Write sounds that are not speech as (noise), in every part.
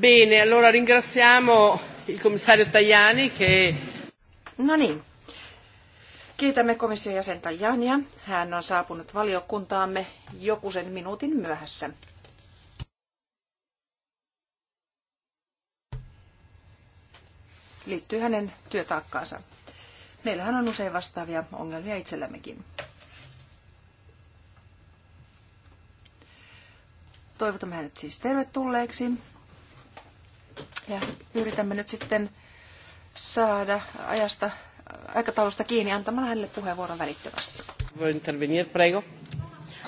Bene, allora ringraziamo il commissario Tajani che... No niin. Kiitämme komission jäsen Tajania. Hän on saapunut valiokuntaamme jokuisen minuutin myöhässä. Liittyy hänen työtaakkaansa. Meillähän on usein vastaavia ongelmia itsellämmekin. Toivotamme hänet siis tervetulleeksi. Ja yritämme nyt sitten saada ajasta aikataulusta kiinni antamalla hänelle puheenvuoron välittömästi. Voi intervenir, prego.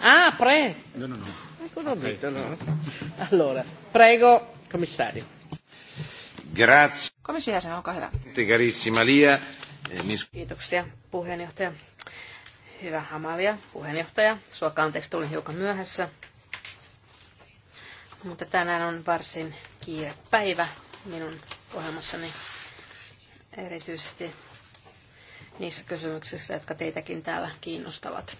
Ah, pre. No, no, no. Ecco, no. Allora, prego, commissario. Grazie. Komission jäsen, olkaa hyvä. Lia. Eh, Kiitoksia, puheenjohtaja. Hyvä Hamalia, puheenjohtaja. Sua anteeksi, tulin hiukan myöhässä. Mutta tänään on varsin kiire päivä minun ohjelmassani erityisesti niissä kysymyksissä, jotka teitäkin täällä kiinnostavat.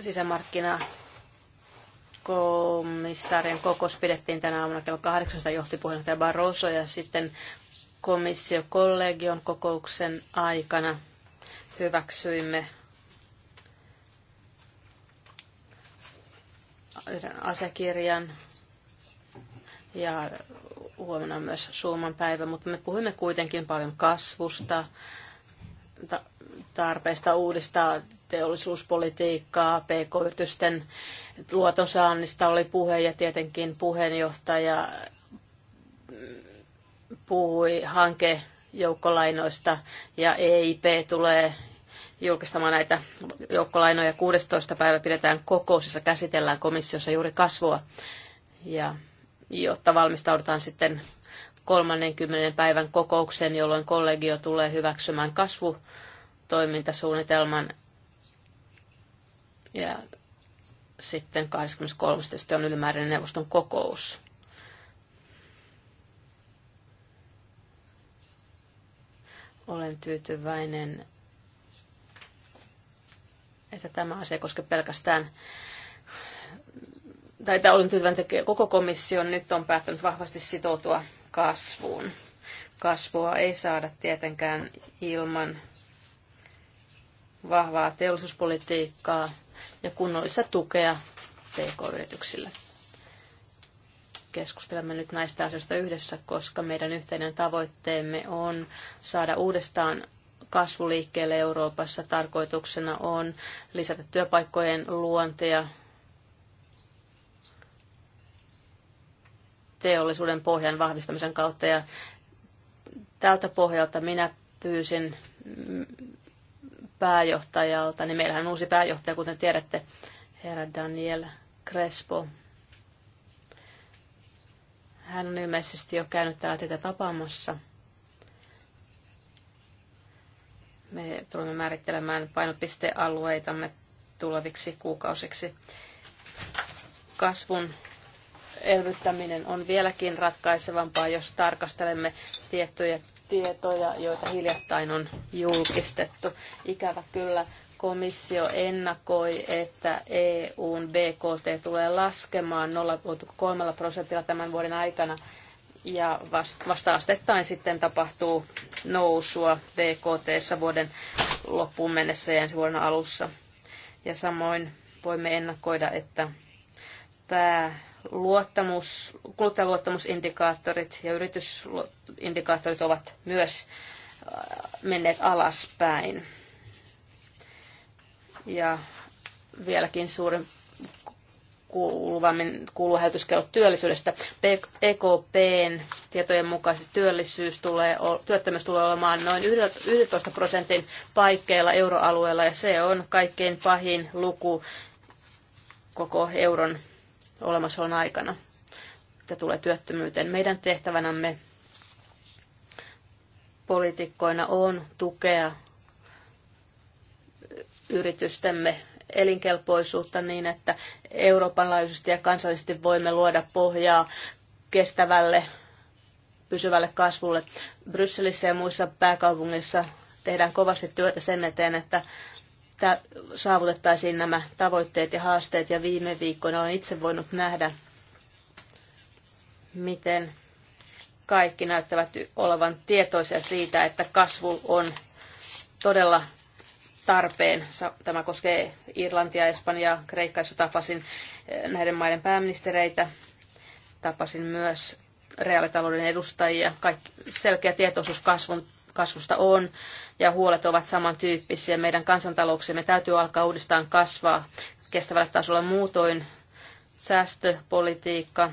Sisämarkkina komissaarien kokous pidettiin tänä aamuna kello 8 johtipuheenjohtaja Barroso ja sitten komissiokollegion kokouksen aikana hyväksyimme yhden asiakirjan ja huomenna on myös Suomen päivä, mutta me puhumme kuitenkin paljon kasvusta, tarpeesta uudistaa teollisuuspolitiikkaa, pk-yritysten luotonsaannista oli puhe ja tietenkin puheenjohtaja puhui hankejoukkolainoista ja EIP tulee julkistamaan näitä joukkolainoja. 16. päivä pidetään kokous, jossa käsitellään komissiossa juuri kasvua, ja jotta valmistaudutaan sitten 30. päivän kokoukseen, jolloin kollegio tulee hyväksymään kasvutoimintasuunnitelman. Ja sitten 23. on ylimääräinen neuvoston kokous. Olen tyytyväinen että tämä asia koske pelkästään tai että olen tyytyväinen, että koko komissio nyt on päättänyt vahvasti sitoutua kasvuun. Kasvua ei saada tietenkään ilman vahvaa teollisuuspolitiikkaa ja kunnollista tukea pk-yrityksille. Keskustelemme nyt näistä asioista yhdessä, koska meidän yhteinen tavoitteemme on saada uudestaan kasvuliikkeelle Euroopassa tarkoituksena on lisätä työpaikkojen luonteja teollisuuden pohjan vahvistamisen kautta. Ja tältä pohjalta minä pyysin pääjohtajalta, niin meillähän on uusi pääjohtaja, kuten tiedätte, herra Daniel Crespo. Hän on ilmeisesti jo käynyt täällä teitä tapaamassa – Me tulemme määrittelemään painopistealueitamme tuleviksi kuukausiksi. Kasvun elvyttäminen on vieläkin ratkaisevampaa, jos tarkastelemme tiettyjä tietoja, joita hiljattain on julkistettu. Ikävä kyllä komissio ennakoi, että EUn BKT tulee laskemaan 0,3 prosentilla tämän vuoden aikana – ja vasta astettain sitten tapahtuu nousua BKT vuoden loppuun mennessä ja ensi vuoden alussa. Ja samoin voimme ennakoida, että luottamus kuluttajaluottamusindikaattorit ja yritysindikaattorit ovat myös äh, menneet alaspäin. Ja vieläkin suurin kuuluvammin kuuluu hälytyskello työllisyydestä. EKPn tietojen mukaan työllisyys tulee, työttömyys tulee olemaan noin 11 prosentin paikkeilla euroalueella ja se on kaikkein pahin luku koko euron olemassaolon aikana, mitä tulee työttömyyteen. Meidän tehtävänämme poliitikkoina on tukea yritystemme elinkelpoisuutta niin, että Euroopan laajuisesti ja kansallisesti voimme luoda pohjaa kestävälle pysyvälle kasvulle. Brysselissä ja muissa pääkaupungeissa tehdään kovasti työtä sen eteen, että saavutettaisiin nämä tavoitteet ja haasteet. Ja viime viikkoina olen itse voinut nähdä, miten kaikki näyttävät olevan tietoisia siitä, että kasvu on todella tarpeen. Tämä koskee Irlantia, Espanjaa, Kreikkaa, tapasin eh, näiden maiden pääministereitä. Tapasin myös reaalitalouden edustajia. Kaikki selkeä tietoisuus kasvun, kasvusta on ja huolet ovat samantyyppisiä. Meidän kansantalouksemme täytyy alkaa uudestaan kasvaa kestävällä tasolla muutoin säästöpolitiikka,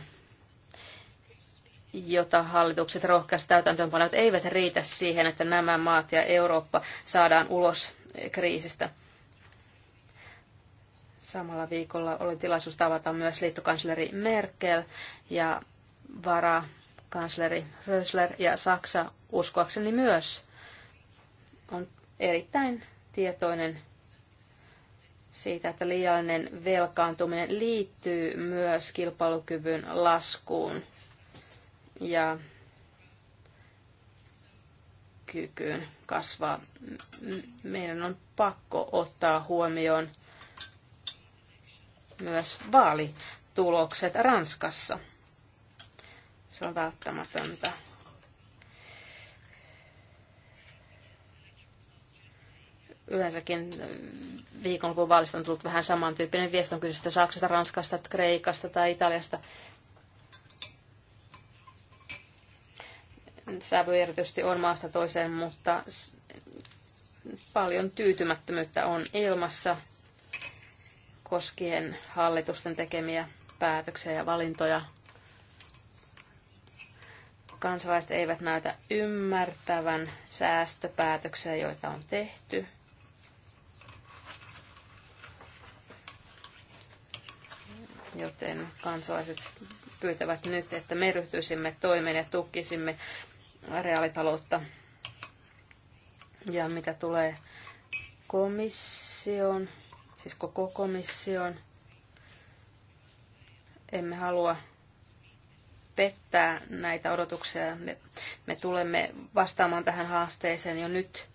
jota hallitukset rohkeasti täytäntöönpanot eivät riitä siihen, että nämä maat ja Eurooppa saadaan ulos kriisistä. Samalla viikolla oli tilaisuus tavata myös liittokansleri Merkel ja varakansleri Rösler ja Saksa uskoakseni myös on erittäin tietoinen siitä, että liiallinen velkaantuminen liittyy myös kilpailukyvyn laskuun ja kykyyn kasvaa. Meidän on pakko ottaa huomioon myös vaalitulokset Ranskassa. Se on välttämätöntä. yleensäkin viikonlopun vaalista on tullut vähän samantyyppinen viesti on kyseistä Saksasta, Ranskasta, Kreikasta tai Italiasta. sävy erityisesti on maasta toiseen, mutta paljon tyytymättömyyttä on ilmassa koskien hallitusten tekemiä päätöksiä ja valintoja. Kansalaiset eivät näytä ymmärtävän säästöpäätöksiä, joita on tehty. Joten kansalaiset pyytävät nyt, että me ryhtyisimme toimeen ja tukisimme reaalitaloutta. Ja mitä tulee komission, siis koko komission, emme halua pettää näitä odotuksia. Me, me tulemme vastaamaan tähän haasteeseen jo nyt.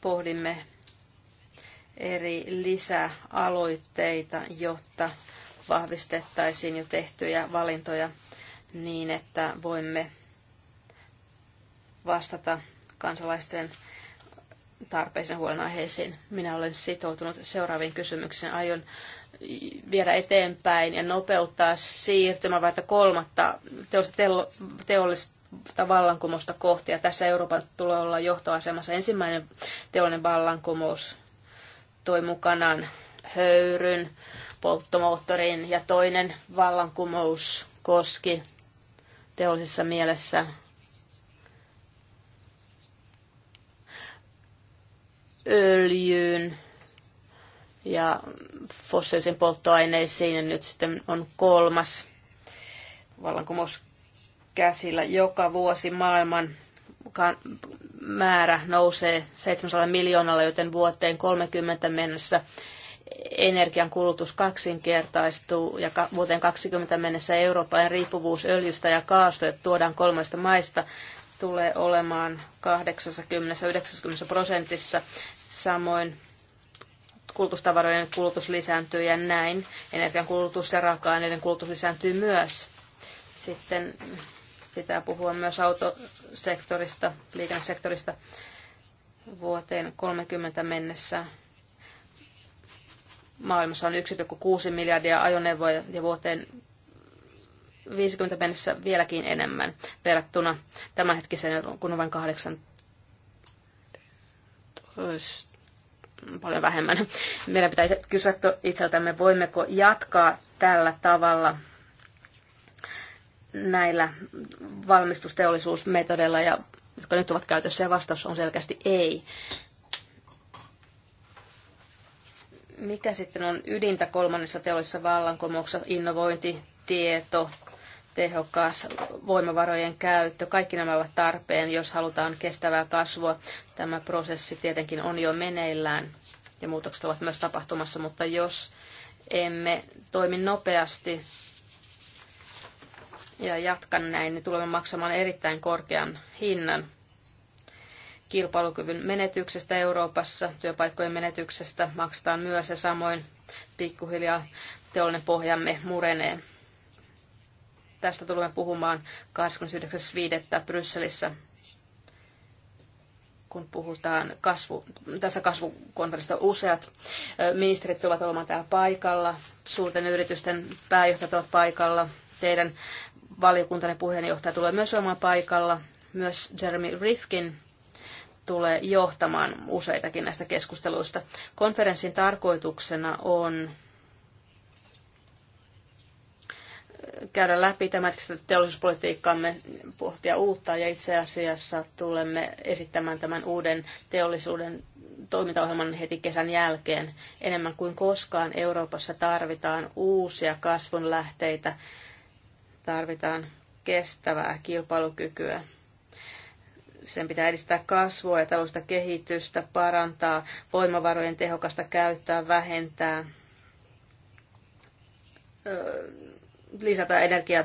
Pohdimme eri lisäaloitteita, jotta vahvistettaisiin jo tehtyjä valintoja niin, että voimme vastata kansalaisten tarpeisiin huolenaiheisiin. Minä olen sitoutunut seuraaviin kysymyksiin. Aion viedä eteenpäin ja nopeuttaa siirtymä vaikka kolmatta teollista vallankumousta kohti. Ja tässä Euroopan tulee olla johtoasemassa. Ensimmäinen teollinen vallankumous toi mukanaan höyryn, polttomoottorin ja toinen vallankumous koski teollisessa mielessä öljyyn ja fossiilisiin polttoaineisiin. Ja nyt sitten on kolmas vallankumous käsillä. Joka vuosi maailman määrä nousee 700 miljoonalla, joten vuoteen 30 mennessä energian kulutus kaksinkertaistuu ja vuoteen 20 mennessä Euroopan riippuvuus öljystä ja kaasusta, tuodaan kolmesta maista, tulee olemaan 80-90 prosentissa. Samoin kulutustavaroiden kulutus lisääntyy ja näin. Energian kulutus ja raaka-aineiden kulutus lisääntyy myös. Sitten pitää puhua myös autosektorista, liikennesektorista vuoteen 30 mennessä. Maailmassa on 1,6 miljardia ajoneuvoja ja vuoteen 50 mennessä vieläkin enemmän verrattuna tämänhetkiseen, kun on vain 8 paljon vähemmän. Meidän pitäisi kysyä itseltämme, voimmeko jatkaa tällä tavalla näillä valmistusteollisuusmetodeilla, ja, jotka nyt ovat käytössä, ja vastaus on selkeästi ei. Mikä sitten on ydintä kolmannessa teollisessa vallankumouksessa? Innovointi, tieto, tehokas voimavarojen käyttö. Kaikki nämä ovat tarpeen, jos halutaan kestävää kasvua. Tämä prosessi tietenkin on jo meneillään ja muutokset ovat myös tapahtumassa, mutta jos emme toimi nopeasti ja jatkan näin, niin tulemme maksamaan erittäin korkean hinnan kilpailukyvyn menetyksestä Euroopassa, työpaikkojen menetyksestä maksetaan myös ja samoin pikkuhiljaa teollinen pohjamme murenee. Tästä tulemme puhumaan 29.5. Brysselissä, kun puhutaan kasvu, tässä kasvukonferenssista useat ministerit tulevat olemaan täällä paikalla, suurten yritysten pääjohtajat ovat paikalla, teidän valiokuntanne puheenjohtaja tulee myös olemaan paikalla, myös Jeremy Rifkin tulee johtamaan useitakin näistä keskusteluista. Konferenssin tarkoituksena on käydä läpi tämän teollisuuspolitiikkaamme, pohtia uutta ja itse asiassa tulemme esittämään tämän uuden teollisuuden toimintaohjelman heti kesän jälkeen. Enemmän kuin koskaan Euroopassa tarvitaan uusia kasvunlähteitä. tarvitaan kestävää kilpailukykyä. Sen pitää edistää kasvua ja taloudellista kehitystä, parantaa voimavarojen tehokasta käyttöä, vähentää öö, lisätä energiaa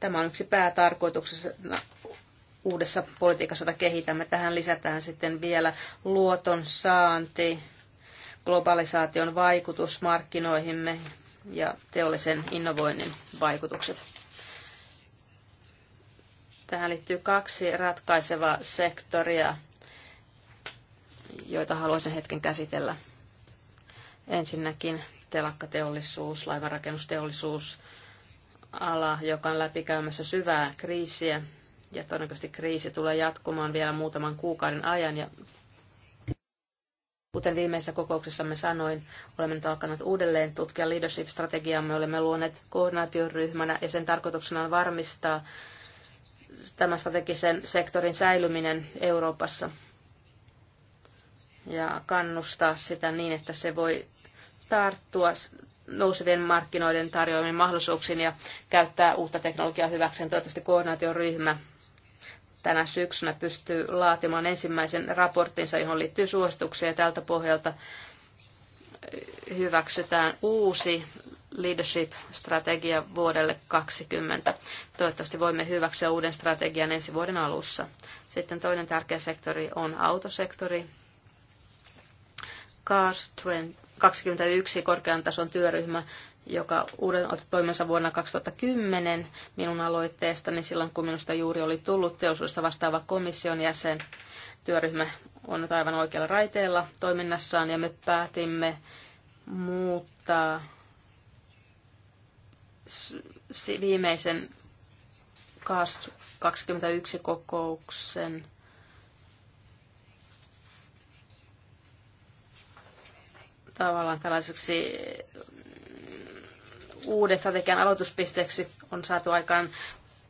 Tämä on yksi päätarkoituksena uudessa politiikassa, jota kehitämme. Tähän lisätään sitten vielä luoton saanti, globalisaation vaikutus markkinoihimme ja teollisen innovoinnin vaikutukset. Tähän liittyy kaksi ratkaisevaa sektoria, joita haluaisin hetken käsitellä. Ensinnäkin telakkateollisuus, laivanrakennusteollisuus, ala, joka on läpikäymässä syvää kriisiä. Ja todennäköisesti kriisi tulee jatkumaan vielä muutaman kuukauden ajan. Ja kuten viimeisessä kokouksessamme sanoin, olemme nyt alkaneet uudelleen tutkia leadership-strategiamme. Olemme luoneet koordinaatioryhmänä ja sen tarkoituksena on varmistaa tämän strategisen sektorin säilyminen Euroopassa ja kannustaa sitä niin, että se voi tarttua nousevien markkinoiden tarjoamiin mahdollisuuksiin ja käyttää uutta teknologiaa hyväkseen. Toivottavasti koordinaatioryhmä tänä syksynä pystyy laatimaan ensimmäisen raporttinsa, johon liittyy suosituksia. Ja tältä pohjalta hyväksytään uusi leadership-strategia vuodelle 2020. Toivottavasti voimme hyväksyä uuden strategian ensi vuoden alussa. Sitten toinen tärkeä sektori on autosektori, CARS 21 korkean tason työryhmä, joka uuden otti toimensa vuonna 2010 minun aloitteestani silloin, kun minusta juuri oli tullut teollisuudesta vastaava komission jäsen. Työryhmä on nyt aivan oikealla raiteella toiminnassaan ja me päätimme muuttaa viimeisen CAST 21 kokouksen tavallaan tällaiseksi mm, uuden strategian aloituspisteeksi on saatu aikaan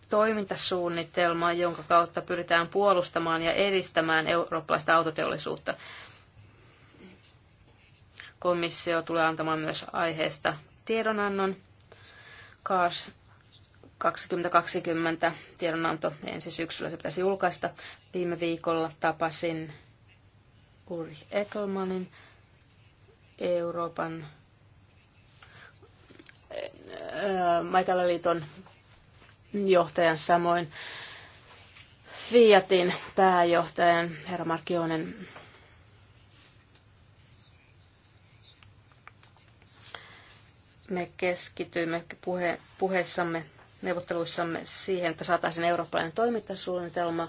toimintasuunnitelma, jonka kautta pyritään puolustamaan ja edistämään eurooppalaista autoteollisuutta. Komissio tulee antamaan myös aiheesta tiedonannon. Cars 2020 tiedonanto ensi syksyllä se pitäisi julkaista. Viime viikolla tapasin Uri Ekelmanin, Euroopan äh, Maitalaliiton johtajan samoin Fiatin pääjohtajan herra Markionen me keskitymme puhe, puheessamme, neuvotteluissamme siihen, että saataisiin eurooppalainen toimintasuunnitelma,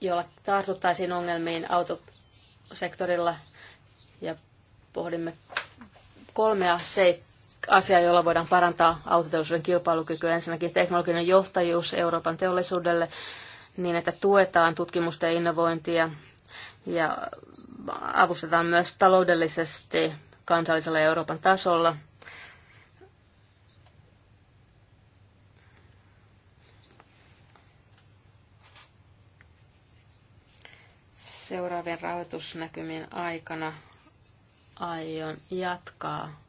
jolla tartuttaisiin ongelmiin autosektorilla ja pohdimme kolmea seikkaa asiaa, jolla voidaan parantaa autoteollisuuden kilpailukykyä. Ensinnäkin teknologinen johtajuus Euroopan teollisuudelle niin, että tuetaan tutkimusta ja innovointia ja avustetaan myös taloudellisesti kansallisella ja Euroopan tasolla. Seuraavien rahoitusnäkymien aikana aion jatkaa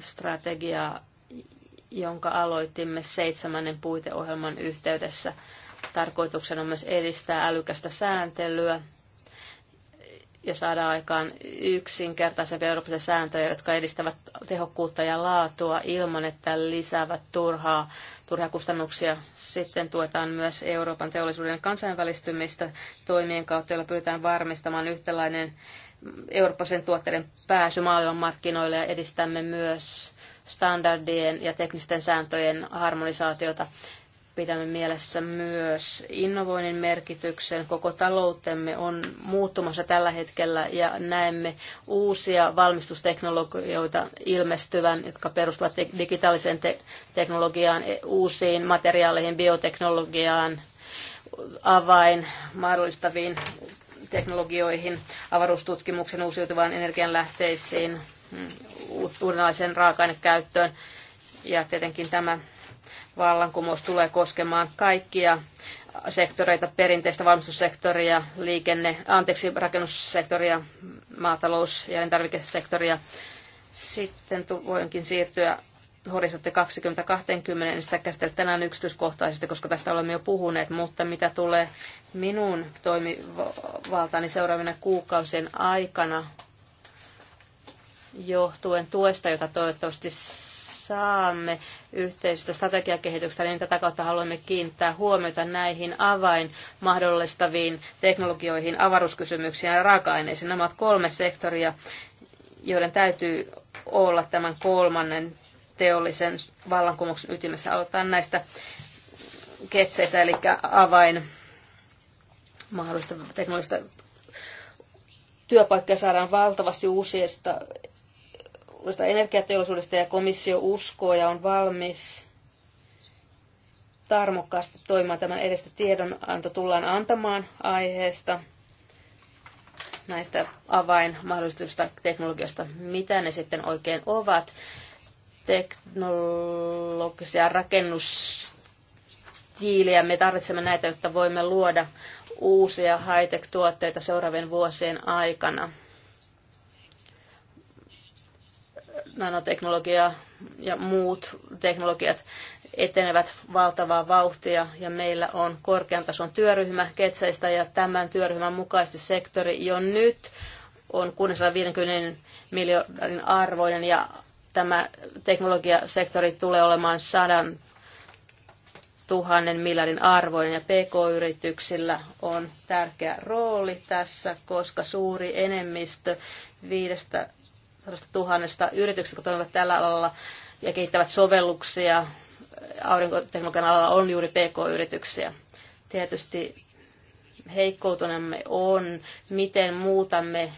strategiaa, jonka aloitimme seitsemännen puiteohjelman yhteydessä. Tarkoituksena on myös edistää älykästä sääntelyä ja saada aikaan yksinkertaisempia eurooppalaisia sääntöjä, jotka edistävät tehokkuutta ja laatua ilman, että lisäävät turhaa, turhaa kustannuksia. Sitten tuetaan myös Euroopan teollisuuden kansainvälistymistä toimien kautta, joilla pyritään varmistamaan yhtäläinen eurooppalaisen tuotteiden pääsy maailmanmarkkinoille ja edistämme myös standardien ja teknisten sääntöjen harmonisaatiota. Pidämme mielessä myös innovoinnin merkityksen. Koko taloutemme on muuttumassa tällä hetkellä ja näemme uusia valmistusteknologioita ilmestyvän, jotka perustuvat digitaaliseen te- teknologiaan, uusiin materiaaleihin, bioteknologiaan, avain mahdollistaviin teknologioihin, avaruustutkimuksen uusiutuvaan energianlähteisiin, mm, uudenlaiseen raaka-ainekäyttöön. Ja tietenkin tämä vallankumous tulee koskemaan kaikkia sektoreita, perinteistä valmistussektoria, liikenne, anteeksi, rakennussektoria, maatalous- ja elintarvikesektoria. Sitten voinkin siirtyä horisontti 2020, niin sitä käsitellä tänään yksityiskohtaisesti, koska tästä olemme jo puhuneet, mutta mitä tulee minun toimivaltaani seuraavina kuukausien aikana johtuen tuesta, jota toivottavasti saamme yhteisestä strategiakehityksestä, niin tätä kautta haluamme kiinnittää huomiota näihin avain mahdollistaviin teknologioihin, avaruuskysymyksiin ja raaka-aineisiin. Nämä ovat kolme sektoria, joiden täytyy olla tämän kolmannen teollisen vallankumouksen ytimessä. Aloitetaan näistä ketseistä, eli avain mahdollista teknologista työpaikkoja saadaan valtavasti uusista uusista energiateollisuudesta ja komissio uskoo ja on valmis tarmokkaasti toimimaan tämän edestä tiedonanto tullaan antamaan aiheesta näistä avainmahdollisista teknologiasta, mitä ne sitten oikein ovat teknologisia rakennustiiliä. Me tarvitsemme näitä, jotta voimme luoda uusia high-tech-tuotteita seuraavien vuosien aikana. Nanoteknologia ja muut teknologiat etenevät valtavaa vauhtia ja meillä on korkean tason työryhmä Ketseistä ja tämän työryhmän mukaisesti sektori jo nyt on 650 miljardin arvoinen ja tämä teknologiasektori tulee olemaan sadan tuhannen miljardin arvoinen ja PK-yrityksillä on tärkeä rooli tässä, koska suuri enemmistö viidestä tuhannesta yrityksistä, jotka toimivat tällä alalla ja kehittävät sovelluksia aurinkoteknologian alalla, on juuri PK-yrityksiä. Tietysti heikkoutunemme on, miten muutamme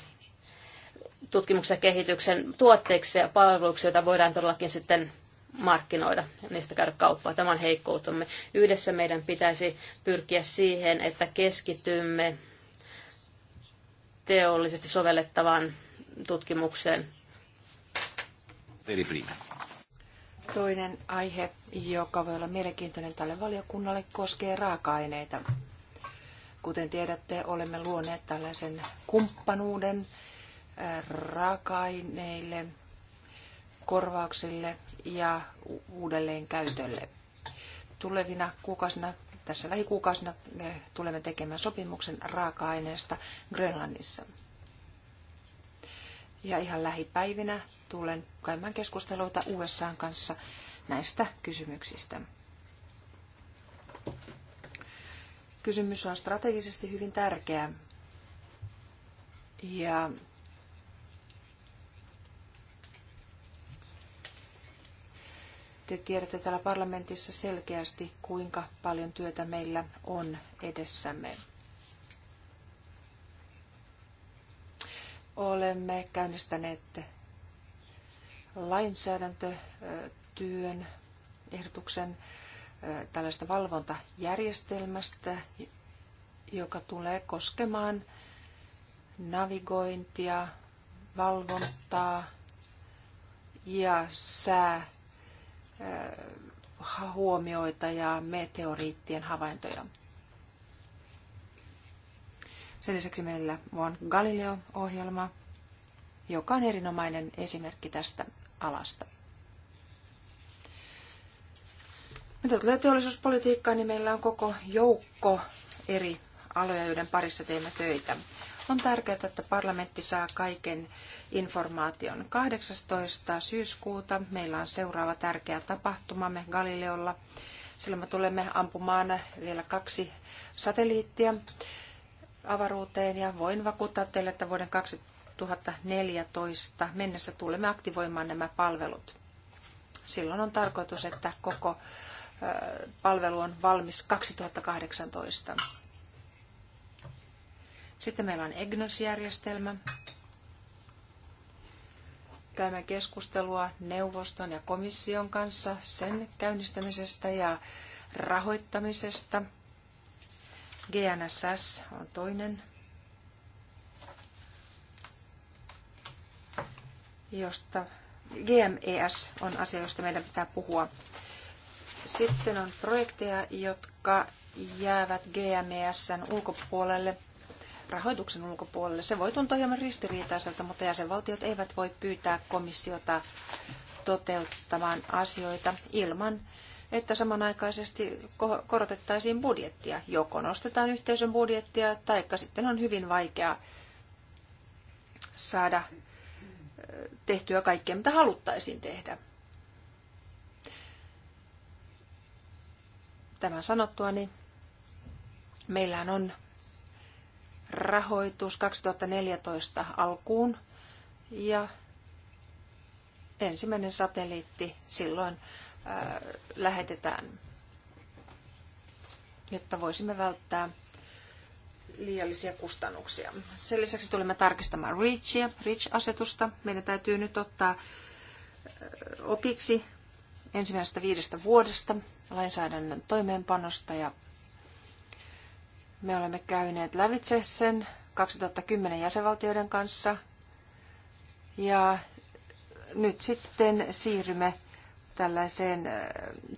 tutkimuksen ja kehityksen tuotteiksi ja palveluiksi, joita voidaan todellakin sitten markkinoida ja niistä käydä kauppaa. Tämä on heikkoutumme. Yhdessä meidän pitäisi pyrkiä siihen, että keskitymme teollisesti sovellettavaan tutkimukseen. Toinen aihe, joka voi olla mielenkiintoinen tälle valiokunnalle, koskee raaka-aineita. Kuten tiedätte, olemme luoneet tällaisen kumppanuuden raaka-aineille, korvauksille ja uudelleen käytölle. Tulevina kuukausina, tässä lähikuukausina tulemme tekemään sopimuksen raaka-aineesta Grönlannissa. Ja ihan lähipäivinä tulen käymään keskusteluita USA kanssa näistä kysymyksistä. Kysymys on strategisesti hyvin tärkeä. Ja Te tiedätte täällä parlamentissa selkeästi, kuinka paljon työtä meillä on edessämme. Olemme käynnistäneet lainsäädäntötyön ehdotuksen tällaista valvontajärjestelmästä, joka tulee koskemaan navigointia, valvontaa ja sää Äh, huomioita ja meteoriittien havaintoja. Sen lisäksi meillä on Galileo-ohjelma, joka on erinomainen esimerkki tästä alasta. Mitä tulee teollisuuspolitiikkaan, niin meillä on koko joukko eri aloja, joiden parissa teemme töitä. On tärkeää, että parlamentti saa kaiken informaation. 18. syyskuuta meillä on seuraava tärkeä tapahtumamme Galileolla. Silloin me tulemme ampumaan vielä kaksi satelliittia avaruuteen ja voin vakuuttaa teille, että vuoden 2014 mennessä tulemme aktivoimaan nämä palvelut. Silloin on tarkoitus, että koko palvelu on valmis 2018. Sitten meillä on EGNOS-järjestelmä, käymme keskustelua neuvoston ja komission kanssa sen käynnistämisestä ja rahoittamisesta. GNSS on toinen, josta GMES on asia, josta meidän pitää puhua. Sitten on projekteja, jotka jäävät GMESn ulkopuolelle – rahoituksen ulkopuolelle. Se voi tuntua hieman ristiriitaiselta, mutta jäsenvaltiot eivät voi pyytää komissiota toteuttamaan asioita ilman, että samanaikaisesti korotettaisiin budjettia. Joko nostetaan yhteisön budjettia, tai sitten on hyvin vaikea saada tehtyä kaikkea, mitä haluttaisiin tehdä. Tämän sanottuani meillähän on rahoitus 2014 alkuun ja ensimmäinen satelliitti silloin ää, lähetetään, jotta voisimme välttää liiallisia kustannuksia. Sen lisäksi tulemme tarkistamaan REACHia, REACH-asetusta. Meidän täytyy nyt ottaa opiksi ensimmäisestä viidestä vuodesta lainsäädännön toimeenpanosta ja me olemme käyneet lävitse sen 2010 jäsenvaltioiden kanssa. Ja nyt sitten siirrymme tällaiseen äh,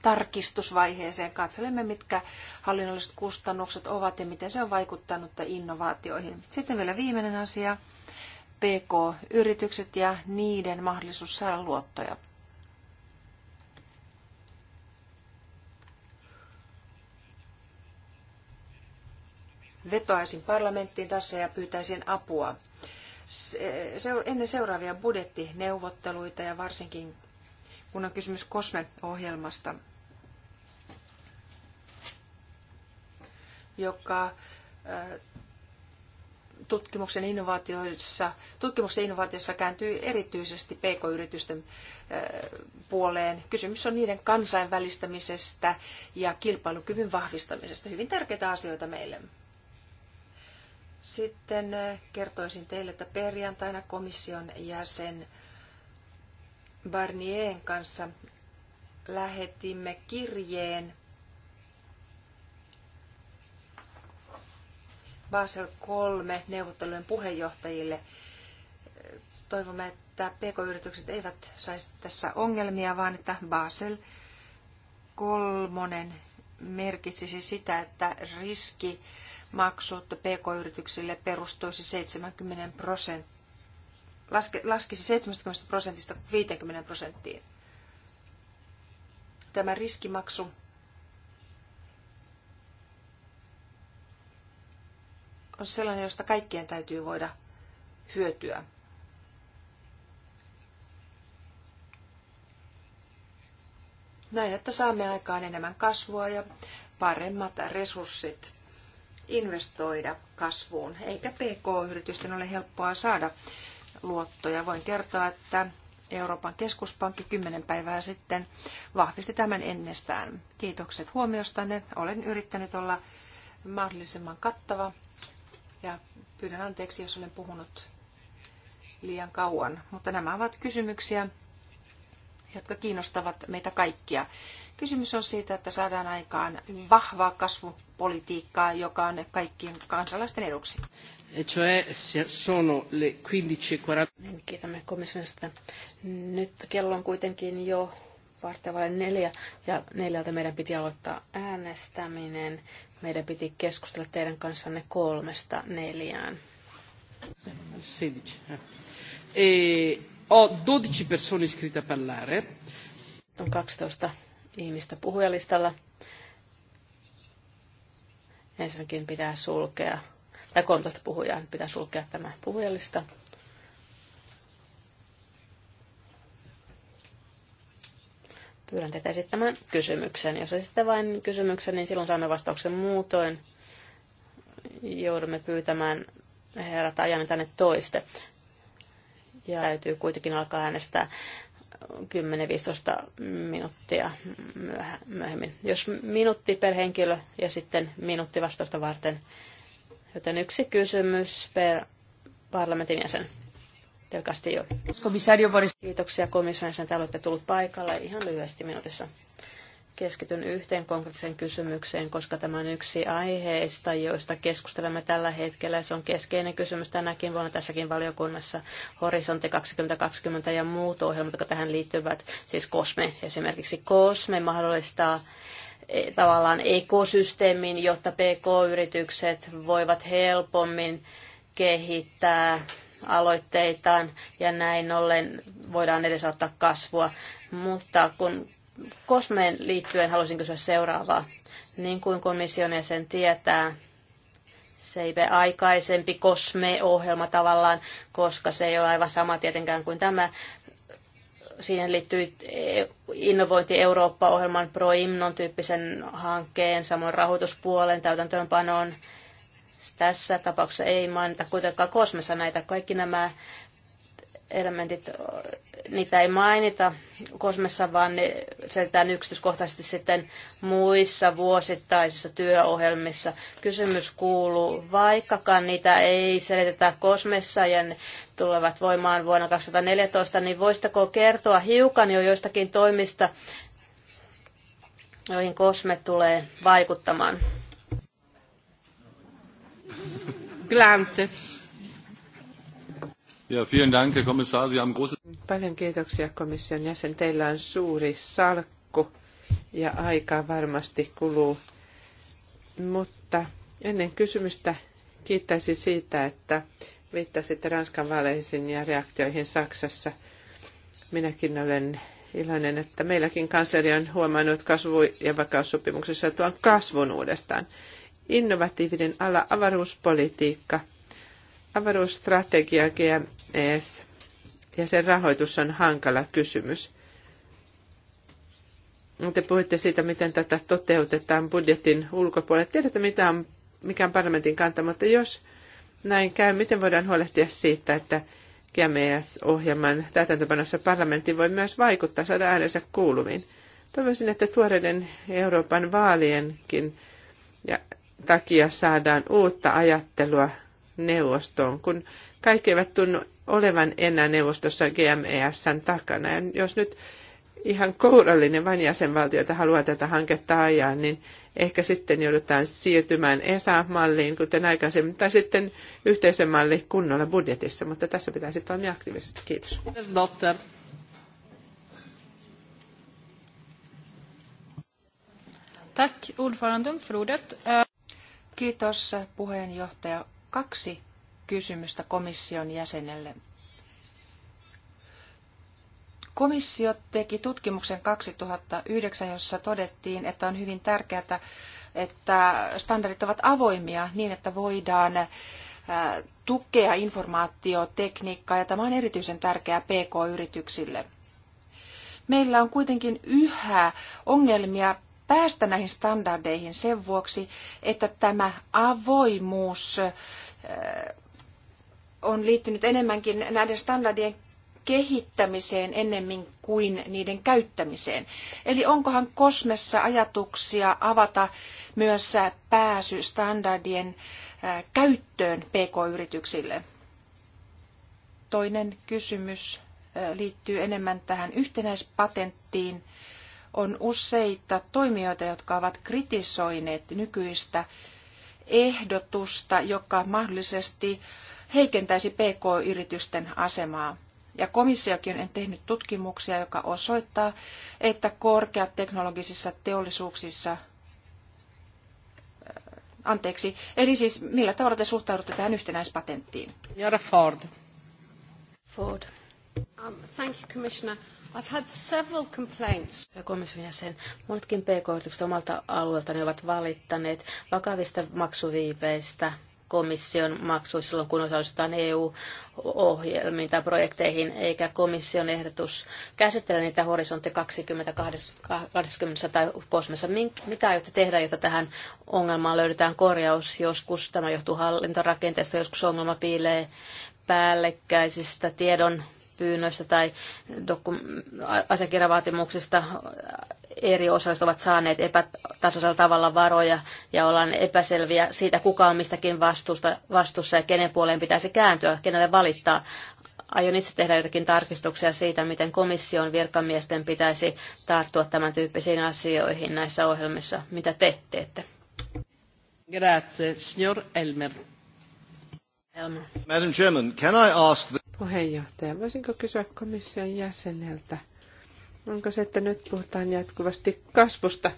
tarkistusvaiheeseen. Katselemme, mitkä hallinnolliset kustannukset ovat ja miten se on vaikuttanut innovaatioihin. Sitten vielä viimeinen asia, PK-yritykset ja niiden mahdollisuus saada luottoja. vetoaisin parlamenttiin tässä ja pyytäisin apua ennen seuraavia budjettineuvotteluita ja varsinkin kun on kysymys COSME-ohjelmasta, joka tutkimuksen innovaatioissa, tutkimuksen innovaatiossa kääntyy erityisesti pk-yritysten puoleen. Kysymys on niiden kansainvälistämisestä ja kilpailukyvyn vahvistamisesta. Hyvin tärkeitä asioita meille. Sitten eh, kertoisin teille, että perjantaina komission jäsen Barnien kanssa lähetimme kirjeen Basel 3 neuvottelujen puheenjohtajille. Toivomme, että pk-yritykset eivät saisi tässä ongelmia, vaan että Basel 3 merkitsisi sitä, että riski maksut pk-yrityksille perustuisi 70 prosent, laske, laskisi 70 prosentista 50 prosenttiin. Tämä riskimaksu on sellainen, josta kaikkien täytyy voida hyötyä. Näin, että saamme aikaan enemmän kasvua ja paremmat resurssit investoida kasvuun, eikä PK-yritysten ole helppoa saada luottoja. Voin kertoa, että Euroopan keskuspankki kymmenen päivää sitten vahvisti tämän ennestään. Kiitokset huomiostanne. Olen yrittänyt olla mahdollisimman kattava ja pyydän anteeksi, jos olen puhunut liian kauan, mutta nämä ovat kysymyksiä, jotka kiinnostavat meitä kaikkia. Kysymys on siitä, että saadaan aikaan vahvaa kasvupolitiikkaa, joka on kaikkien kansalaisten eduksi. E e niin, kiitämme komissiosta. Nyt kello on kuitenkin jo vartavalle neljä ja neljältä meidän piti aloittaa äänestäminen. Meidän piti keskustella teidän kanssanne kolmesta neljään. 16. Ho 12 persone iscritte a parlare. On 12 ihmistä puhujalistalla. Ensinnäkin pitää sulkea, tai 13 puhujaa niin pitää sulkea tämä puhujalista. pyydän teitä esittämään kysymyksen. Jos esitte vain kysymyksen, niin silloin saamme vastauksen muutoin. Joudumme pyytämään herrat ajan tänne toiste ja täytyy kuitenkin alkaa äänestää 10-15 minuuttia myöhemmin. Jos minuutti per henkilö ja sitten minuutti vastausta varten. Joten yksi kysymys per parlamentin jäsen. Kiitoksia komission jäsen, että olette tullut paikalle ihan lyhyesti minuutissa keskityn yhteen konkreettiseen kysymykseen, koska tämä on yksi aiheista, joista keskustelemme tällä hetkellä. Se on keskeinen kysymys tänäkin vuonna tässäkin valiokunnassa. Horisontti 2020 ja muut ohjelmat, jotka tähän liittyvät, siis COSME esimerkiksi. COSME mahdollistaa e, tavallaan ekosysteemin, jotta PK-yritykset voivat helpommin kehittää aloitteitaan ja näin ollen voidaan edesauttaa kasvua. Mutta kun Kosmeen liittyen haluaisin kysyä seuraavaa. Niin kuin komission sen tietää, se ei ole aikaisempi Kosme-ohjelma tavallaan, koska se ei ole aivan sama tietenkään kuin tämä. Siihen liittyy Innovointi Eurooppa-ohjelman ProImnon tyyppisen hankkeen, samoin rahoituspuolen täytäntöönpanoon. Tässä tapauksessa ei mainita kuitenkaan Kosmessa näitä. Kaikki nämä elementit niitä ei mainita kosmessa, vaan ne selitetään yksityiskohtaisesti sitten muissa vuosittaisissa työohjelmissa. Kysymys kuuluu, vaikkakaan niitä ei selitetä kosmessa ja ne tulevat voimaan vuonna 2014, niin voisitko kertoa hiukan jo joistakin toimista, joihin kosme tulee vaikuttamaan? Glante. Ja, vielen Dank, Herr Kommissar. Sie haben große... Paljon kiitoksia komission jäsen. Teillä on suuri salkku ja aikaa varmasti kuluu. Mutta ennen kysymystä kiittäisin siitä, että viittasitte Ranskan vaaleihin ja reaktioihin Saksassa. Minäkin olen iloinen, että meilläkin kansleri on huomannut kasvu- ja vakaussopimuksessa tuon kasvun uudestaan. Innovatiivinen ala avaruuspolitiikka – Avaruusstrategia GMES ja sen rahoitus on hankala kysymys. Te puhuitte siitä, miten tätä toteutetaan budjetin ulkopuolelle. Tiedätte, mitä on, mikä on parlamentin kanta, mutta jos näin käy, miten voidaan huolehtia siitä, että GMS-ohjelman täytäntöpanossa parlamentti voi myös vaikuttaa, saada äänensä kuuluviin. Toivoisin, että tuoreiden Euroopan vaalienkin ja takia saadaan uutta ajattelua neuvostoon, kun kaikki eivät tunnu olevan enää neuvostossa GMESn takana. Ja jos nyt ihan kourallinen vain jäsenvaltioita haluaa tätä hanketta ajaa, niin ehkä sitten joudutaan siirtymään ESA-malliin, kuten aikaisemmin, tai sitten yhteisen malli kunnolla budjetissa, mutta tässä pitäisi toimia aktiivisesti. Kiitos. Tack ordföranden för ordet. Kiitos puheenjohtaja kaksi kysymystä komission jäsenelle. Komissio teki tutkimuksen 2009, jossa todettiin, että on hyvin tärkeää, että standardit ovat avoimia niin, että voidaan tukea informaatiotekniikkaa, ja tämä on erityisen tärkeää PK-yrityksille. Meillä on kuitenkin yhä ongelmia päästä näihin standardeihin sen vuoksi, että tämä avoimuus on liittynyt enemmänkin näiden standardien kehittämiseen ennemmin kuin niiden käyttämiseen. Eli onkohan kosmessa ajatuksia avata myös pääsy standardien käyttöön pk-yrityksille? Toinen kysymys liittyy enemmän tähän yhtenäispatenttiin on useita toimijoita, jotka ovat kritisoineet nykyistä ehdotusta, joka mahdollisesti heikentäisi PK-yritysten asemaa. Ja komissiokin on tehnyt tutkimuksia, joka osoittaa, että korkeat teknologisissa teollisuuksissa äh, Anteeksi, eli siis millä tavalla te suhtaudutte tähän yhtenäispatenttiin? Jara Ford. Ford. Um, thank you, Commissioner. I've had several complaints. Komission jäsen, monetkin pk-yritykset omalta alueeltani ovat valittaneet vakavista maksuviipeistä komission maksuissa silloin, kun osallistutaan EU-ohjelmiin tai projekteihin, eikä komission ehdotus käsittele niitä horisontti 20, 20 tai kosmessa. Mitä aiotte tehdä, jotta tähän ongelmaan löydetään korjaus? Joskus tämä johtuu hallintorakenteesta, joskus ongelma piilee päällekkäisistä tiedon pyynnöistä tai dokum- asiakirjavaatimuksista eri osalliset ovat saaneet epätasaisella tavalla varoja ja ollaan epäselviä siitä, kuka on mistäkin vastuusta, vastuussa ja kenen puoleen pitäisi kääntyä, kenelle valittaa. Aion itse tehdä jotakin tarkistuksia siitä, miten komission virkamiesten pitäisi tarttua tämän tyyppisiin asioihin näissä ohjelmissa, mitä te teette. Grazie, signor Elmer. Um. Madam Chairman, can I ask the... Puheenjohtaja, voisinko kysyä komission jäseneltä, onko se, että nyt puhutaan jatkuvasti kasvusta,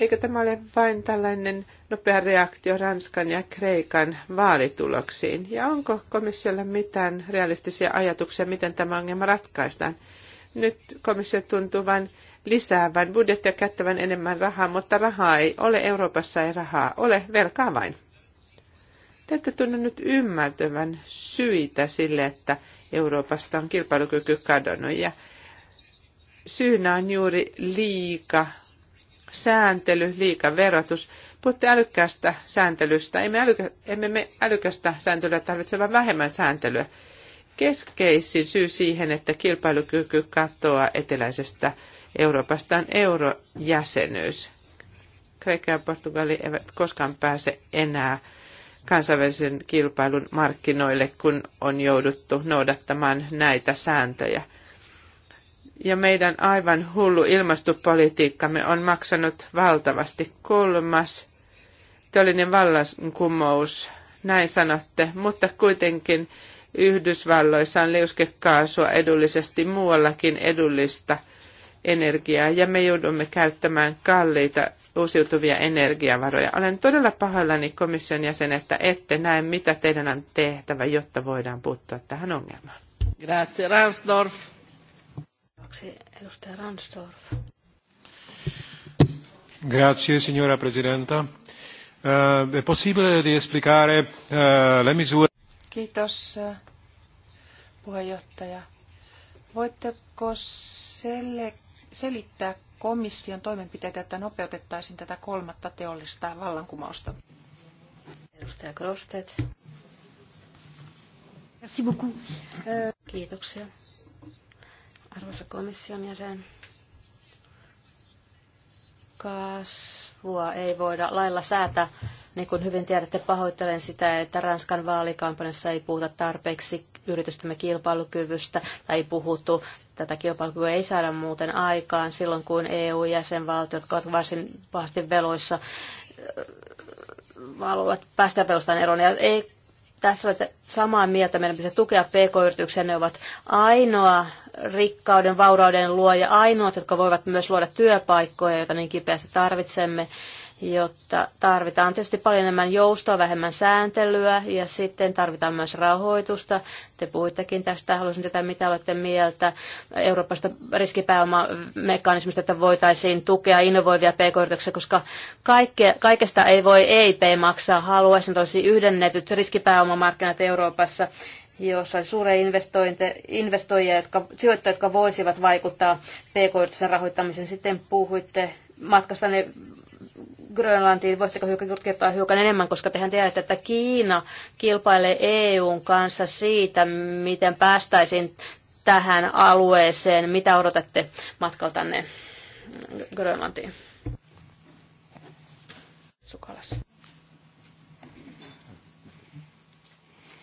eikö tämä ole vain tällainen nopea reaktio Ranskan ja Kreikan vaalituloksiin? Ja onko komissiolla mitään realistisia ajatuksia, miten tämä ongelma ratkaistaan? Nyt komissio tuntuu vain lisäävän budjettia käyttävän enemmän rahaa, mutta rahaa ei ole Euroopassa, ei rahaa ole, velkaa vain. Te ette tunne nyt ymmärtävän syitä sille, että Euroopasta on kilpailukyky kadonnut. Ja syynä on juuri liika sääntely, liika verotus. Puhutte älykkäästä sääntelystä. Emme, älykä, emme me älykästä sääntelyä tarvitse, vaan vähemmän sääntelyä. Keskeisin syy siihen, että kilpailukyky katoaa eteläisestä Euroopasta on eurojäsenyys. Kreikka ja Portugali eivät koskaan pääse enää kansainvälisen kilpailun markkinoille, kun on jouduttu noudattamaan näitä sääntöjä. Ja meidän aivan hullu ilmastopolitiikkamme on maksanut valtavasti kolmas teollinen vallankumous, näin sanotte, mutta kuitenkin Yhdysvalloissa on liuskekaasua edullisesti, muuallakin edullista – energiaa ja me joudumme käyttämään kalliita uusiutuvia energiavaroja. Olen todella pahoillani komission jäsen, että ette näe, mitä teidän on tehtävä, jotta voidaan puuttua tähän ongelmaan. Grazie, Ransdorf. Edustaja Ransdorf. Grazie, signora Presidenta. Eh, è possibile di esplicare eh, le misure... Kiitos, eh, puheenjohtaja. Voitteko selle selittää komission toimenpiteitä, että nopeutettaisiin tätä kolmatta teollista vallankumousta? Edustaja Merci beaucoup. Euh, Kiitoksia. Arvoisa komission jäsen, kasvua ei voida lailla säätää. Niin kuin hyvin tiedätte, pahoittelen sitä, että Ranskan vaalikampanjassa ei puhuta tarpeeksi yritystemme kilpailukyvystä tai ei puhuttu Tätä kilpailukykyä ei saada muuten aikaan silloin, kun EU-jäsenvaltiot, jotka ovat varsin pahasti veloissa, äh, haluavat päästä pelostaan eroon. Ja ei tässä olette samaa mieltä, meidän pitäisi tukea pk-yrityksiä, ne ovat ainoa rikkauden, vaurauden luoja, ainoat, jotka voivat myös luoda työpaikkoja, joita niin kipeästi tarvitsemme jotta tarvitaan tietysti paljon enemmän joustoa, vähemmän sääntelyä ja sitten tarvitaan myös rahoitusta. Te puhuittekin tästä, haluaisin tietää, mitä olette mieltä Euroopasta riskipääomamekanismista, että voitaisiin tukea innovoivia pk-yrityksiä, koska kaikke, kaikesta ei voi EIP maksaa. Haluaisin tosi yhdennetyt riskipääomamarkkinat Euroopassa jossa oli suuria investoijia, jotka, sijoittajia, jotka voisivat vaikuttaa pk-yritysten rahoittamiseen. Sitten puhuitte matkasta ne. Grönlantiin, voisitteko hiukan kertoa hiukan enemmän, koska tehän tiedätte, että Kiina kilpailee EUn kanssa siitä, miten päästäisiin tähän alueeseen. Mitä odotatte matkaltanne Grönlantiin? Sukalas.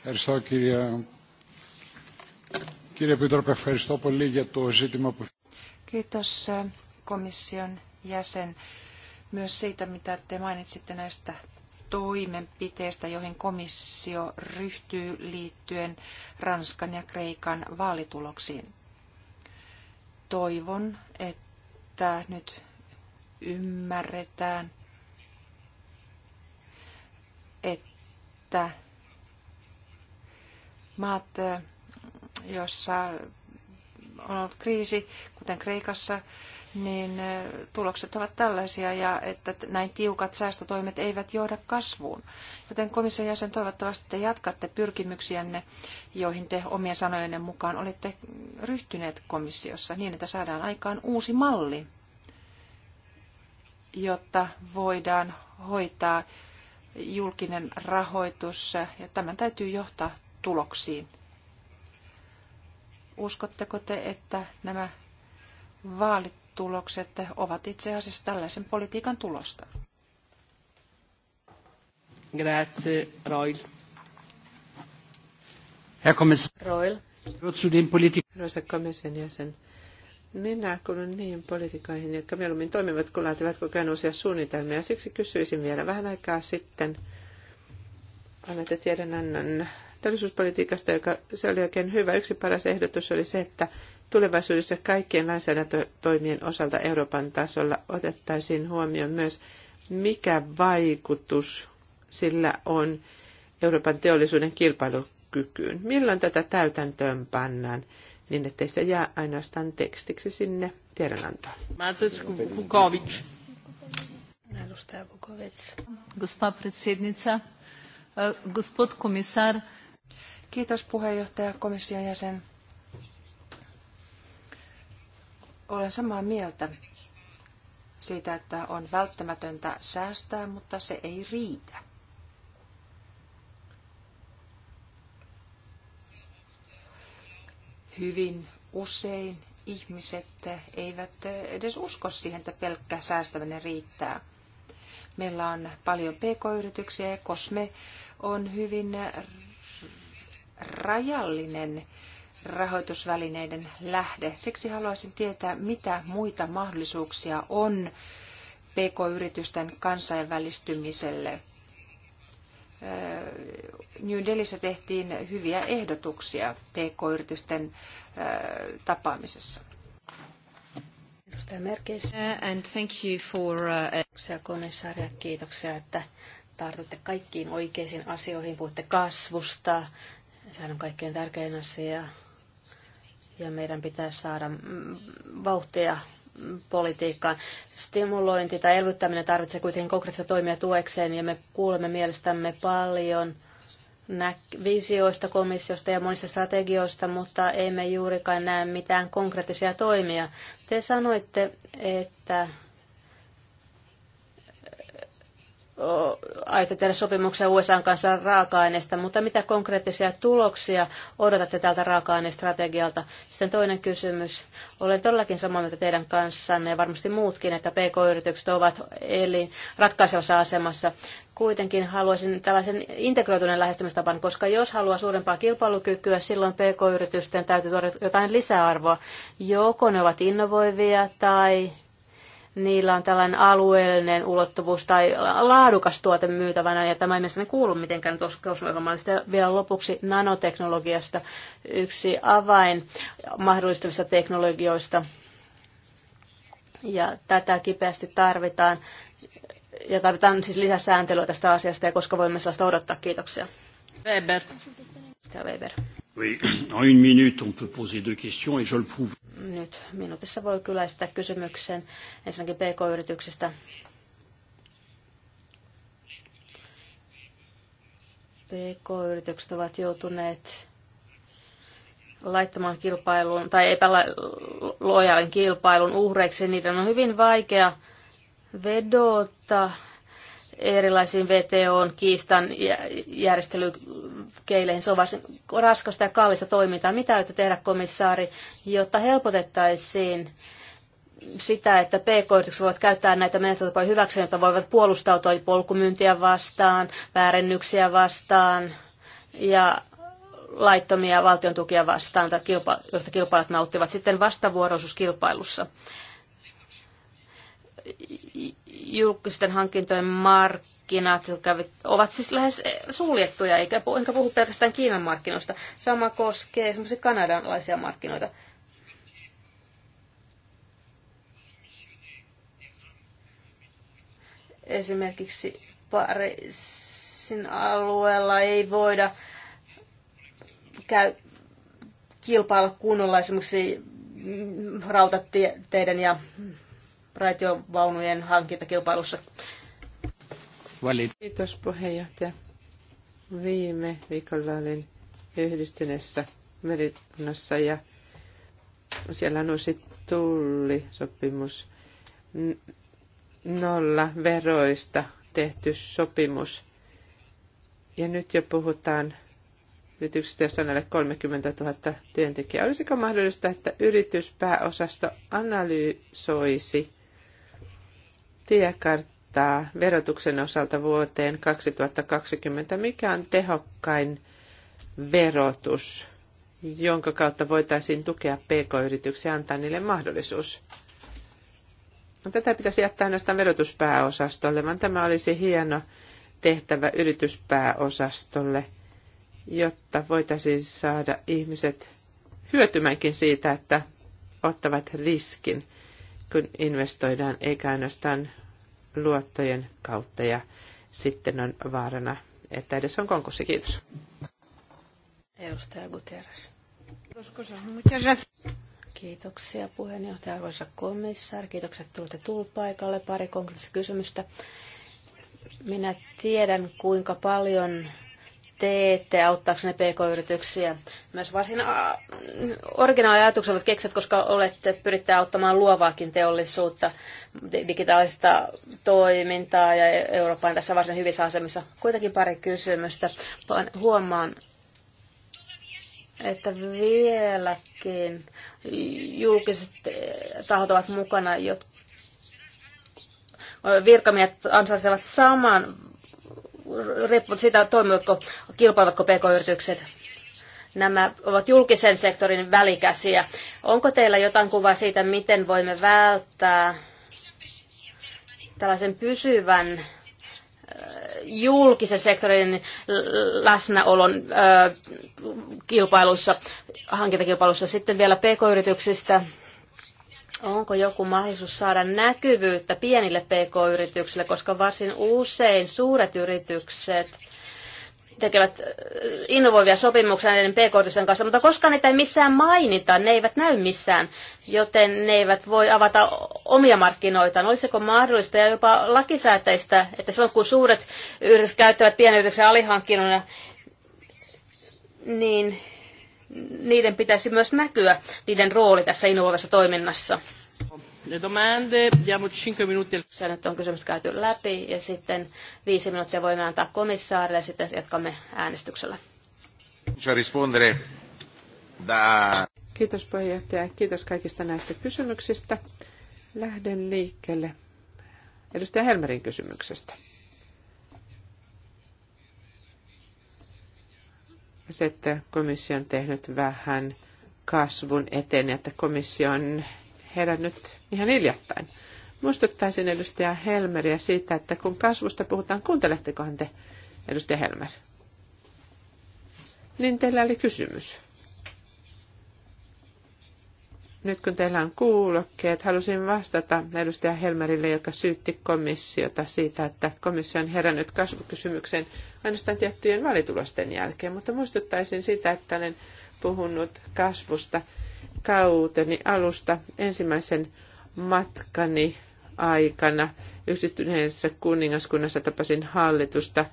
Ευχαριστώ κύριε, κύριε Πίτροπε, Kiitos komission jäsen myös siitä, mitä te mainitsitte näistä toimenpiteistä, joihin komissio ryhtyy liittyen Ranskan ja Kreikan vaalituloksiin. Toivon, että nyt ymmärretään, että maat, joissa on ollut kriisi, kuten Kreikassa, niin tulokset ovat tällaisia ja että näin tiukat säästötoimet eivät johda kasvuun. Joten komission jäsen toivottavasti te jatkatte pyrkimyksiänne, joihin te omien sanojenne mukaan olette ryhtyneet komissiossa niin, että saadaan aikaan uusi malli, jotta voidaan hoitaa julkinen rahoitus ja tämän täytyy johtaa tuloksiin. Uskotteko te, että nämä vaalit tulokset ovat itse asiassa tällaisen politiikan tulosta. Grazie, Roil. Herr Kommissar, Roil. Zu den Arvoisa komission jäsen, minä kuulun niihin politiikoihin, jotka mieluummin toimivat, kun laativat koko ajan uusia suunnitelmia. Siksi kysyisin vielä vähän aikaa sitten, annette tiedonannon teollisuuspolitiikasta, joka se oli oikein hyvä. Yksi paras ehdotus oli se, että tulevaisuudessa kaikkien lainsäädäntötoimien osalta Euroopan tasolla otettaisiin huomioon myös, mikä vaikutus sillä on Euroopan teollisuuden kilpailukykyyn. Milloin tätä täytäntöön pannaan, niin ettei se jää ainoastaan tekstiksi sinne tiedonantoon. Vukovic. Edustaja Vukovic. Gospa predsednica, eh, gospod komissar. Kiitos puheenjohtaja komission jäsen. Olen samaa mieltä siitä, että on välttämätöntä säästää, mutta se ei riitä. Hyvin usein ihmiset eivät edes usko siihen, että pelkkä säästäminen riittää. Meillä on paljon pk-yrityksiä ja Kosme on hyvin rajallinen rahoitusvälineiden lähde. Siksi haluaisin tietää, mitä muita mahdollisuuksia on PK-yritysten kansainvälistymiselle. New Delhissä tehtiin hyviä ehdotuksia PK-yritysten tapaamisessa. Uh, and thank you for, uh, komissaria, kiitoksia, että tartutte kaikkiin oikeisiin asioihin. Puhutte kasvusta, sehän on kaikkein tärkein asia ja meidän pitää saada mm, vauhtia mm, politiikkaan. Stimulointi tai elvyttäminen tarvitsee kuitenkin konkreettisia toimia tuekseen ja me kuulemme mielestämme paljon visioista komissiosta ja monista strategioista, mutta emme juurikaan näe mitään konkreettisia toimia. Te sanoitte, että aiotte tehdä sopimuksia USA kanssa raaka-aineista, mutta mitä konkreettisia tuloksia odotatte tältä raaka-ainestrategialta? Sitten toinen kysymys. Olen todellakin samaa mieltä teidän kanssanne ja varmasti muutkin, että PK-yritykset ovat eli ratkaisevassa asemassa. Kuitenkin haluaisin tällaisen integroituneen lähestymistapan, koska jos haluaa suurempaa kilpailukykyä, silloin PK-yritysten täytyy tuoda jotain lisäarvoa. Joko ne ovat innovoivia tai niillä on tällainen alueellinen ulottuvuus tai laadukas tuote myytävänä, ja tämä ei mielestäni kuulu mitenkään tuossa Sitten vielä lopuksi nanoteknologiasta yksi avain mahdollistavista teknologioista, ja tätä kipeästi tarvitaan, ja tarvitaan siis lisäsääntelyä tästä asiasta, ja koska voimme sellaista odottaa. Kiitoksia. Weber. Weber. Oui, (clears throat) en une minute on peut poser deux questions et je le prouve. Nyt minuutissa voi kyllä esittää kysymyksen ensinnäkin pk yrityksestä PK-yritykset ovat joutuneet laittamaan kilpailun tai epälojaalin kilpailun uhreiksi, niiden on hyvin vaikea vedota erilaisiin VTOn kiistan järjestely keileihin. Se on varsin raskasta ja kallista toimintaa. Mitä aiotte tehdä, komissaari, jotta helpotettaisiin sitä, että PK-yritykset voivat käyttää näitä menetelmiä hyväkseen, jotta voivat puolustautua polkumyyntiä vastaan, väärennyksiä vastaan ja laittomia valtion tukia vastaan, joista kilpailut nauttivat. Sitten vastavuoroisuuskilpailussa. julkisten hankintojen mark- markkinat jotka ovat siis lähes suljettuja, eikä, enkä puhu pelkästään Kiinan markkinoista. Sama koskee esimerkiksi kanadalaisia markkinoita. Esimerkiksi Pariisin alueella ei voida käy, kilpailla kunnolla esimerkiksi rautateiden ja raitiovaunujen hankintakilpailussa. Kiitos puheenjohtaja. Viime viikolla olin yhdistyneessä merikunnassa ja siellä on uusi tullisopimus nolla veroista tehty sopimus. Ja nyt jo puhutaan yrityksestä, jossa on 30 000 työntekijää. Olisiko mahdollista, että yrityspääosasto analysoisi tiekarttaa? asettaa verotuksen osalta vuoteen 2020, mikä on tehokkain verotus, jonka kautta voitaisiin tukea pk-yrityksiä ja antaa niille mahdollisuus. No, tätä pitäisi jättää ainoastaan verotuspääosastolle, vaan tämä olisi hieno tehtävä yrityspääosastolle, jotta voitaisiin saada ihmiset hyötymäänkin siitä, että ottavat riskin, kun investoidaan, eikä ainoastaan luottojen kautta ja sitten on vaarana, että edes on konkurssi. Kiitos. Edustaja Guterres. Kiitoksia puheenjohtaja, arvoisa komissaari. Kiitokset, että tulitte tulpaikalle. Pari konkreettista kysymystä. Minä tiedän, kuinka paljon teette ne pk-yrityksiä? Myös varsin originaali ajatukset keksit, koska olette pyritte auttamaan luovaakin teollisuutta, digitaalista toimintaa ja Eurooppa on tässä varsin hyvissä asemissa. Kuitenkin pari kysymystä. Huomaan, että vieläkin julkiset tahot ovat mukana, jotka virkamiehet ansaitsevat saman riippuu siitä, toimivatko, kilpailevatko pk-yritykset nämä ovat julkisen sektorin välikäsiä. Onko teillä jotain kuvaa siitä, miten voimme välttää tällaisen pysyvän julkisen sektorin läsnäolon kilpailussa, hankintakilpailussa. Sitten vielä pk-yrityksistä. Onko joku mahdollisuus saada näkyvyyttä pienille pk-yrityksille, koska varsin usein suuret yritykset tekevät äh, innovoivia sopimuksia näiden pk kanssa, mutta koska niitä ei missään mainita, ne eivät näy missään, joten ne eivät voi avata omia markkinoitaan. Olisiko mahdollista ja jopa lakisääteistä, että silloin kun suuret yritykset käyttävät pienyrityksen alihankkinoina, niin niiden pitäisi myös näkyä niiden rooli tässä innovoivassa toiminnassa. Le domande, diamo 5 minuuttia. Se nyt on kysymys käyty läpi ja sitten viisi minuuttia voimme antaa komissaarille ja sitten jatkamme äänestyksellä. Kiitos puheenjohtaja. Kiitos kaikista näistä kysymyksistä. Lähden liikkeelle edustaja Helmerin kysymyksestä. se, että komissio on tehnyt vähän kasvun eteen, että komissio on herännyt ihan hiljattain. Muistuttaisin edustaja Helmeriä siitä, että kun kasvusta puhutaan, kuuntelettekohan te, edustaja Helmer? Niin teillä oli kysymys. Nyt kun teillä on kuulokkeet, halusin vastata edustaja Helmerille, joka syytti komissiota siitä, että komissio on herännyt kasvukysymykseen ainoastaan tiettyjen valitulosten jälkeen, mutta muistuttaisin sitä, että olen puhunut kasvusta kauteni alusta ensimmäisen matkani aikana yhdistyneessä kuningaskunnassa tapasin hallitusta.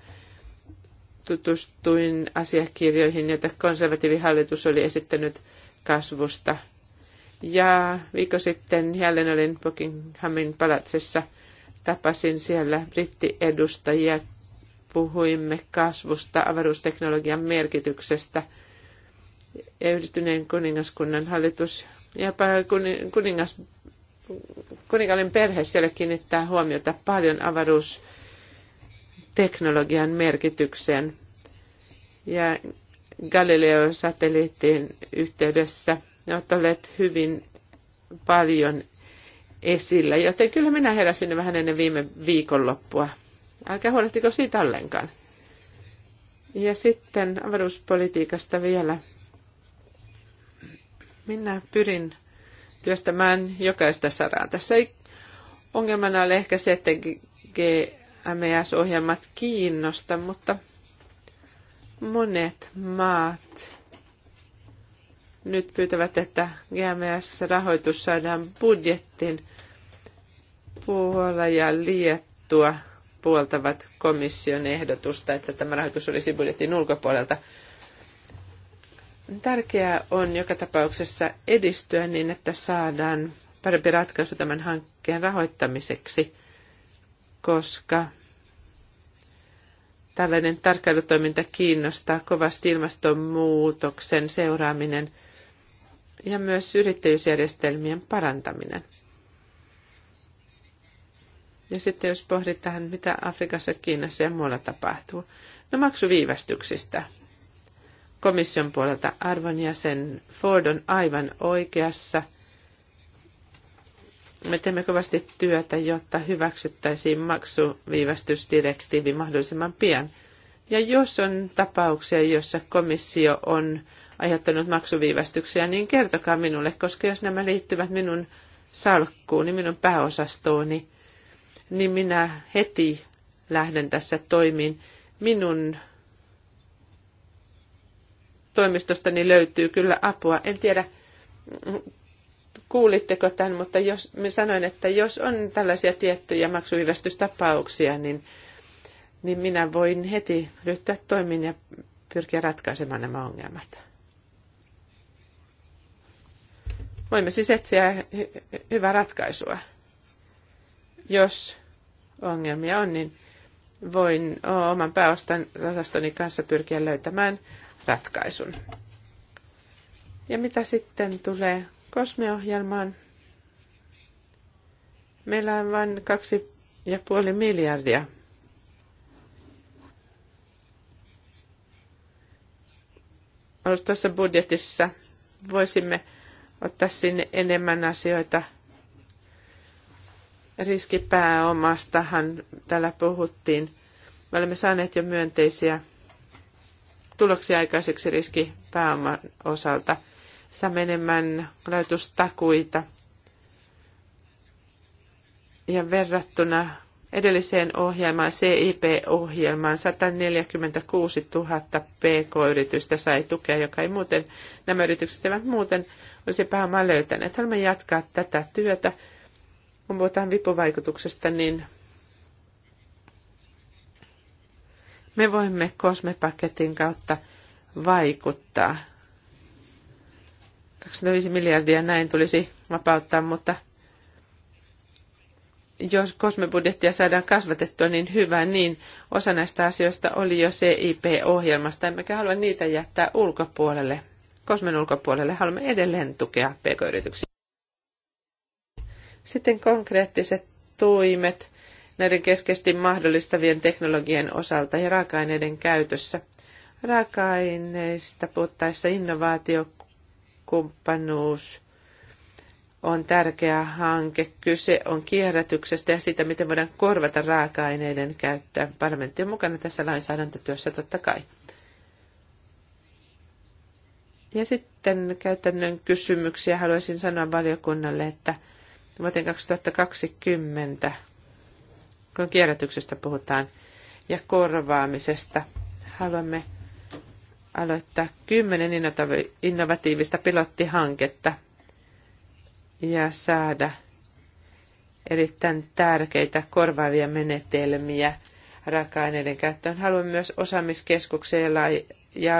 Tutustuin asiakirjoihin, joita konservatiivihallitus oli esittänyt kasvusta ja viikko sitten jälleen olin Buckinghamin palatsissa. Tapasin siellä brittiedustajia. Puhuimme kasvusta, avaruusteknologian merkityksestä. Ja yhdistyneen kuningaskunnan hallitus ja kuningas, kuningallinen perhe siellä kiinnittää huomiota paljon avaruusteknologian merkitykseen. Ja Galileo-satelliittiin yhteydessä – ne ovat olleet hyvin paljon esillä. Joten kyllä minä heräsin vähän ennen viime viikonloppua. Älkää huolehtiko siitä ollenkaan. Ja sitten avaruuspolitiikasta vielä. Minä pyrin työstämään jokaista saraa. Tässä ei ongelmana ole ehkä se, että gms ohjelmat kiinnosta, mutta monet maat nyt pyytävät, että GMS-rahoitus saadaan budjettiin. Puola ja Liettua puoltavat komission ehdotusta, että tämä rahoitus olisi budjetin ulkopuolelta. Tärkeää on joka tapauksessa edistyä niin, että saadaan parempi ratkaisu tämän hankkeen rahoittamiseksi, koska tällainen tarkkailutoiminta kiinnostaa kovasti ilmastonmuutoksen seuraaminen – ja myös yrittäjyysjärjestelmien parantaminen. Ja sitten jos pohditaan, mitä Afrikassa, Kiinassa ja muualla tapahtuu. No maksuviivästyksistä. Komission puolelta arvon jäsen Ford on aivan oikeassa. Me teemme kovasti työtä, jotta hyväksyttäisiin maksuviivästysdirektiivi mahdollisimman pian. Ja jos on tapauksia, joissa komissio on aiheuttanut maksuviivästyksiä, niin kertokaa minulle, koska jos nämä liittyvät minun salkkuuni, minun pääosastooni, niin minä heti lähden tässä toimiin. Minun toimistostani löytyy kyllä apua. En tiedä, kuulitteko tämän, mutta jos, minä sanoin, että jos on tällaisia tiettyjä maksuviivästystapauksia, niin, niin minä voin heti ryhtyä toimiin ja pyrkiä ratkaisemaan nämä ongelmat. Voimme siis etsiä hyvää ratkaisua. Jos ongelmia on, niin voin oman pääosastoni kanssa pyrkiä löytämään ratkaisun. Ja mitä sitten tulee kosmeohjelmaan? Meillä on vain kaksi ja puoli miljardia. Ollut tuossa budjetissa voisimme ottaa sinne enemmän asioita. Riskipääomastahan täällä puhuttiin. Me olemme saaneet jo myönteisiä tuloksia aikaiseksi riskipääoman osalta. Saamme enemmän rahoitustakuita. Ja verrattuna edelliseen ohjelmaan, CIP-ohjelmaan, 146 000 pk-yritystä sai tukea, joka ei muuten, nämä yritykset eivät muuten olisi pääomaa löytäneet. Haluamme jatkaa tätä työtä. Kun puhutaan vipuvaikutuksesta, niin me voimme kosmepaketin kautta vaikuttaa. 25 miljardia näin tulisi vapauttaa, mutta – jos kosmebudjettia saadaan kasvatettua, niin hyvä, niin osa näistä asioista oli jo CIP-ohjelmasta, emmekä halua niitä jättää ulkopuolelle, kosmen ulkopuolelle. Haluamme edelleen tukea pk-yrityksiä. Sitten konkreettiset toimet näiden keskeisesti mahdollistavien teknologien osalta ja raaka-aineiden käytössä. Raaka-aineista puhuttaessa innovaatiokumppanuus – on tärkeä hanke. Kyse on kierrätyksestä ja siitä, miten voidaan korvata raaka-aineiden käyttöä. Parlamentti on mukana tässä lainsäädäntötyössä totta kai. Ja sitten käytännön kysymyksiä haluaisin sanoa valiokunnalle, että vuoteen 2020, kun kierrätyksestä puhutaan ja korvaamisesta, haluamme aloittaa kymmenen innovatiivista pilottihanketta – ja saada erittäin tärkeitä korvaavia menetelmiä raaka-aineiden käyttöön. Haluan myös osaamiskeskuksia ja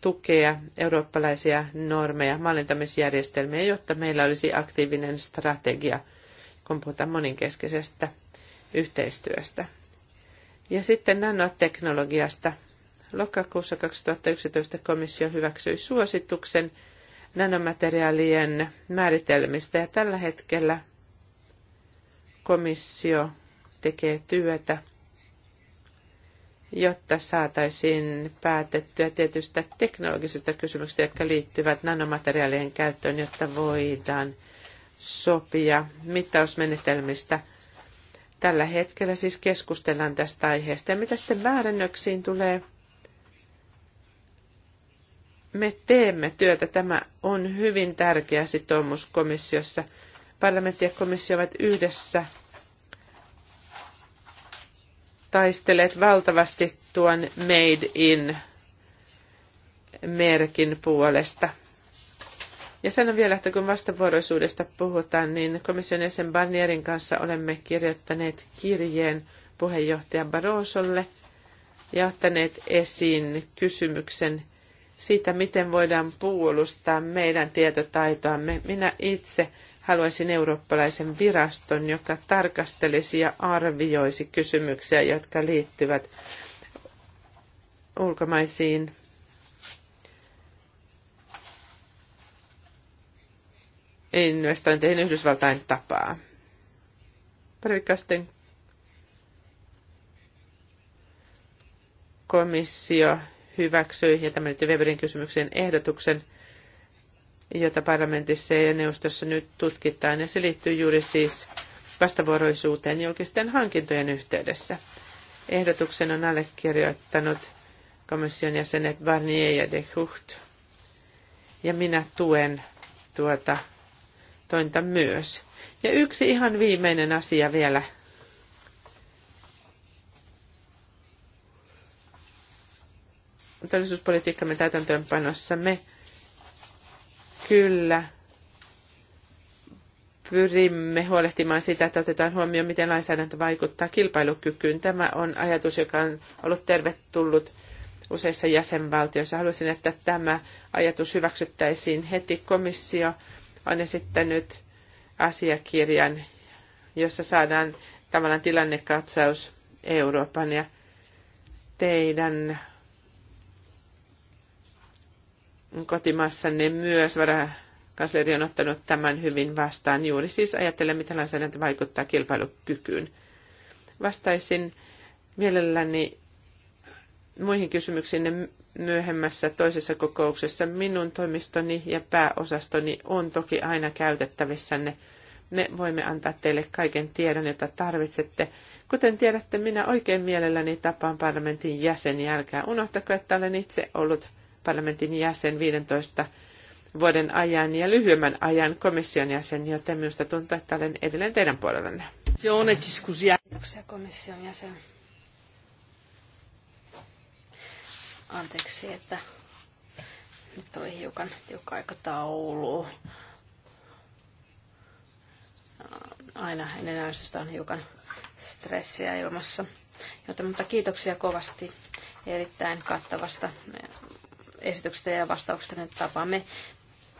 tukea eurooppalaisia normeja, mallintamisjärjestelmiä, jotta meillä olisi aktiivinen strategia, kun puhutaan moninkeskeisestä yhteistyöstä. Ja sitten nanoteknologiasta. Lokakuussa 2011 komissio hyväksyi suosituksen – nanomateriaalien määritelmistä ja tällä hetkellä komissio tekee työtä, jotta saataisiin päätettyä tietystä teknologisista kysymyksistä, jotka liittyvät nanomateriaalien käyttöön, jotta voidaan sopia mittausmenetelmistä. Tällä hetkellä siis keskustellaan tästä aiheesta. Ja mitä sitten väärennöksiin tulee, me teemme työtä. Tämä on hyvin tärkeä sitoumus komissiossa. Parlamentti ja komissio ovat yhdessä taistelleet valtavasti tuon Made in merkin puolesta. Ja sanon vielä, että kun vastavuoroisuudesta puhutaan, niin komission jäsen Barnierin kanssa olemme kirjoittaneet kirjeen puheenjohtaja Barrosolle ja ottaneet esiin kysymyksen – siitä, miten voidaan puolustaa meidän tietotaitoamme. Minä itse haluaisin eurooppalaisen viraston, joka tarkastelisi ja arvioisi kysymyksiä, jotka liittyvät ulkomaisiin investointeihin Yhdysvaltain tapaa. Parikasten komissio hyväksyi, ja tämä liittyy Weberin kysymyksen ehdotuksen, jota parlamentissa ja neuvostossa nyt tutkitaan, ja se liittyy juuri siis vastavuoroisuuteen julkisten hankintojen yhteydessä. Ehdotuksen on allekirjoittanut komission jäsenet Barnier ja de Hucht, ja minä tuen tuota tointa myös. Ja yksi ihan viimeinen asia vielä – todellisuuspolitiikkamme täytäntöönpanossa me kyllä pyrimme huolehtimaan siitä, että otetaan huomioon, miten lainsäädäntö vaikuttaa kilpailukykyyn. Tämä on ajatus, joka on ollut tervetullut useissa jäsenvaltioissa. Haluaisin, että tämä ajatus hyväksyttäisiin heti. Komissio on esittänyt asiakirjan, jossa saadaan tavallaan tilannekatsaus Euroopan ja teidän kotimaassanne myös varakansleri on ottanut tämän hyvin vastaan juuri siis ajatellen, miten lainsäädäntö vaikuttaa kilpailukykyyn. Vastaisin mielelläni muihin kysymyksiin myöhemmässä toisessa kokouksessa. Minun toimistoni ja pääosastoni on toki aina käytettävissänne. Me voimme antaa teille kaiken tiedon, jota tarvitsette. Kuten tiedätte, minä oikein mielelläni tapaan parlamentin jäseniä. Älkää unohtako, että olen itse ollut parlamentin jäsen 15 vuoden ajan ja lyhyemmän ajan komission jäsen, joten minusta tuntuu, että olen edelleen teidän puolellanne. Kiitoksia komission jäsen. Anteeksi, että nyt oli hiukan tiukka aikataulu. Aina ennen äänestystä on hiukan stressiä ilmassa. Joten, mutta kiitoksia kovasti erittäin kattavasta esityksestä ja vastauksesta. Nyt tapaamme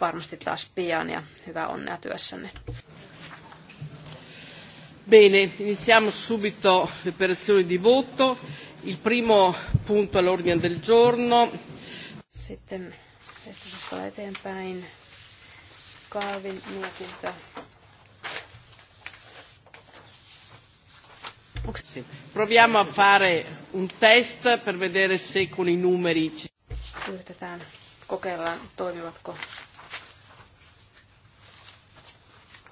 varmasti taas pian ja hyvää onnea työssänne. Bene, iniziamo subito le operazioni di voto. Il primo punto all'ordine del giorno. Sitten esitystä eteenpäin. Kaavin mietintö. Proviamo a fare un test per vedere se con i numeri ci yritetään kokeillaan, toimivatko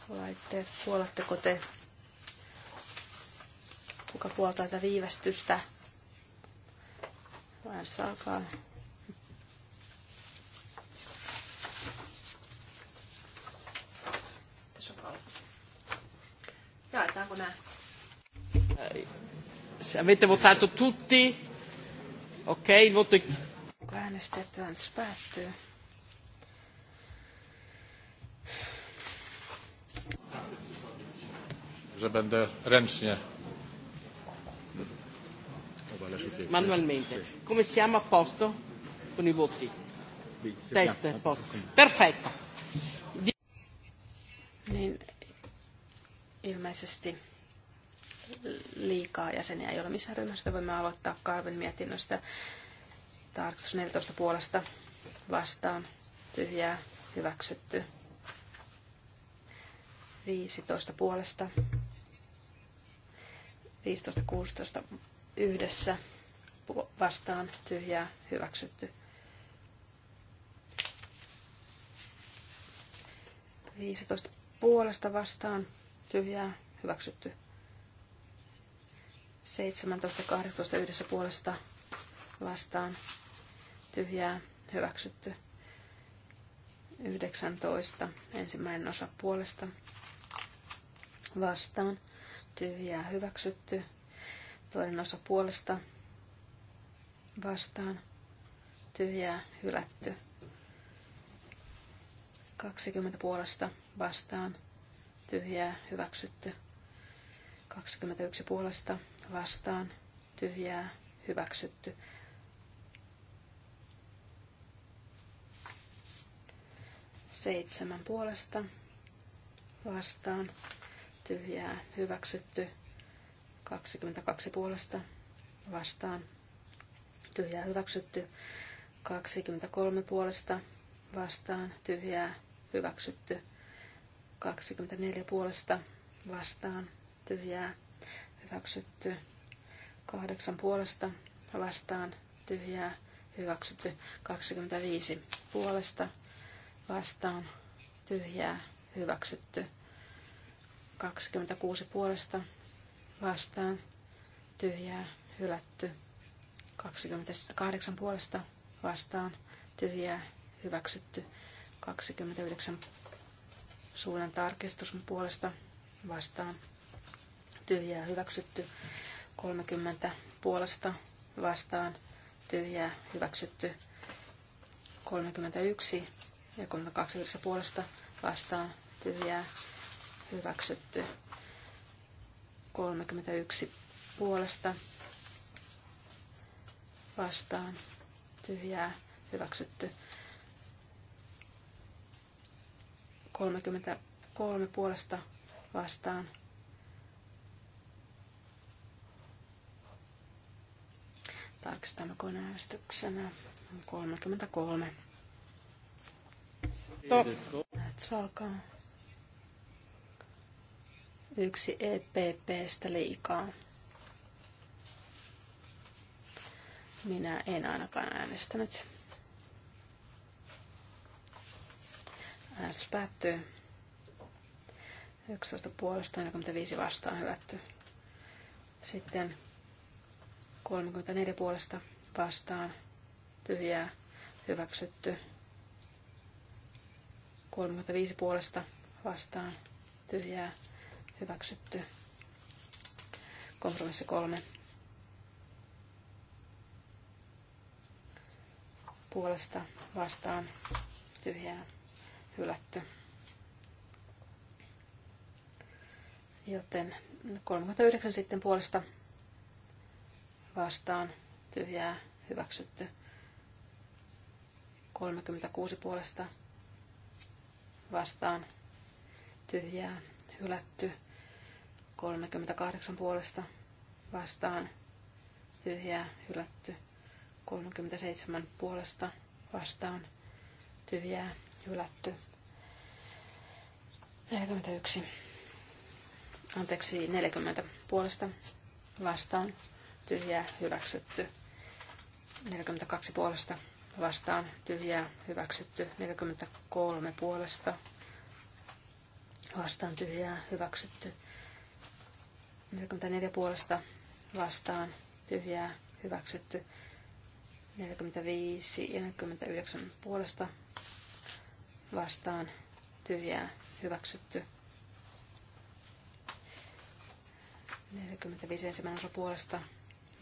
laitteet, puolatteko te, kuka puoltaa tätä viivästystä, vähän saakaa. Jaetaanko nämä? Se avete votato tutti? Okei, okay, voto Onko äänestetty? Äänestys päättyy. Że będę ręcznie. Manualmente. Come siamo a posto con i voti? Test, posto. Perfetto. Niin ilmeisesti liikaa jäseniä ei ole missään ryhmässä. Voimme aloittaa Karvin mietinnöstä. Tarkastus 14 puolesta vastaan tyhjää hyväksytty. 15 puolesta. 15-16 yhdessä vastaan tyhjää hyväksytty. 15 puolesta vastaan tyhjää hyväksytty. 17, 18 yhdessä puolesta vastaan tyhjää hyväksytty. 19. Ensimmäinen osa puolesta vastaan. Tyhjää hyväksytty. Toinen osa puolesta vastaan. Tyhjää hylätty. 20 puolesta vastaan. Tyhjää hyväksytty. 21 puolesta vastaan. Tyhjää hyväksytty. Seitsemän puolesta vastaan tyhjää hyväksytty. 22 puolesta vastaan tyhjää hyväksytty. 23 puolesta vastaan tyhjää hyväksytty. 24 puolesta vastaan tyhjää hyväksytty. 8 puolesta vastaan tyhjää hyväksytty. 25 puolesta vastaan tyhjää hyväksytty. 26 puolesta vastaan tyhjää hylätty. 28 puolesta vastaan tyhjää hyväksytty. 29 suunnan tarkistus puolesta vastaan tyhjää hyväksytty. 30 puolesta vastaan tyhjää hyväksytty. 31 ja 39 puolesta vastaan tyhjää hyväksytty. 31 puolesta vastaan tyhjää hyväksytty. 33 puolesta vastaan tarkistamme koneäänestyksenä 33. To. Saakaa. Yksi EPPstä liikaa. Minä en ainakaan äänestänyt. Äänestys päättyy. 11 puolesta 45 vastaan hyvätty. Sitten 34 puolesta vastaan tyhjää hyväksytty. 35 puolesta vastaan tyhjää hyväksytty. Kompromissi kolme puolesta vastaan tyhjää hylätty. Joten 39 sitten puolesta vastaan tyhjää hyväksytty. 36 puolesta vastaan tyhjää hylätty. 38 puolesta vastaan tyhjää hylätty. 37 puolesta vastaan tyhjää hylätty. 41. Anteeksi, 40 puolesta vastaan tyhjää hyväksytty. 42 puolesta vastaan tyhjää hyväksytty 43 puolesta vastaan tyhjää hyväksytty 44 puolesta vastaan tyhjää hyväksytty 45 ja 49 puolesta vastaan tyhjää hyväksytty 45 ensimmäinen osa puolesta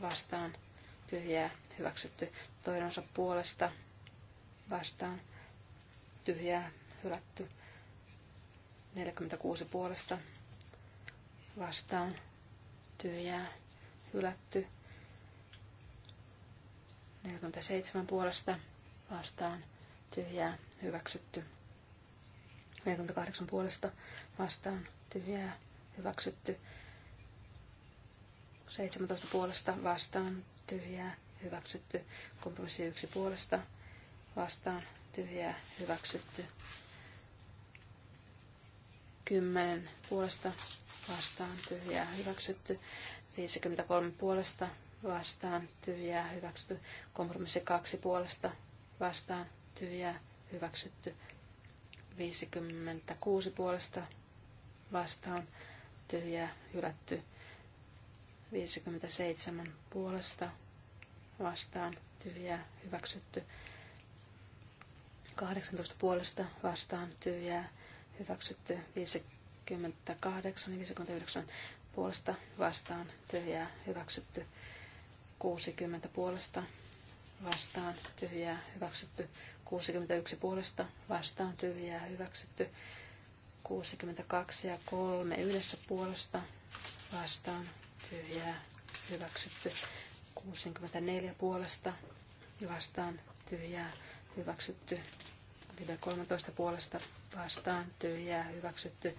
vastaan tyhjää hyväksytty toinensa puolesta vastaan tyhjää hylätty 46 puolesta vastaan tyhjää hylätty 47 puolesta vastaan tyhjää hyväksytty 48 puolesta vastaan tyhjää hyväksytty 17 puolesta vastaan tyhjää, hyväksytty. Kompromissi yksi puolesta vastaan, tyhjää, hyväksytty. Kymmenen puolesta vastaan, tyhjää, hyväksytty. 53 puolesta vastaan, tyhjää, hyväksytty. Kompromissi kaksi puolesta vastaan, tyhjää, hyväksytty. 56 puolesta vastaan, tyhjää, hylätty. 57 puolesta vastaan tyhjää hyväksytty. 18 puolesta vastaan tyhjää hyväksytty. 58 59 puolesta vastaan tyhjää hyväksytty. 60 puolesta vastaan tyhjää hyväksytty. 61 puolesta vastaan tyhjää hyväksytty. 62 ja 3 yhdessä puolesta vastaan tyhjää hyväksytty. 64 puolesta vastaan tyhjää hyväksytty. Live 13 eh, puolesta vastaan tyhjää hyväksytty.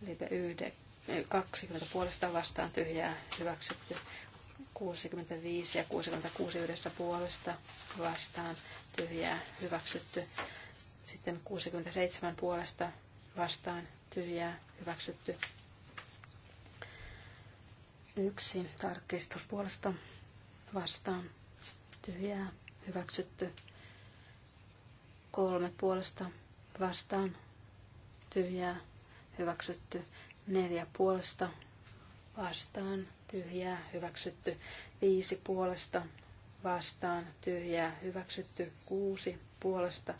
Live 20 puolesta vastaan tyhjää hyväksytty. 65 ja 66 yhdessä puolesta vastaan tyhjää hyväksytty. Sitten 67 puolesta vastaan tyhjää hyväksytty. Yksi tarkistus puolesta vastaan tyhjää hyväksytty. Kolme puolesta vastaan tyhjää hyväksytty. Neljä puolesta vastaan tyhjää hyväksytty. Viisi puolesta vastaan tyhjää hyväksytty. Kuusi puolesta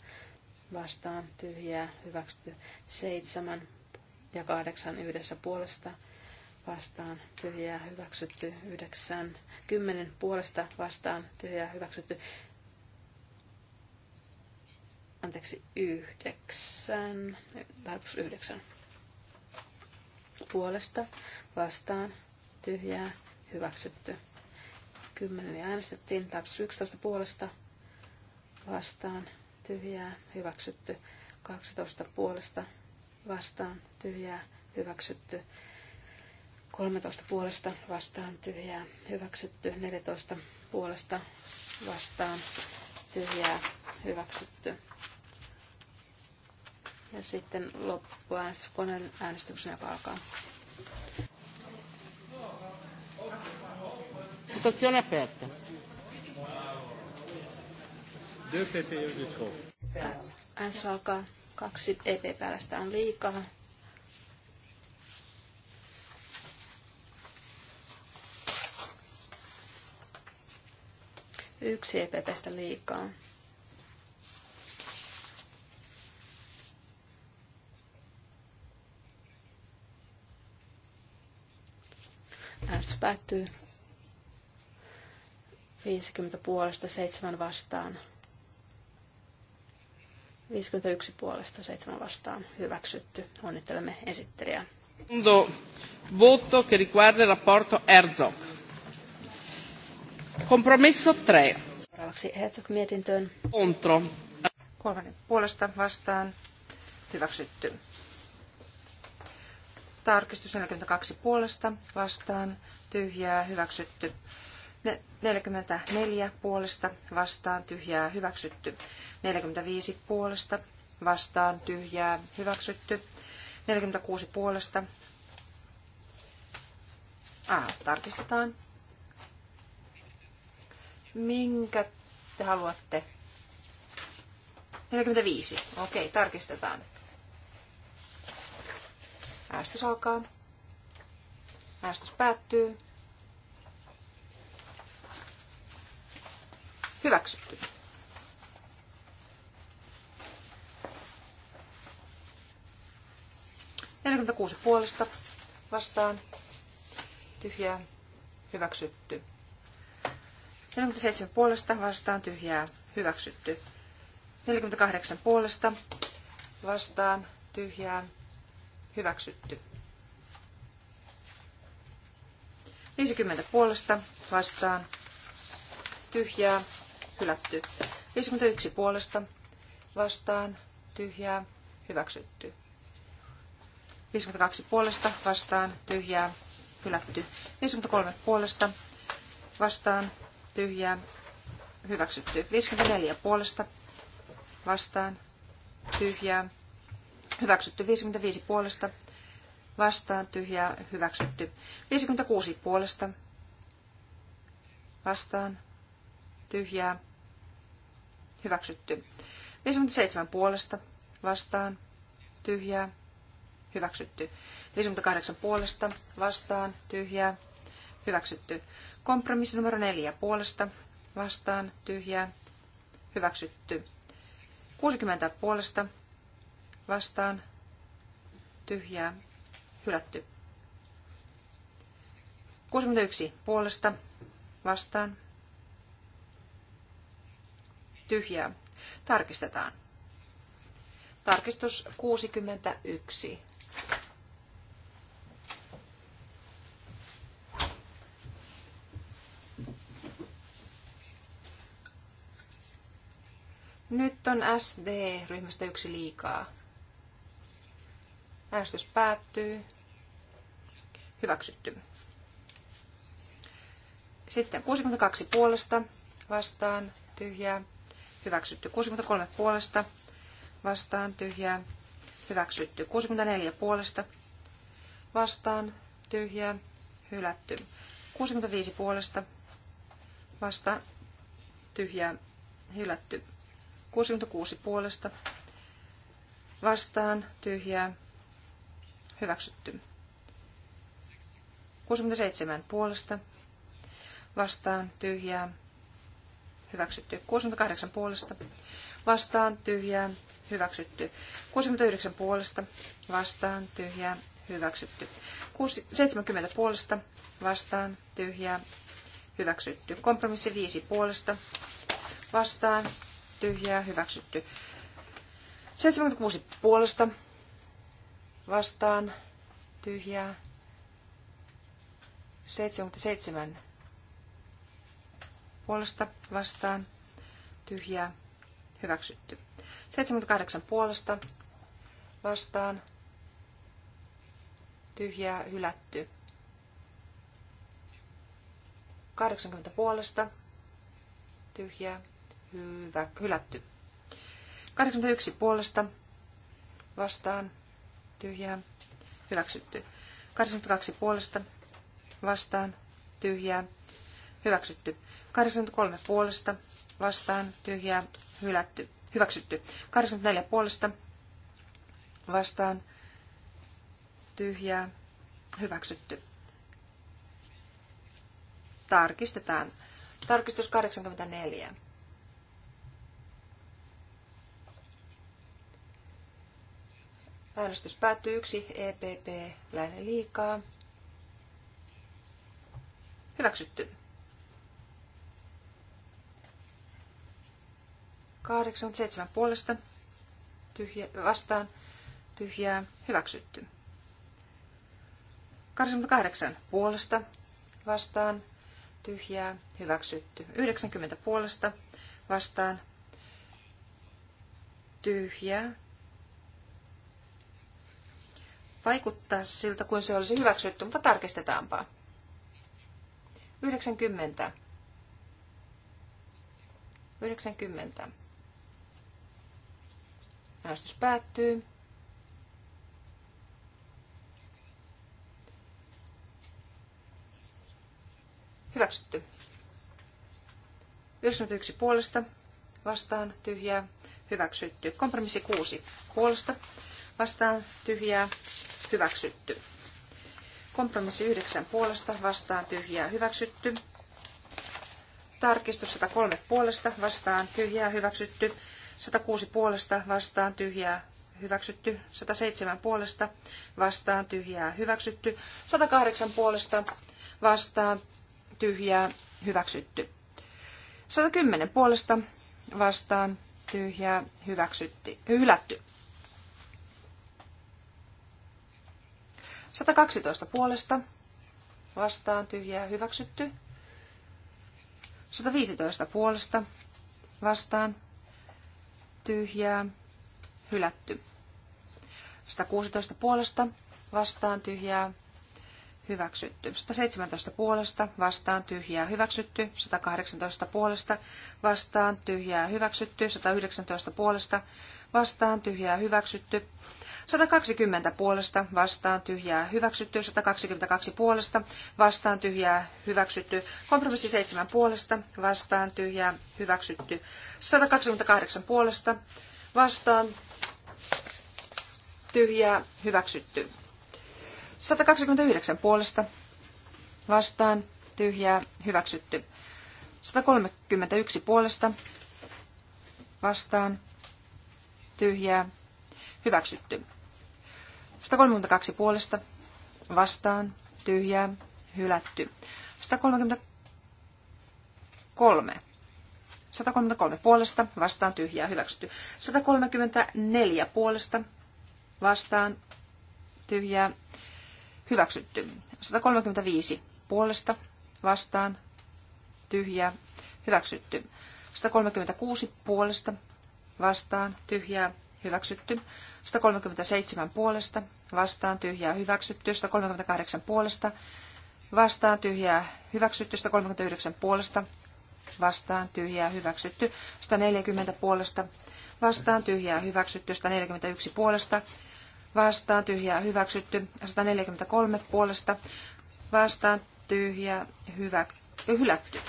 vastaan tyhjää hyväksytty. Seitsemän ja kahdeksan yhdessä puolesta vastaan tyhjää hyväksytty 9, 10 puolesta vastaan tyhjää hyväksytty anteeksi 9, tarkoitus 9 puolesta vastaan tyhjää hyväksytty 10 niin äänestettiin tarkoitus 11 puolesta vastaan tyhjää hyväksytty 12 puolesta vastaan tyhjää hyväksytty 13 puolesta vastaan tyhjää hyväksytty, 14 puolesta vastaan tyhjää hyväksytty. Ja sitten loppuäänestyskoneen koneen äänestyksen, joka alkaa. Votazione aperta. Deux PPE de Äänestys alkaa. Kaksi ep lästä on liikaa. Yksi ei EPPstä liikaa. Äänestys päättyy 50 puolesta 7 vastaan. 51 puolesta 7 vastaan hyväksytty. Onnittelemme esittelijää. Voto che riguarda il rapporto Herzog. Kompromisso 3. Seuraavaksi Herzog mietintöön. Contro. Kolmannen puolesta vastaan. Hyväksytty. Tarkistus 42 puolesta vastaan. Tyhjää. Hyväksytty. 44 puolesta vastaan tyhjää hyväksytty. 45 puolesta vastaan tyhjää hyväksytty. 46 puolesta. Ah, tarkistetaan. Minkä te haluatte? 45. Okei, tarkistetaan. Äästys alkaa. Äästys päättyy. Hyväksytty. puolesta vastaan. Tyhjää. Hyväksytty. 47 puolesta vastaan tyhjää hyväksytty. 48 puolesta vastaan tyhjää hyväksytty. 50 puolesta vastaan tyhjää hylätty. 51 puolesta vastaan tyhjää hyväksytty. 52 puolesta vastaan tyhjää hylätty. 53 puolesta vastaan tyhjää, hyväksytty. 54 puolesta, vastaan, tyhjää, hyväksytty. 55 puolesta, vastaan, tyhjää, hyväksytty. 56 puolesta, vastaan, tyhjää, hyväksytty. 57 puolesta, vastaan, tyhjää, hyväksytty. 58 puolesta, vastaan, tyhjää, Hyväksytty. Kompromissi numero neljä puolesta. Vastaan. Tyhjää. Hyväksytty. 60 puolesta. Vastaan. Tyhjää. Hylätty. 61 puolesta. Vastaan. Tyhjää. Tarkistetaan. Tarkistus 61. Nyt on SD-ryhmästä yksi liikaa. Äänestys päättyy. Hyväksytty. Sitten 62 puolesta vastaan tyhjää. Hyväksytty. 63 puolesta vastaan tyhjää. Hyväksytty. 64 puolesta vastaan tyhjää. Hylätty. 65 puolesta vastaan tyhjää. Hylätty. 66 puolesta vastaan tyhjää hyväksytty. 67 puolesta vastaan tyhjää hyväksytty. 68 puolesta vastaan tyhjää hyväksytty. 69 puolesta vastaan tyhjää hyväksytty. 70 puolesta vastaan tyhjää hyväksytty. Kompromissi 5 puolesta vastaan hyväksytty ja hyväksytty. 76 puolesta vastaan, tyhjää. 77 puolesta vastaan, tyhjää, hyväksytty. 78 puolesta vastaan, tyhjää, hylätty. 80 puolesta, tyhjää, Hyvä, hylätty. 81 puolesta vastaan tyhjää hyväksytty. 82 puolesta vastaan tyhjää hyväksytty. 83 puolesta vastaan tyhjää hylätty, hyväksytty. 84 puolesta vastaan tyhjää hyväksytty. Tarkistetaan. Tarkistus 84. Äänestys päättyy yksi EPP lähde liikaa. Hyväksytty. 87 puolesta tyhjä, vastaan tyhjää hyväksytty. 88 puolesta vastaan tyhjää hyväksytty. 90 puolesta vastaan tyhjää Vaikuttaa siltä, kuin se olisi hyväksytty, mutta tarkistetaanpa. 90. 90. Äänestys päättyy. Hyväksytty. 91 puolesta vastaan tyhjää. Hyväksytty. Kompromissi 6 puolesta vastaan tyhjää hyväksytty. Kompromissi 9 puolesta vastaan tyhjää hyväksytty. Tarkistus 103 puolesta vastaan tyhjää hyväksytty. 106 puolesta vastaan tyhjää hyväksytty. 107 puolesta vastaan tyhjää hyväksytty. 108 puolesta vastaan tyhjää hyväksytty. 110 puolesta vastaan tyhjää hyväksytti, hylätty. 112 puolesta vastaan tyhjää hyväksytty. 115 puolesta vastaan tyhjää hylätty. 116 puolesta vastaan tyhjää hyväksytty. 117 puolesta vastaan tyhjää hyväksytty. 118 puolesta vastaan tyhjää hyväksytty. 119 puolesta vastaan tyhjää hyväksytty. 120 puolesta vastaan tyhjää hyväksytty. 122 puolesta vastaan tyhjää hyväksytty. Kompromissi 7 puolesta vastaan tyhjää hyväksytty. 128 puolesta vastaan tyhjää hyväksytty. 129 puolesta vastaan tyhjää hyväksytty. 131 puolesta vastaan tyhjää hyväksytty. 132 puolesta vastaan tyhjää hylätty. 133 133 puolesta, vastaan tyhjää, hyväksytty. 134 puolesta, vastaan tyhjää, Hyväksytty. 135 puolesta vastaan tyhjää. Hyväksytty. 136 puolesta vastaan tyhjää. Hyväksytty. 137 puolesta vastaan tyhjää. Hyväksytty. 138 puolesta vastaan tyhjää. Hyväksytty. 139 puolesta vastaan tyhjää. Hyväksytty. 140 puolesta vastaan tyhjää. Hyväksytty. 141 puolesta vastaan tyhjää hyväksytty. 143 puolesta vastaan tyhjää hyvä, hylätty.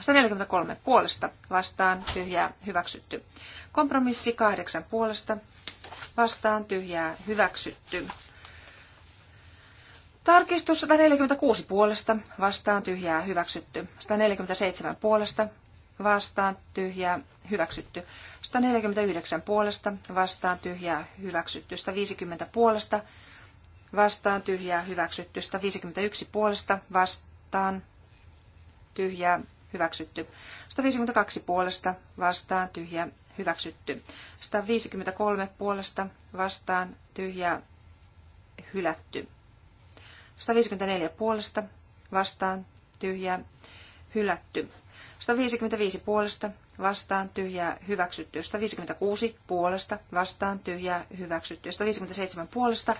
143 puolesta vastaan tyhjää hyväksytty. Kompromissi 8 puolesta vastaan tyhjää hyväksytty. Tarkistus 146 puolesta, vastaan tyhjää hyväksytty. 147 puolesta, vastaan tyhjää hyväksytty. 149 puolesta vastaan tyhjää hyväksytty. 150 puolesta vastaan tyhjää hyväksytty. 151 puolesta vastaan tyhjää hyväksytty. 152 puolesta vastaan tyhjää hyväksytty. 153 puolesta vastaan tyhjää hylätty. 154 puolesta vastaan tyhjää hylätty. 155 puolesta vastaan tyhjää hyväksytty. 156 puolesta vastaan tyhjää hyväksytty. 157 puolesta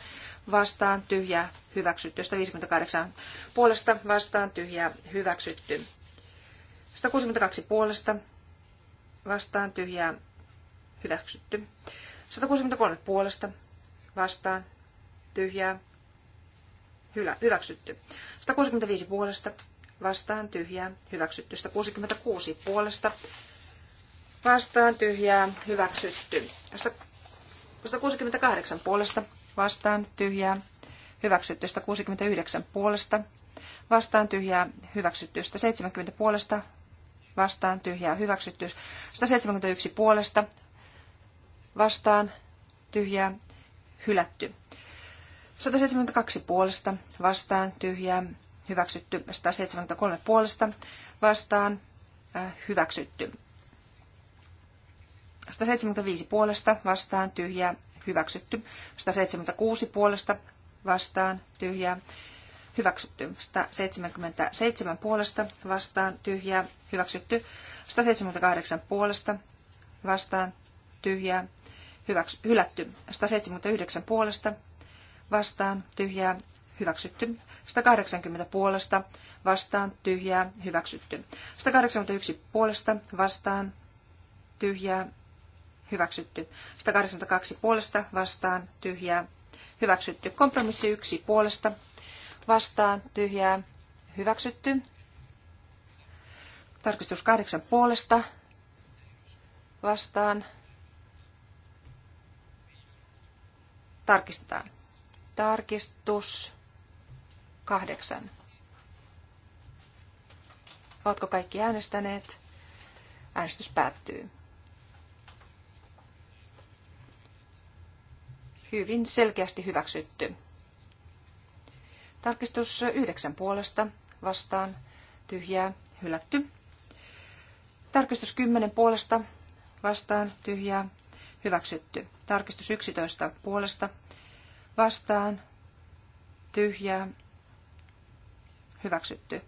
vastaan tyhjää hyväksytty. 158 puolesta vastaan tyhjää hyväksytty. 162 puolesta vastaan tyhjää hyväksytty. 163 puolesta vastaan tyhjää hyväksytty. 165 puolesta vastaan tyhjää hyväksytty. 166 puolesta vastaan tyhjää hyväksytty. 168 puolesta vastaan tyhjää hyväksytty. 169 puolesta vastaan tyhjää hyväksytty. 170 puolesta vastaan tyhjää hyväksytty. 171 puolesta vastaan tyhjää hylätty. 172 puolesta vastaan tyhjää hyväksytty 173 puolesta vastaan, äh, hyväksytty. 175 puolesta vastaan, tyhjää, hyväksytty. 176 puolesta vastaan, tyhjää, hyväksytty. 177 puolesta vastaan, tyhjää, hyväksytty. 178 puolesta vastaan, tyhjää, hyväks, hylätty. 179 puolesta vastaan, tyhjää, hyväksytty. 180 puolesta vastaan tyhjää hyväksytty. 181 puolesta vastaan tyhjää hyväksytty. 182 puolesta vastaan tyhjää hyväksytty. Kompromissi 1 puolesta vastaan tyhjää hyväksytty. Tarkistus 8 puolesta vastaan tarkistetaan. Tarkistus kahdeksan. Ovatko kaikki äänestäneet? Äänestys päättyy. Hyvin selkeästi hyväksytty. Tarkistus yhdeksän puolesta vastaan tyhjää hylätty. Tarkistus kymmenen puolesta vastaan tyhjää hyväksytty. Tarkistus 11 puolesta vastaan tyhjää hyväksytty.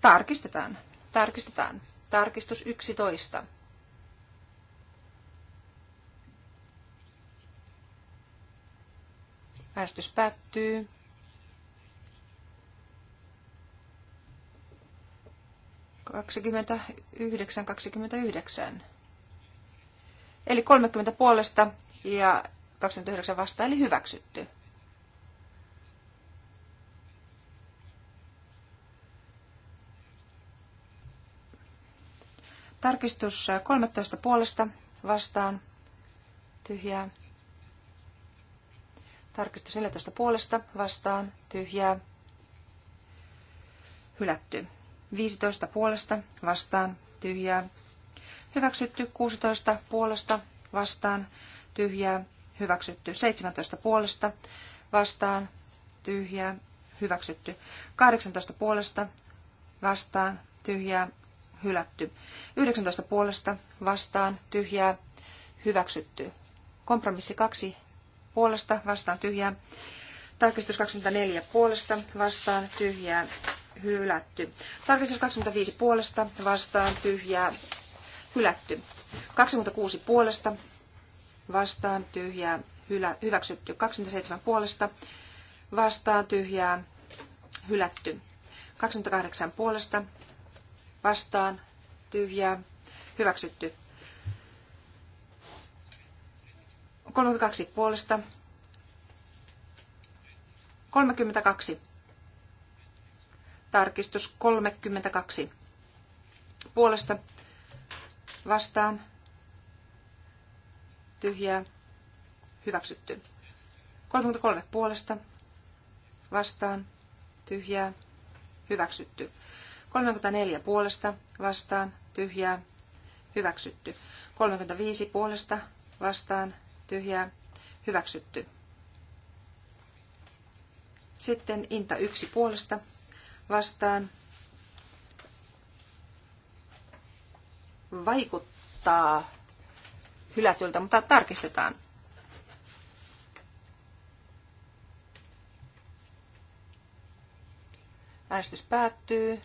Tarkistetaan. Tarkistetaan. Tarkistus 11. Äänestys päättyy. yhdeksän, yhdeksän. Eli 30 puolesta ja 29 vasta, eli hyväksytty. Tarkistus 13 puolesta vastaan tyhjää. Tarkistus 14 puolesta vastaan tyhjää. Hylätty. 15 puolesta vastaan tyhjää. Hyväksytty 16 puolesta vastaan tyhjää. Hyväksytty 17 puolesta vastaan tyhjää. Hyväksytty 18 puolesta vastaan tyhjää hylätty. 19 puolesta vastaan tyhjää hyväksytty. Kompromissi 2 puolesta vastaan tyhjää. Tarkistus 24 puolesta vastaan tyhjää hylätty. Tarkistus 25 puolesta vastaan tyhjää hylätty. 26 puolesta vastaan tyhjää hylä, hyväksytty. 27 puolesta vastaan tyhjää hylätty. 28 puolesta vastaan, tyhjää, hyväksytty. 32 puolesta. 32. Tarkistus 32. Puolesta vastaan tyhjää hyväksytty. 33 puolesta vastaan tyhjää hyväksytty. 34 puolesta vastaan tyhjää hyväksytty. 35 puolesta vastaan tyhjää hyväksytty. Sitten Inta 1 puolesta vastaan vaikuttaa hylätyltä, mutta tarkistetaan. Äänestys päättyy.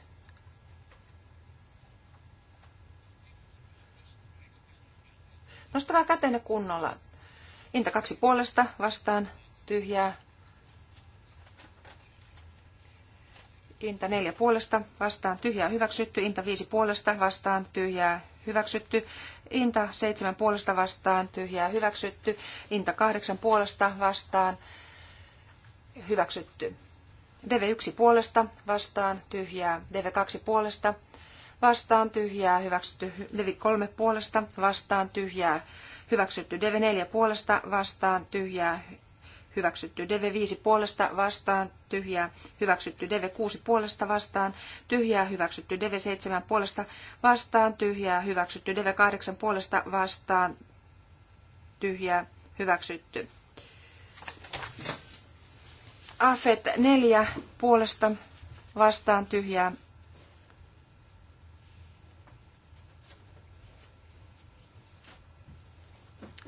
Nostakaa kätenne kunnolla. Inta kaksi puolesta vastaan tyhjää. Inta neljä puolesta vastaan tyhjää hyväksytty. Inta viisi puolesta vastaan tyhjää hyväksytty. Inta seitsemän puolesta vastaan tyhjää hyväksytty. Inta kahdeksan puolesta vastaan hyväksytty. DV1 puolesta vastaan tyhjää. DV2 puolesta vastaan tyhjää hyväksytty Devi 3 puolesta, vastaan tyhjää hyväksytty Deve 4 puolesta, vastaan tyhjää hyväksytty Deve 5 puolesta, vastaan tyhjää hyväksytty Deve 6 puolesta, vastaan tyhjää hyväksytty Deve 7 puolesta, vastaan tyhjää hyväksytty Deve 8 puolesta, vastaan tyhjää hyväksytty. Afet 4 puolesta, vastaan tyhjää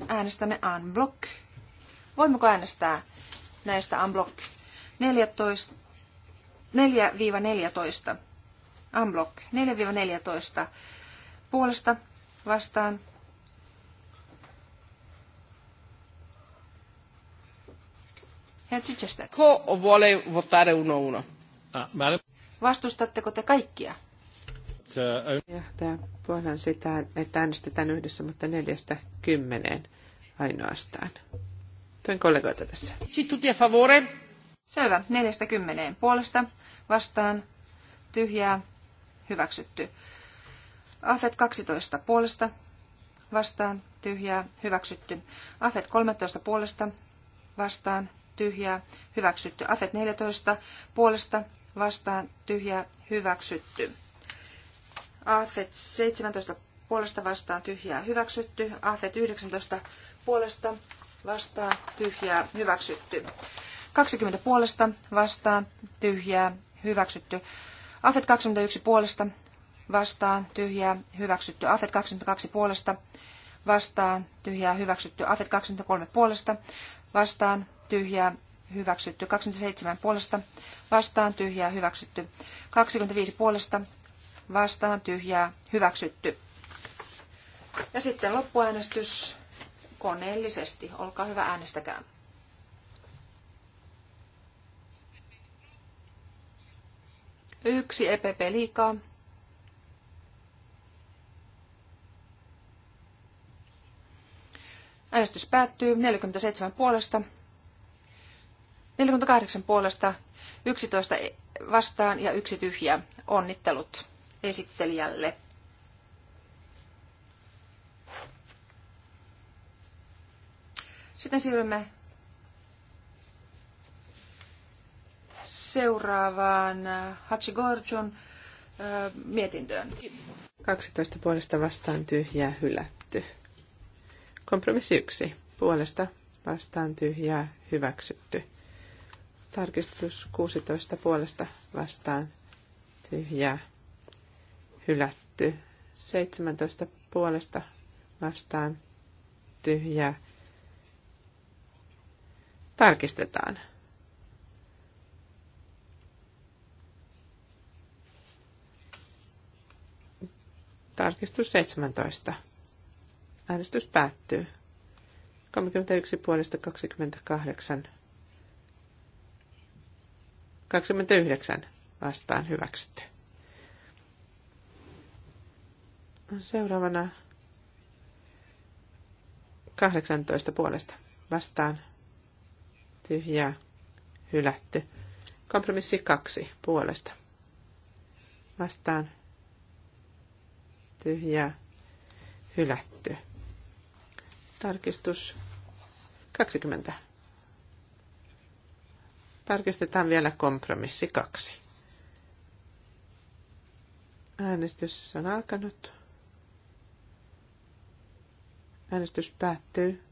äänestämme unblock. Voimmeko äänestää näistä unblock? 14, 4-14. Unblock 4-14. Puolesta vastaan. Ah, Vastustatteko te kaikkia? Johtaja, puolan sitä, että äänestetään yhdessä, mutta neljästä kymmeneen ainoastaan. Tuen kollegoita tässä. Sitten favore. Selvä. Neljästä kymmeneen puolesta vastaan. Tyhjää. Hyväksytty. Afet 12 puolesta vastaan. Tyhjää. Hyväksytty. Afet 13 puolesta vastaan. Tyhjää. Hyväksytty. Afet 14 puolesta vastaan. Tyhjää. Hyväksytty. Afet 17 puolesta vastaan tyhjää hyväksytty. AFET 19 puolesta vastaan tyhjää hyväksytty. 20 puolesta vastaan tyhjää hyväksytty. AFET 21 puolesta vastaan tyhjää hyväksytty. AFET 22 puolesta vastaan tyhjää hyväksytty. AFET 23 puolesta vastaan tyhjää hyväksytty. 27 puolesta vastaan tyhjää hyväksytty. 25 puolesta vastaan tyhjää hyväksytty. Ja sitten loppuäänestys koneellisesti. Olkaa hyvä, äänestäkää. Yksi EPP liikaa. Äänestys päättyy 47 puolesta, 48 puolesta, 11 vastaan ja yksi tyhjä. Onnittelut esittelijälle. Sitten siirrymme seuraavaan äh, Hachigorjun äh, mietintöön. 12 puolesta vastaan tyhjää hylätty. Kompromissi 1. Puolesta vastaan tyhjää hyväksytty. Tarkistus 16 puolesta vastaan tyhjää hylätty. 17 puolesta vastaan tyhjää Tarkistetaan. Tarkistus 17. Äänestys päättyy. 31 puolesta 28. 29 vastaan hyväksytty. Seuraavana 18 puolesta vastaan tyhjää hylätty. Kompromissi kaksi puolesta. Vastaan tyhjää hylätty. Tarkistus 20. Tarkistetaan vielä kompromissi kaksi, Äänestys on alkanut. Äänestys päättyy.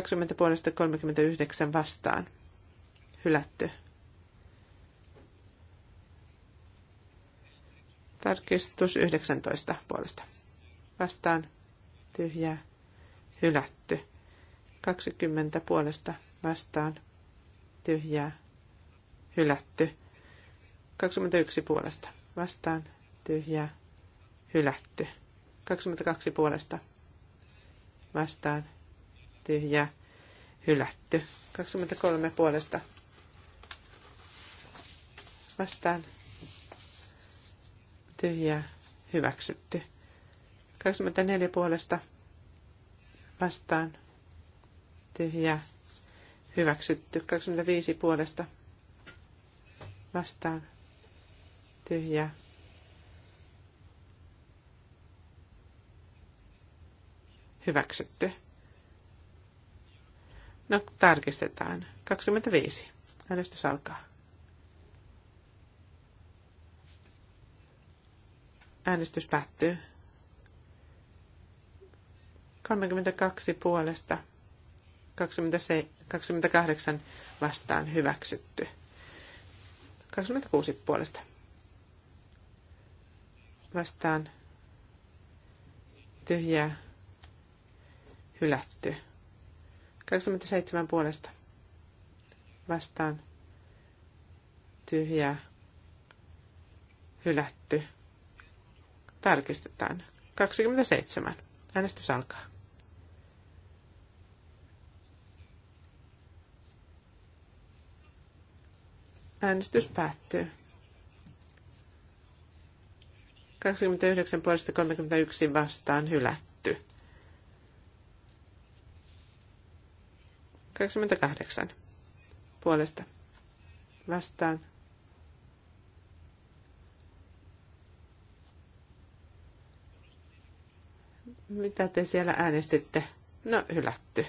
20 puolesta 39 vastaan. Hylätty. Tarkistus 19 puolesta. Vastaan tyhjää. Hylätty. 20 puolesta vastaan tyhjää. Hylätty. 21 puolesta vastaan tyhjää. Hylätty. 22 puolesta vastaan tyhjä, hylätty. 23 puolesta vastaan tyhjä hyväksytty. 24 puolesta vastaan tyhjä hyväksytty. 25 puolesta vastaan tyhjä hyväksytty. No, tarkistetaan. 25. Äänestys alkaa. Äänestys päättyy. 32 puolesta, 28 vastaan hyväksytty. 26 puolesta vastaan tyhjää hylätty. 87 puolesta vastaan tyhjää hylätty. Tarkistetaan. 27. Äänestys alkaa. Äänestys päättyy. 29 puolesta 31 vastaan hylätty. 28 puolesta vastaan. Mitä te siellä äänestitte? No, hylätty.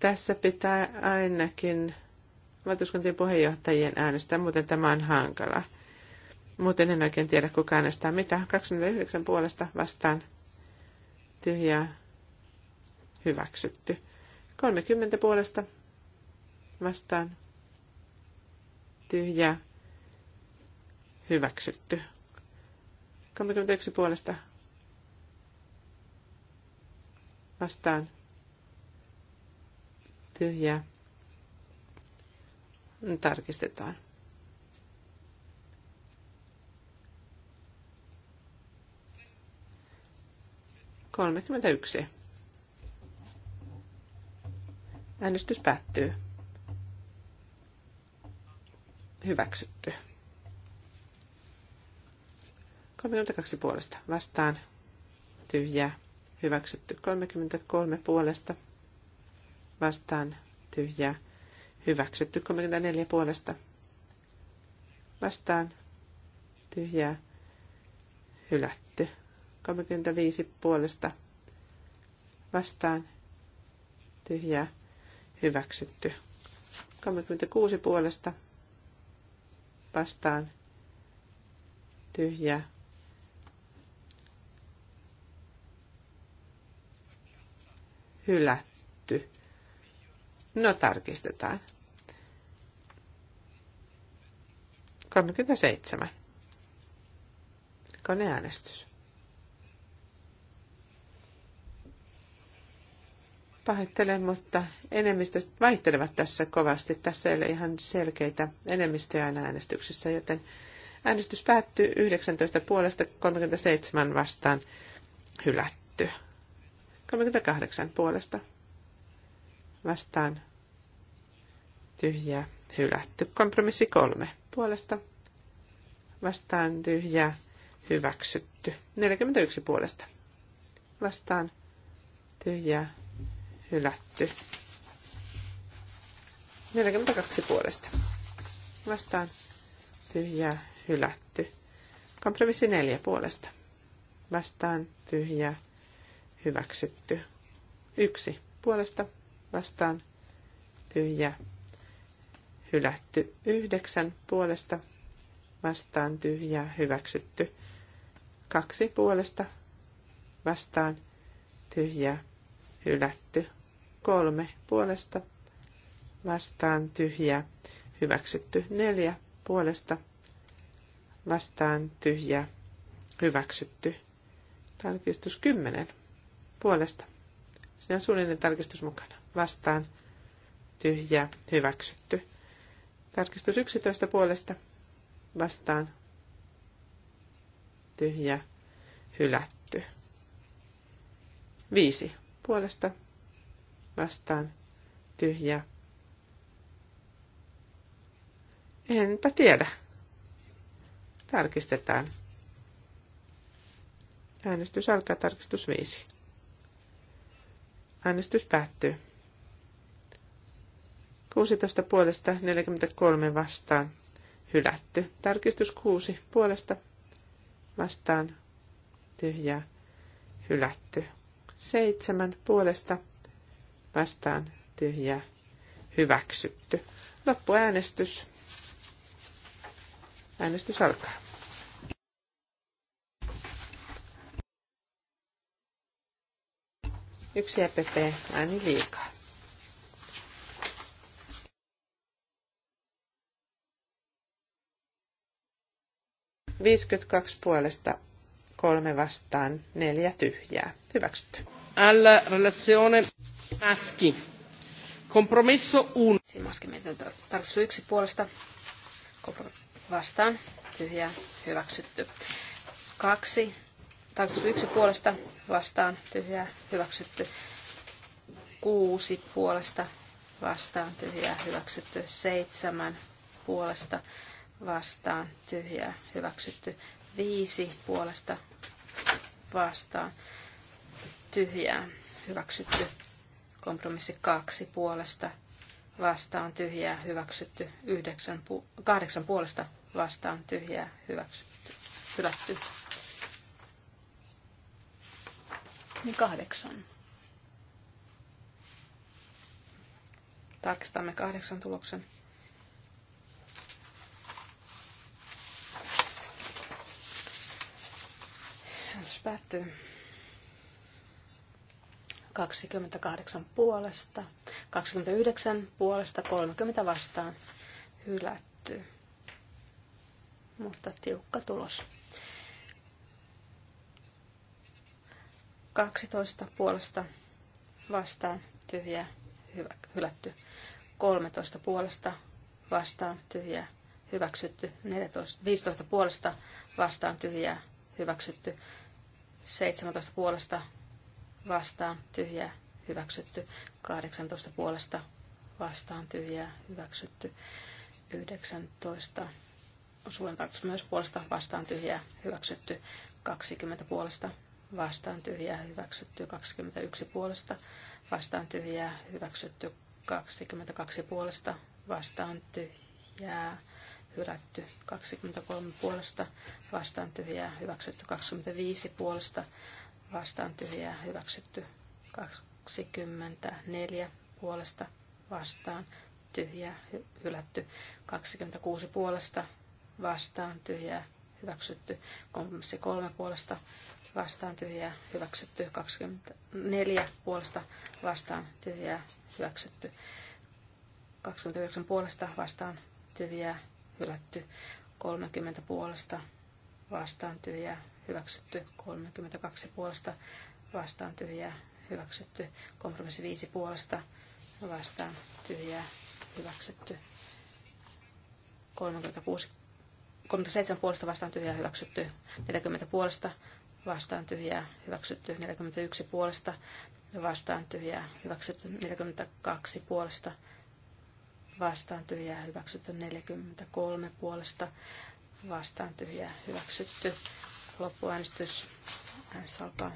Tässä pitää ainakin valtuuskuntien puheenjohtajien äänestää, muuten tämä on hankala. Muuten en oikein tiedä, kuka äänestää mitä. 29 puolesta vastaan tyhjää hyväksytty. 30 puolesta vastaan tyhjää hyväksytty. 31 puolesta vastaan tyhjää. Tarkistetaan. 31. Äänestys päättyy. Hyväksytty. 32 puolesta vastaan. Tyhjää. Hyväksytty. 33 puolesta vastaan. Tyhjää. Hyväksytty. 34 puolesta vastaan. Tyhjää. Hylätty. 35 puolesta vastaan tyhjää hyväksytty. 36 puolesta vastaan tyhjää hylätty. No tarkistetaan. 37. Koneäänestys. Pahoittelen, mutta enemmistöt vaihtelevat tässä kovasti. Tässä ei ole ihan selkeitä enemmistöjä aina äänestyksessä, joten äänestys päättyy 19 puolesta 37 vastaan hylätty. 38 puolesta vastaan tyhjä hylätty. Kompromissi kolme puolesta vastaan tyhjä hyväksytty. 41 puolesta vastaan tyhjä hylätty. 42 puolesta. Vastaan tyhjää hylätty. Kompromissi 4 puolesta. Vastaan tyhjää hyväksytty. 1 puolesta. Vastaan tyhjää hylätty. 9 puolesta. Vastaan tyhjää hyväksytty. 2 puolesta. Vastaan tyhjää hylätty. Kolme puolesta vastaan tyhjä hyväksytty. Neljä puolesta vastaan tyhjä hyväksytty. Tarkistus kymmenen puolesta. Siinä on suunnilleen tarkistus mukana. Vastaan tyhjä hyväksytty. Tarkistus 11 puolesta vastaan tyhjä hylätty. Viisi puolesta vastaan tyhjä. Enpä tiedä. Tarkistetaan. Äänestys alkaa tarkistus 5. Äänestys päättyy. 16 puolesta 43 vastaan. Hylätty. Tarkistus 6 puolesta vastaan. Tyhjää. Hylätty. 7 puolesta vastaan tyhjää hyväksytty. Loppuäänestys. Äänestys alkaa. Yksi EPP ääni liikaa. Viisikymmentäkaksi puolesta, kolme vastaan, neljä tyhjää. Hyväksytty alla relazione Maschi. Compromesso 1. Maschi tarkoitus yksi puolesta. Vastaan. tyhjä Hyväksytty. Kaksi. Tarkoitus yksi puolesta. Vastaan. tyhjä Hyväksytty. Kuusi puolesta. Vastaan. Tyhjää. Hyväksytty. Seitsemän puolesta. Vastaan. Tyhjää. Hyväksytty. Viisi puolesta. Vastaan tyhjää hyväksytty. Kompromissi kaksi puolesta vastaan tyhjää hyväksytty. Yhdeksän pu- kahdeksan puolesta vastaan tyhjää hyväksytty. Hylätty. Niin kahdeksan. Tarkistamme kahdeksan tuloksen. Äänestys päättyy 28 puolesta, 29 puolesta, 30 vastaan hylätty. Mutta tiukka tulos. 12 puolesta vastaan tyhjä hyvä, hylätty. 13 puolesta vastaan tyhjä hyväksytty. 14, 15 puolesta vastaan tyhjä hyväksytty. 17 puolesta vastaan tyhjä hyväksytty. 18 puolesta vastaan tyhjä hyväksytty. 19 osuuden tarkoitus myös puolesta vastaan tyhjää hyväksytty. 20 puolesta vastaan tyhjää hyväksytty. 21 puolesta vastaan tyhjää hyväksytty. 22 puolesta vastaan tyhjää hylätty 23 puolesta, vastaan tyhjää hyväksytty 25 puolesta, vastaan tyhjää hyväksytty 24 puolesta vastaan tyhjää hylätty 26 puolesta vastaan tyhjää hyväksytty kompromissi kolme puolesta vastaan tyhjää hyväksytty 24 puolesta vastaan tyhjää hyväksytty 29 puolesta vastaan tyhjää hylätty 30 puolesta vastaan tyhjää hyväksytty 32 puolesta vastaan tyhjää hyväksytty kompromissi 5 puolesta vastaan tyhjää hyväksytty 36 37 puolesta vastaan tyhjää hyväksytty 40 puolesta vastaan tyhjää hyväksytty 41 puolesta vastaan tyhjää hyväksytty 42 puolesta vastaan tyhjää hyväksytty 43 puolesta vastaan tyhjää hyväksytty. Loppuäänestys. Äänestys alkaa.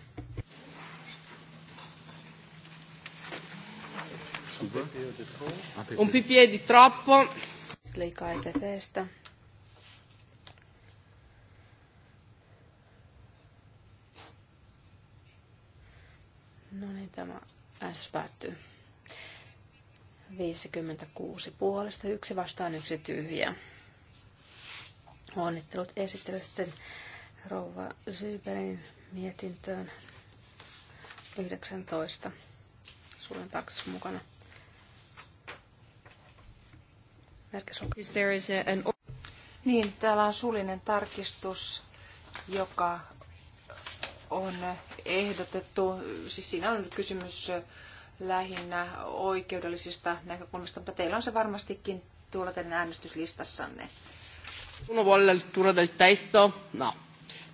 Un pipiä di troppo. Liikaa EPPstä. No niin, tämä S päättyy. 56 puolesta, yksi vastaan, yksi tyhjä. Onnittelut esittely sitten rouva Zyberin mietintöön 19 suuren taksissa mukana. Niin, täällä on sulinen tarkistus, joka on ehdotettu, siis siinä on kysymys lähinnä oikeudellisista näkökulmista, mutta teillä on se varmastikin tuolla teidän äänestyslistassanne. Uno vuole la lettura del testo? No.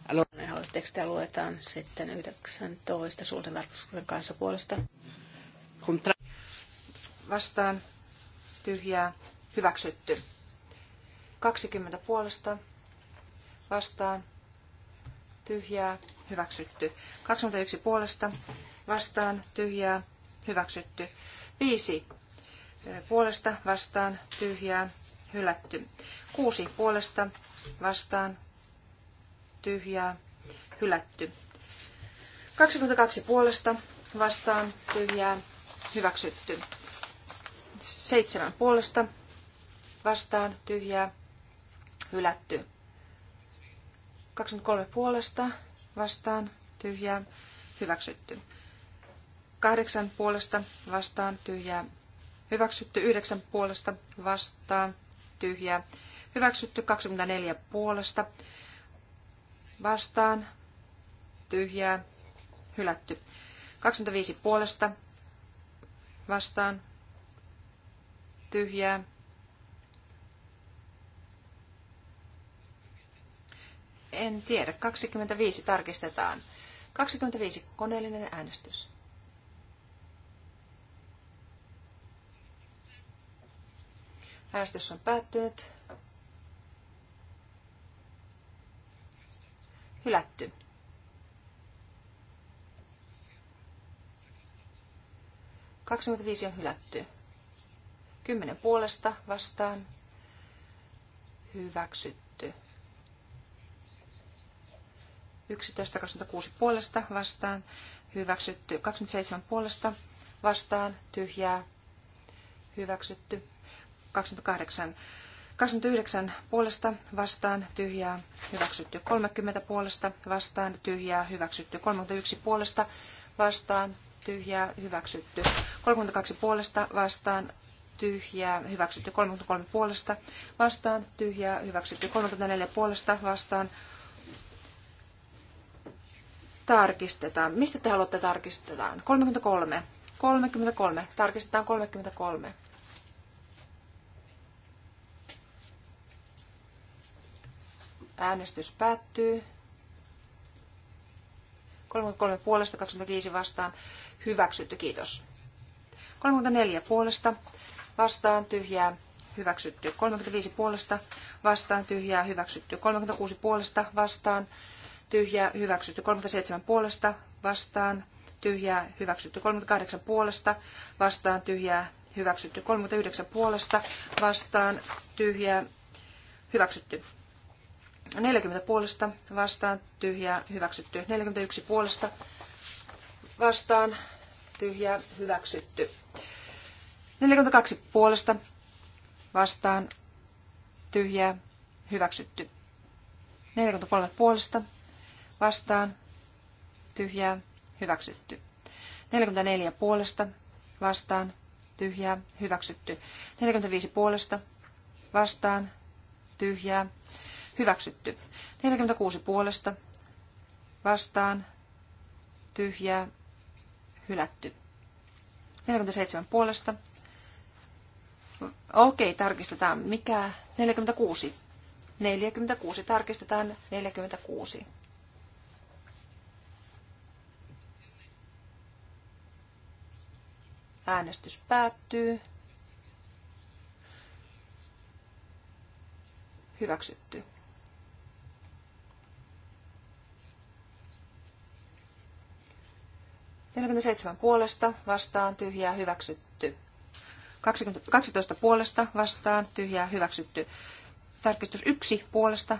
Allora. Tekstiä luetaan sitten 19 suurten tarkastuksen kanssa puolesta. Kontra. Vastaan. Tyhjää. Hyväksytty. 20 puolesta. Vastaan. Tyhjää. Hyväksytty. 21 puolesta. Vastaan. Tyhjää. Hyväksytty. 5 puolesta. Vastaan. Tyhjää hylätty. Kuusi puolesta vastaan tyhjää hylätty. 22 puolesta vastaan tyhjää hyväksytty. Seitsemän puolesta vastaan tyhjää hylätty. 23 puolesta vastaan tyhjää hyväksytty. Kahdeksan puolesta vastaan tyhjää hyväksytty. Yhdeksän puolesta vastaan tyhjää. Hyväksytty 24 puolesta vastaan tyhjää. Hylätty. 25 puolesta vastaan tyhjää. En tiedä. 25 tarkistetaan. 25 koneellinen äänestys. Äänestys on päättynyt. Hylätty. Kaksikymmentäviisi on hylätty. Kymmenen puolesta vastaan. Hyväksytty. 11.26 puolesta vastaan. Hyväksytty. 27 puolesta vastaan. Tyhjää. Hyväksytty. 28. 29 puolesta vastaan tyhjää hyväksytty 30 puolesta vastaan tyhjää hyväksytty 31 puolesta vastaan tyhjää hyväksytty 32 puolesta vastaan tyhjää hyväksytty 33 puolesta vastaan tyhjää hyväksytty 34 puolesta vastaan tarkistetaan. Mistä te haluatte tarkistetaan? 33. 33. Tarkistetaan 33. Äänestys päättyy. 33 puolesta, 25 vastaan. Hyväksytty, kiitos. 34 puolesta, vastaan tyhjää, hyväksytty. 35 puolesta, vastaan tyhjää, hyväksytty. 36 puolesta, vastaan tyhjää, hyväksytty. 37 puolesta, vastaan tyhjää, hyväksytty. 38 puolesta, vastaan tyhjää, hyväksytty. 39 puolesta, vastaan tyhjää, hyväksytty. 40 puolesta vastaan tyhjää hyväksytty. 41 puolesta vastaan tyhjää hyväksytty. 42 puolesta vastaan tyhjää hyväksytty. 43 puolesta vastaan tyhjää hyväksytty. 44 puolesta vastaan tyhjää hyväksytty. 45 puolesta vastaan tyhjää Hyväksytty. 46 puolesta. Vastaan. Tyhjää. Hylätty. 47 puolesta. Okei, tarkistetaan. Mikä? 46. 46. Tarkistetaan 46. Äänestys päättyy. Hyväksytty. 47 puolesta vastaan tyhjää hyväksytty. 20, 12 puolesta vastaan tyhjää hyväksytty. Tarkistus 1 puolesta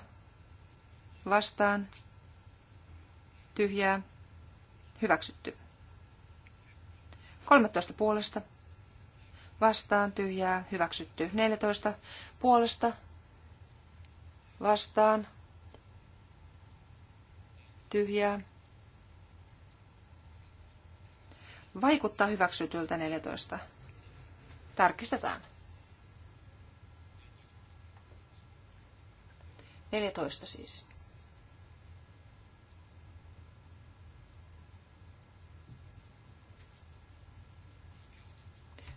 vastaan tyhjää hyväksytty. 13 puolesta vastaan tyhjää hyväksytty. 14 puolesta vastaan tyhjää Vaikuttaa hyväksytyltä 14. Tarkistetaan. 14 siis.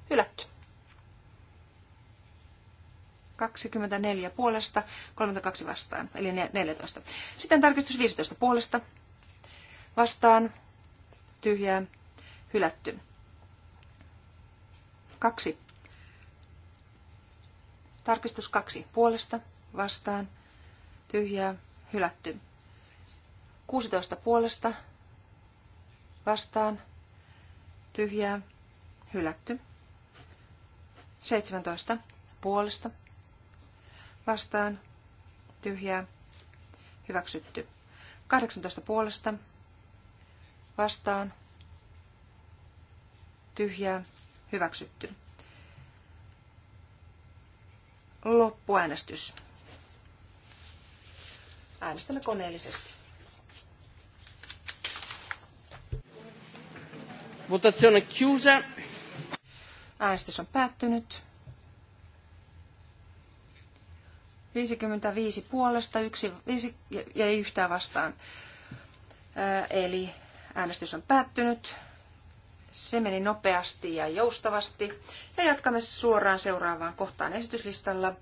Hylätty. 24 puolesta, 32 vastaan, eli 14. Sitten tarkistus 15 puolesta, vastaan, tyhjää, Hylätty. Kaksi. Tarkistus kaksi. Puolesta, vastaan, tyhjää, hylätty. 16 puolesta, vastaan, tyhjää, hylätty. 17 puolesta, vastaan, tyhjää, hyväksytty. 18 puolesta, vastaan, tyhjää, hyväksytty. Loppuäänestys. Äänestämme koneellisesti. Votazione chiusa. Äänestys on päättynyt. 55 puolesta, yksi, viisi, ja ei yhtään vastaan. Eli äänestys on päättynyt. Se meni nopeasti ja joustavasti. Ja jatkamme suoraan seuraavaan kohtaan esityslistalla.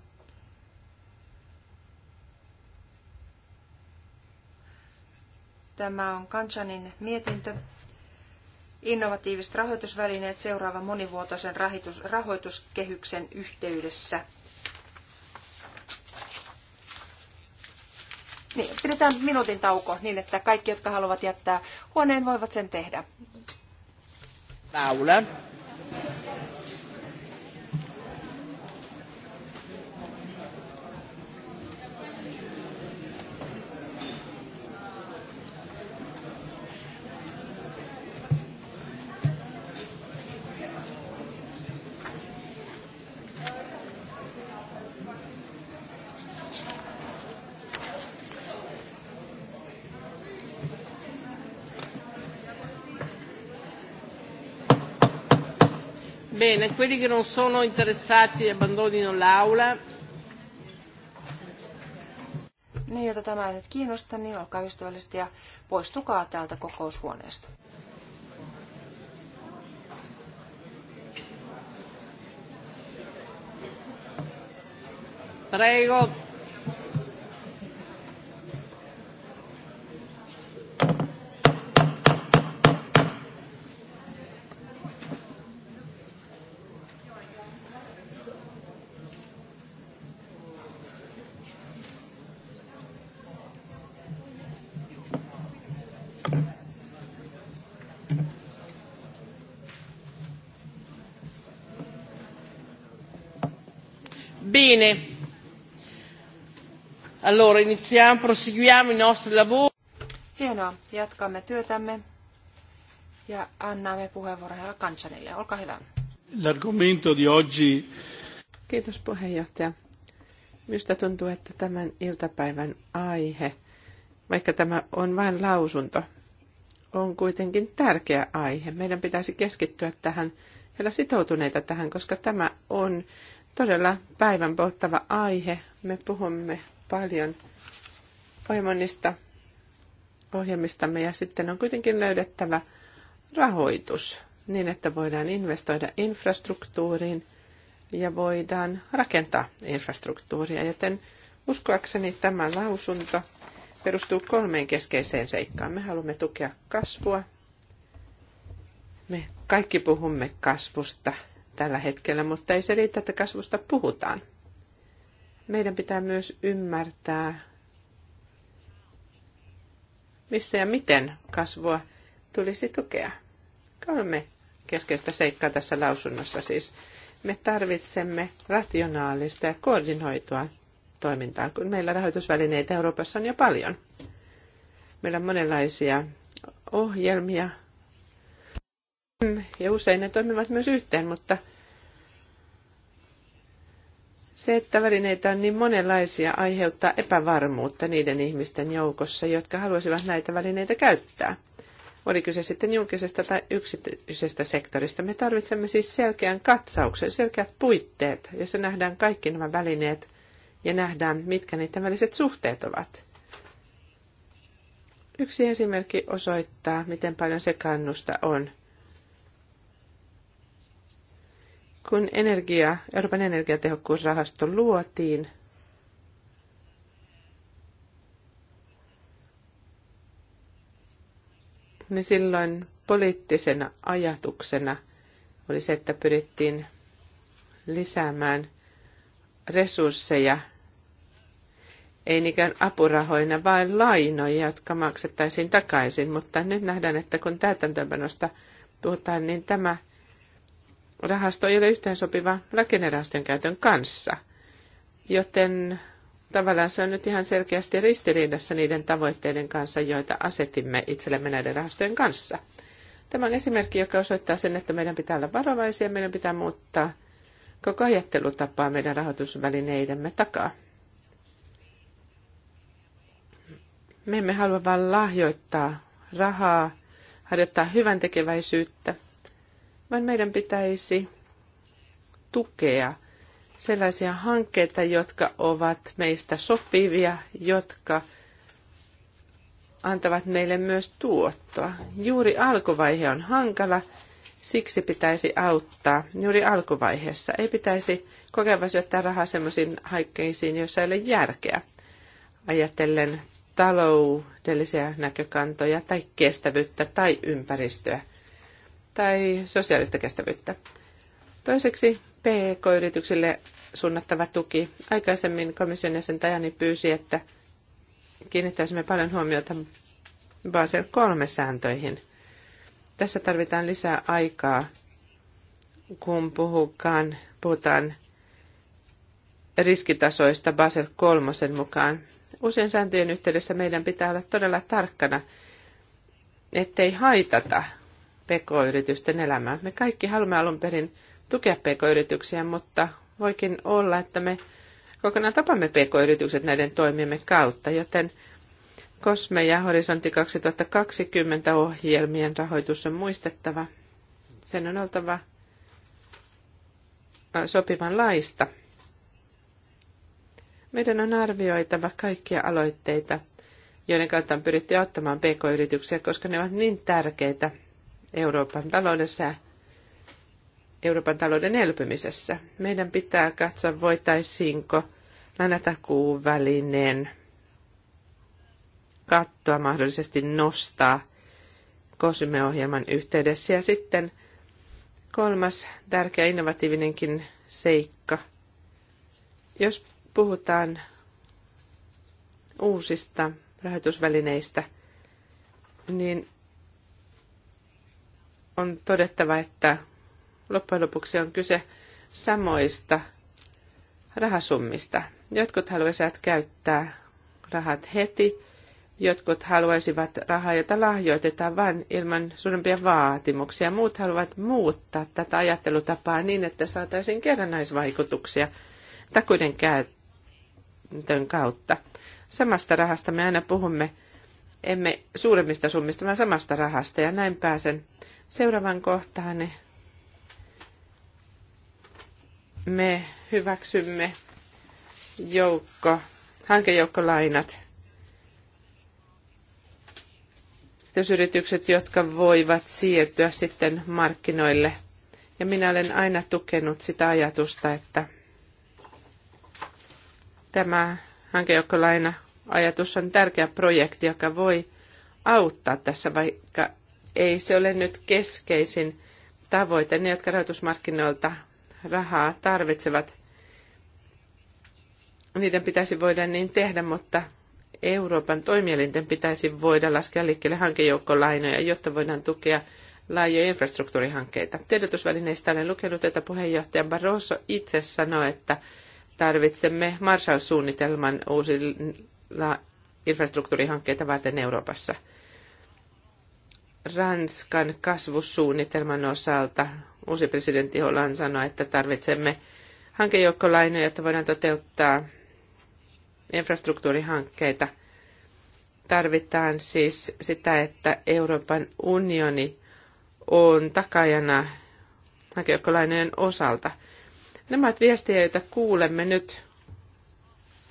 Tämä on Kansanin mietintö. Innovatiiviset rahoitusvälineet seuraavan monivuotoisen rahoituskehyksen yhteydessä. Niin, pidetään minuutin tauko niin, että kaikki, jotka haluavat jättää huoneen, voivat sen tehdä. Aula. Bene, quelli che non sono interessati abbandonino l'aula. Ne, jota tämä ei nyt kiinnosta, niin olkaa ystävällisesti ja poistukaa täältä kokoushuoneesta. Prego, Bene. Allora, iniziamo, proseguiamo i nostri lavori. Hienoa. Jatkamme työtämme ja annamme puheenvuoron herra Kansanille. Olkaa hyvä. L'argomento di oggi... Kiitos puheenjohtaja. Minusta tuntuu, että tämän iltapäivän aihe, vaikka tämä on vain lausunto, on kuitenkin tärkeä aihe. Meidän pitäisi keskittyä tähän, olla sitoutuneita tähän, koska tämä on todella päivän polttava aihe. Me puhumme paljon ohjelmista, ohjelmistamme ja sitten on kuitenkin löydettävä rahoitus niin, että voidaan investoida infrastruktuuriin ja voidaan rakentaa infrastruktuuria. Joten uskoakseni tämä lausunto perustuu kolmeen keskeiseen seikkaan. Me haluamme tukea kasvua. Me kaikki puhumme kasvusta – tällä hetkellä, mutta ei se riitä, että kasvusta puhutaan. Meidän pitää myös ymmärtää, missä ja miten kasvua tulisi tukea. Kolme keskeistä seikkaa tässä lausunnossa siis. Me tarvitsemme rationaalista ja koordinoitua toimintaa, kun meillä rahoitusvälineitä Euroopassa on jo paljon. Meillä on monenlaisia ohjelmia, ja usein ne toimivat myös yhteen, mutta se, että välineitä on niin monenlaisia, aiheuttaa epävarmuutta niiden ihmisten joukossa, jotka haluaisivat näitä välineitä käyttää. Oli kyse sitten julkisesta tai yksityisestä sektorista. Me tarvitsemme siis selkeän katsauksen, selkeät puitteet, jossa nähdään kaikki nämä välineet ja nähdään, mitkä niiden väliset suhteet ovat. Yksi esimerkki osoittaa, miten paljon sekannusta on – Kun energia, Euroopan energiatehokkuusrahasto luotiin, niin silloin poliittisena ajatuksena oli se, että pyrittiin lisäämään resursseja, ei niinkään apurahoina, vaan lainoja, jotka maksettaisiin takaisin. Mutta nyt nähdään, että kun täytäntöönpanosta puhutaan, niin tämä rahasto ei ole yhteen sopiva rakennerahastojen käytön kanssa, joten tavallaan se on nyt ihan selkeästi ristiriidassa niiden tavoitteiden kanssa, joita asetimme itsellemme näiden rahastojen kanssa. Tämä on esimerkki, joka osoittaa sen, että meidän pitää olla varovaisia, meidän pitää muuttaa koko ajattelutapaa meidän rahoitusvälineidemme takaa. Me emme halua vain lahjoittaa rahaa, harjoittaa hyvän tekeväisyyttä, vaan meidän pitäisi tukea sellaisia hankkeita, jotka ovat meistä sopivia, jotka antavat meille myös tuottoa. Juuri alkuvaihe on hankala, siksi pitäisi auttaa juuri alkuvaiheessa. Ei pitäisi kokea syöttää rahaa sellaisiin haikkeisiin, joissa ei ole järkeä. Ajatellen taloudellisia näkökantoja tai kestävyyttä tai ympäristöä – tai sosiaalista kestävyyttä. Toiseksi PK-yrityksille suunnattava tuki. Aikaisemmin komission jäsen Tajani pyysi, että kiinnittäisimme paljon huomiota Basel kolme sääntöihin. Tässä tarvitaan lisää aikaa, kun puhukaan, puhutaan riskitasoista Basel kolmosen mukaan. Usein sääntöjen yhteydessä meidän pitää olla todella tarkkana, ettei haitata pk-yritysten elämää. Me kaikki haluamme alun perin tukea pk-yrityksiä, mutta voikin olla, että me kokonaan tapamme pk-yritykset näiden toimiemme kautta, joten Kosme ja Horisontti 2020 ohjelmien rahoitus on muistettava. Sen on oltava sopivanlaista. Meidän on arvioitava kaikkia aloitteita, joiden kautta on pyritty auttamaan pk-yrityksiä, koska ne ovat niin tärkeitä Euroopan taloudessa Euroopan talouden elpymisessä. Meidän pitää katsoa, voitaisiinko lainatakuu välineen kattoa mahdollisesti nostaa Kosme-ohjelman yhteydessä. Ja sitten kolmas tärkeä innovatiivinenkin seikka. Jos puhutaan uusista rahoitusvälineistä, niin on todettava, että loppujen lopuksi on kyse samoista rahasummista. Jotkut haluaisivat käyttää rahat heti, jotkut haluaisivat rahaa, jota lahjoitetaan vain ilman suurempia vaatimuksia. Muut haluavat muuttaa tätä ajattelutapaa niin, että saataisiin kerrannaisvaikutuksia takuiden käytön kautta. Samasta rahasta me aina puhumme, emme suuremmista summista, vaan samasta rahasta, ja näin pääsen Seuraavan kohtaan me hyväksymme joukko, hankejoukkolainat. Yritykset, jotka voivat siirtyä sitten markkinoille. Ja minä olen aina tukenut sitä ajatusta, että tämä hankejoukkolaina ajatus on tärkeä projekti, joka voi auttaa tässä, vaikka ei se ole nyt keskeisin tavoite. Ne, jotka rahoitusmarkkinoilta rahaa tarvitsevat, niiden pitäisi voida niin tehdä, mutta Euroopan toimielinten pitäisi voida laskea liikkeelle hankejoukkolainoja, jotta voidaan tukea laajoja infrastruktuurihankkeita. Tiedotusvälineistä olen lukenut, että puheenjohtaja Barroso itse sanoi, että tarvitsemme Marshall-suunnitelman uusilla infrastruktuurihankkeita varten Euroopassa – Ranskan kasvusuunnitelman osalta uusi presidentti Hollande sanoi, että tarvitsemme hankejoukkolainoja, jotta voidaan toteuttaa infrastruktuurihankkeita. Tarvitaan siis sitä, että Euroopan unioni on takajana hankejoukkolainojen osalta. Nämä ovat viestejä, joita kuulemme nyt,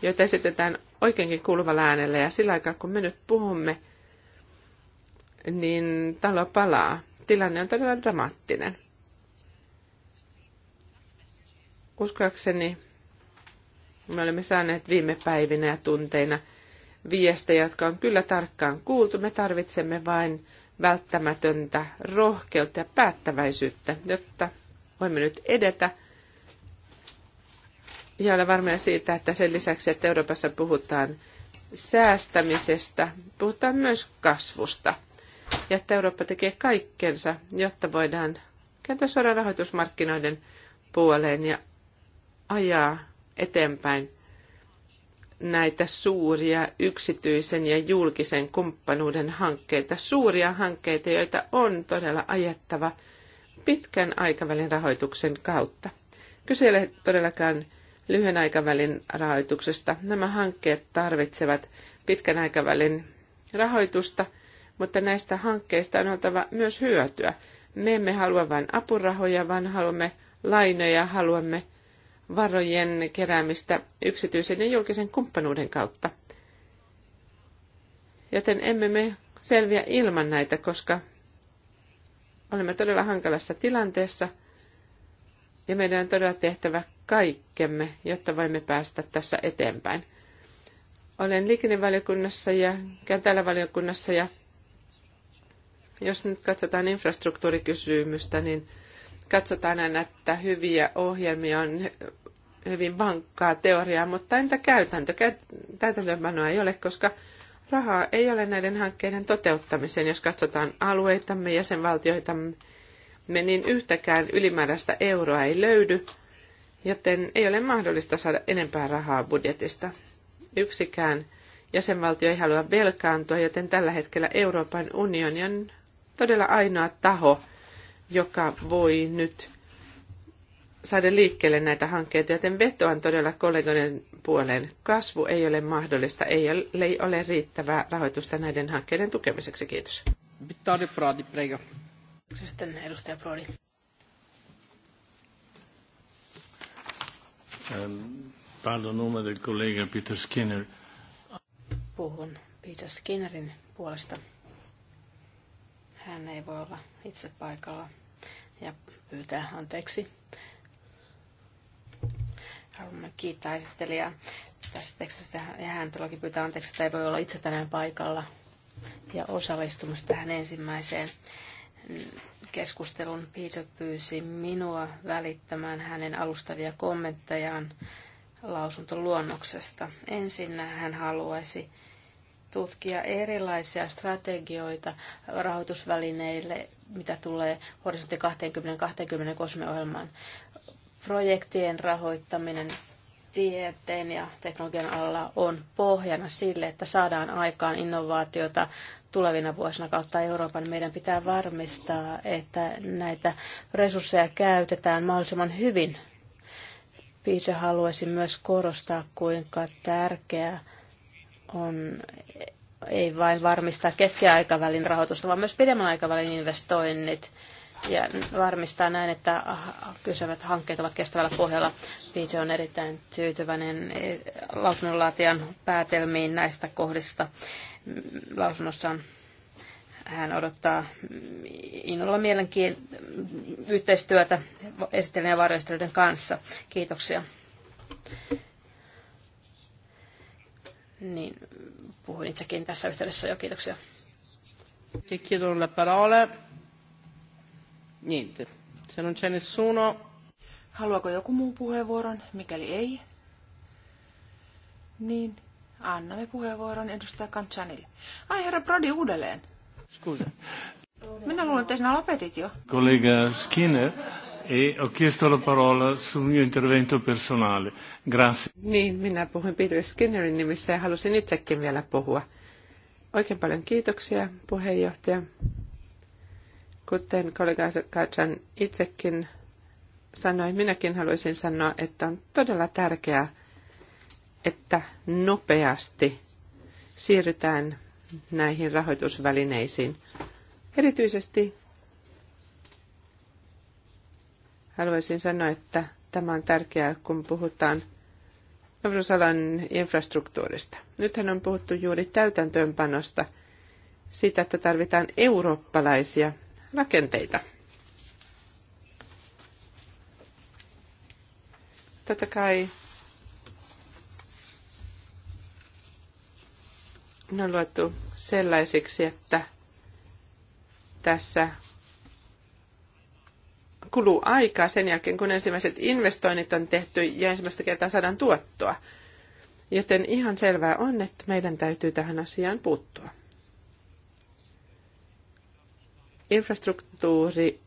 joita esitetään oikeinkin kuuluvalla äänellä ja sillä aikaa, kun me nyt puhumme – niin talo palaa. Tilanne on todella dramaattinen. Uskoakseni me olemme saaneet viime päivinä ja tunteina viestejä, jotka on kyllä tarkkaan kuultu. Me tarvitsemme vain välttämätöntä rohkeutta ja päättäväisyyttä, jotta voimme nyt edetä ja olen varmoja siitä, että sen lisäksi, että Euroopassa puhutaan säästämisestä, puhutaan myös kasvusta – ja että Eurooppa tekee kaikkensa, jotta voidaan kääntää suoraan rahoitusmarkkinoiden puoleen ja ajaa eteenpäin näitä suuria yksityisen ja julkisen kumppanuuden hankkeita, suuria hankkeita, joita on todella ajettava pitkän aikavälin rahoituksen kautta. Kyse ei ole todellakaan lyhyen aikavälin rahoituksesta. Nämä hankkeet tarvitsevat pitkän aikavälin rahoitusta – mutta näistä hankkeista on oltava myös hyötyä. Me emme halua vain apurahoja, vaan haluamme lainoja, haluamme varojen keräämistä yksityisen ja julkisen kumppanuuden kautta. Joten emme me selviä ilman näitä, koska olemme todella hankalassa tilanteessa ja meidän on todella tehtävä kaikkemme, jotta voimme päästä tässä eteenpäin. Olen liikennevaliokunnassa ja käyn täällä valiokunnassa ja jos nyt katsotaan infrastruktuurikysymystä, niin katsotaan aina, että hyviä ohjelmia on hyvin vankkaa teoriaa, mutta entä käytäntö? Täytäntöönpanoa ei ole, koska rahaa ei ole näiden hankkeiden toteuttamiseen. Jos katsotaan alueitamme, jäsenvaltioitamme, niin yhtäkään ylimääräistä euroa ei löydy, joten ei ole mahdollista saada enempää rahaa budjetista. Yksikään jäsenvaltio ei halua velkaantua, joten tällä hetkellä Euroopan unioni on todella ainoa taho, joka voi nyt saada liikkeelle näitä hankkeita, joten vetoan todella kollegoiden puoleen. Kasvu ei ole mahdollista, ei ole, ei ole riittävää rahoitusta näiden hankkeiden tukemiseksi. Kiitos. Vittorio Prodi, prego. Sitten edustaja Prodi. Ehm, parlo nome del collega Peter Skinner. Puhun Peter Skinnerin puolesta. Hän ei voi olla itse paikalla ja pyytää anteeksi. Haluamme kiittää esittelijää tästä tekstistä ja hän todellakin pyytää anteeksi, että ei voi olla itse tänään paikalla ja osallistumassa tähän ensimmäiseen keskustelun. Peter pyysi minua välittämään hänen alustavia kommenttejaan lausuntoluonnoksesta. Ensinnä hän haluaisi tutkia erilaisia strategioita rahoitusvälineille, mitä tulee horisontti 2020 kosmeohjelman Projektien rahoittaminen tieteen ja teknologian alla on pohjana sille, että saadaan aikaan innovaatiota tulevina vuosina kautta Euroopan. Meidän pitää varmistaa, että näitä resursseja käytetään mahdollisimman hyvin. Piisa haluaisin myös korostaa, kuinka tärkeää on, ei vain varmistaa keskiaikavälin rahoitusta, vaan myös pidemmän aikavälin investoinnit ja varmistaa näin, että kysyvät hankkeet ovat kestävällä pohjalla. Viitsi on erittäin tyytyväinen eh, lausunnonlaatijan päätelmiin näistä kohdista. Lausunnossaan hän odottaa innolla mielenkiin yhteistyötä esittelijän ja kanssa. Kiitoksia niin puhun itsekin tässä yhteydessä jo. Kiitoksia. Chiedono la parola. Niente. Se non c'è nessuno. Haluaako joku muu puheenvuoron? Mikäli ei, niin annamme puheenvuoron edustaja Kanchanille. Ai herra Brody uudelleen. Scusa. Minä luulen, että sinä lopetit jo. Kollega Skinner e ho chiesto la parola sul mio intervento personale. Grazie. Niin, minä puhuin Peter Skinnerin nimissä ja halusin itsekin vielä puhua. Oikein paljon kiitoksia, puheenjohtaja. Kuten kollega Kajan itsekin sanoi, minäkin haluaisin sanoa, että on todella tärkeää, että nopeasti siirrytään näihin rahoitusvälineisiin. Erityisesti haluaisin sanoa, että tämä on tärkeää, kun puhutaan Navrusalan infrastruktuurista. Nythän on puhuttu juuri täytäntöönpanosta, siitä, että tarvitaan eurooppalaisia rakenteita. Totta kai ne on luotu sellaisiksi, että tässä kuluu aikaa sen jälkeen, kun ensimmäiset investoinnit on tehty ja ensimmäistä kertaa saadaan tuottoa. Joten ihan selvää on, että meidän täytyy tähän asiaan puuttua. Infrastruktuuri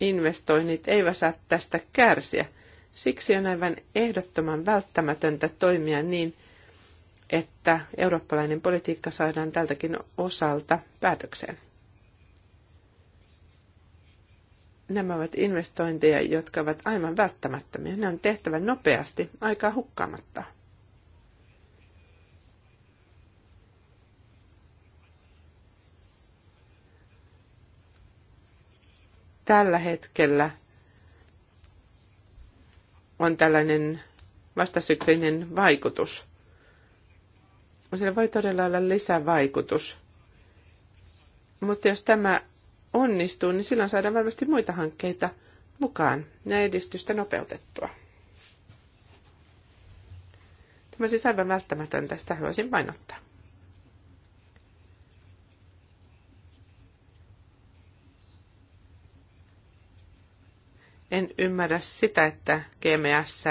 investoinnit eivät saa tästä kärsiä. Siksi on aivan ehdottoman välttämätöntä toimia niin, että eurooppalainen politiikka saadaan tältäkin osalta päätökseen. Nämä ovat investointeja, jotka ovat aivan välttämättömiä. Ne on tehtävä nopeasti, aikaa hukkaamatta. Tällä hetkellä on tällainen vastasyklinen vaikutus. Sillä voi todella olla lisävaikutus. Mutta jos tämä onnistuu, niin silloin saadaan varmasti muita hankkeita mukaan ja edistystä nopeutettua. Tämä on siis aivan välttämätöntä, sitä haluaisin painottaa. En ymmärrä sitä, että GMS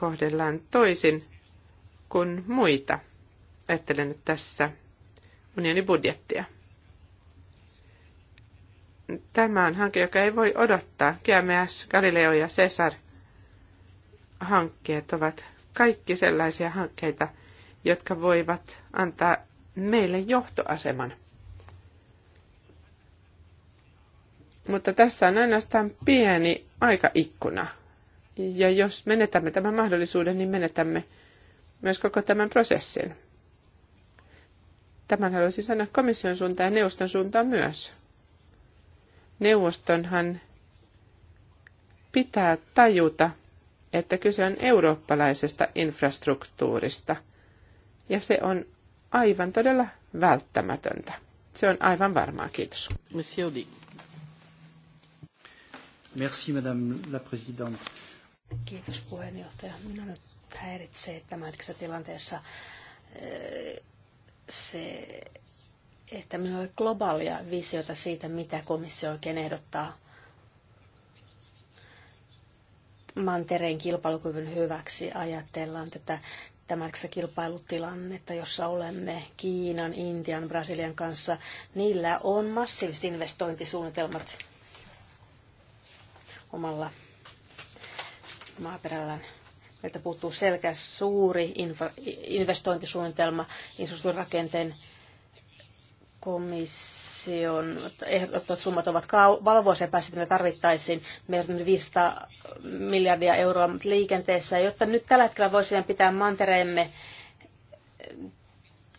kohdellaan toisin kuin muita. Ajattelen nyt tässä unionin budjettia. Tämä on hanke, joka ei voi odottaa. GMS, Galileo ja Cesar hankkeet ovat kaikki sellaisia hankkeita, jotka voivat antaa meille johtoaseman. Mutta tässä on ainoastaan pieni aikaikkuna. Ja jos menetämme tämän mahdollisuuden, niin menetämme myös koko tämän prosessin. Tämän haluaisin sanoa komission suuntaan ja neuvoston suuntaan myös. Neuvostonhan pitää tajuta, että kyse on eurooppalaisesta infrastruktuurista, ja se on aivan todella välttämätöntä. Se on aivan varmaa. Kiitos. Monsieur Audi. Merci, Madame la Présidente. Kiitos puheenjohtaja. Minä nyt häiritsee tämänhetkisessä tilanteessa öö, se, että minulla oli globaalia visiota siitä, mitä komissio oikein ehdottaa mantereen kilpailukyvyn hyväksi. Ajatellaan tätä tämäksi kilpailutilannetta, jossa olemme Kiinan, Intian, Brasilian kanssa. Niillä on massiiviset investointisuunnitelmat omalla maaperällään. Meiltä puuttuu selkeä suuri investointisuunnitelma infrastruktuurirakenteen rakenteen komission ehdottomat summat ovat valvoisen päässä, me tarvittaisiin meidän 500 miljardia euroa liikenteessä, jotta nyt tällä hetkellä voisimme pitää mantereemme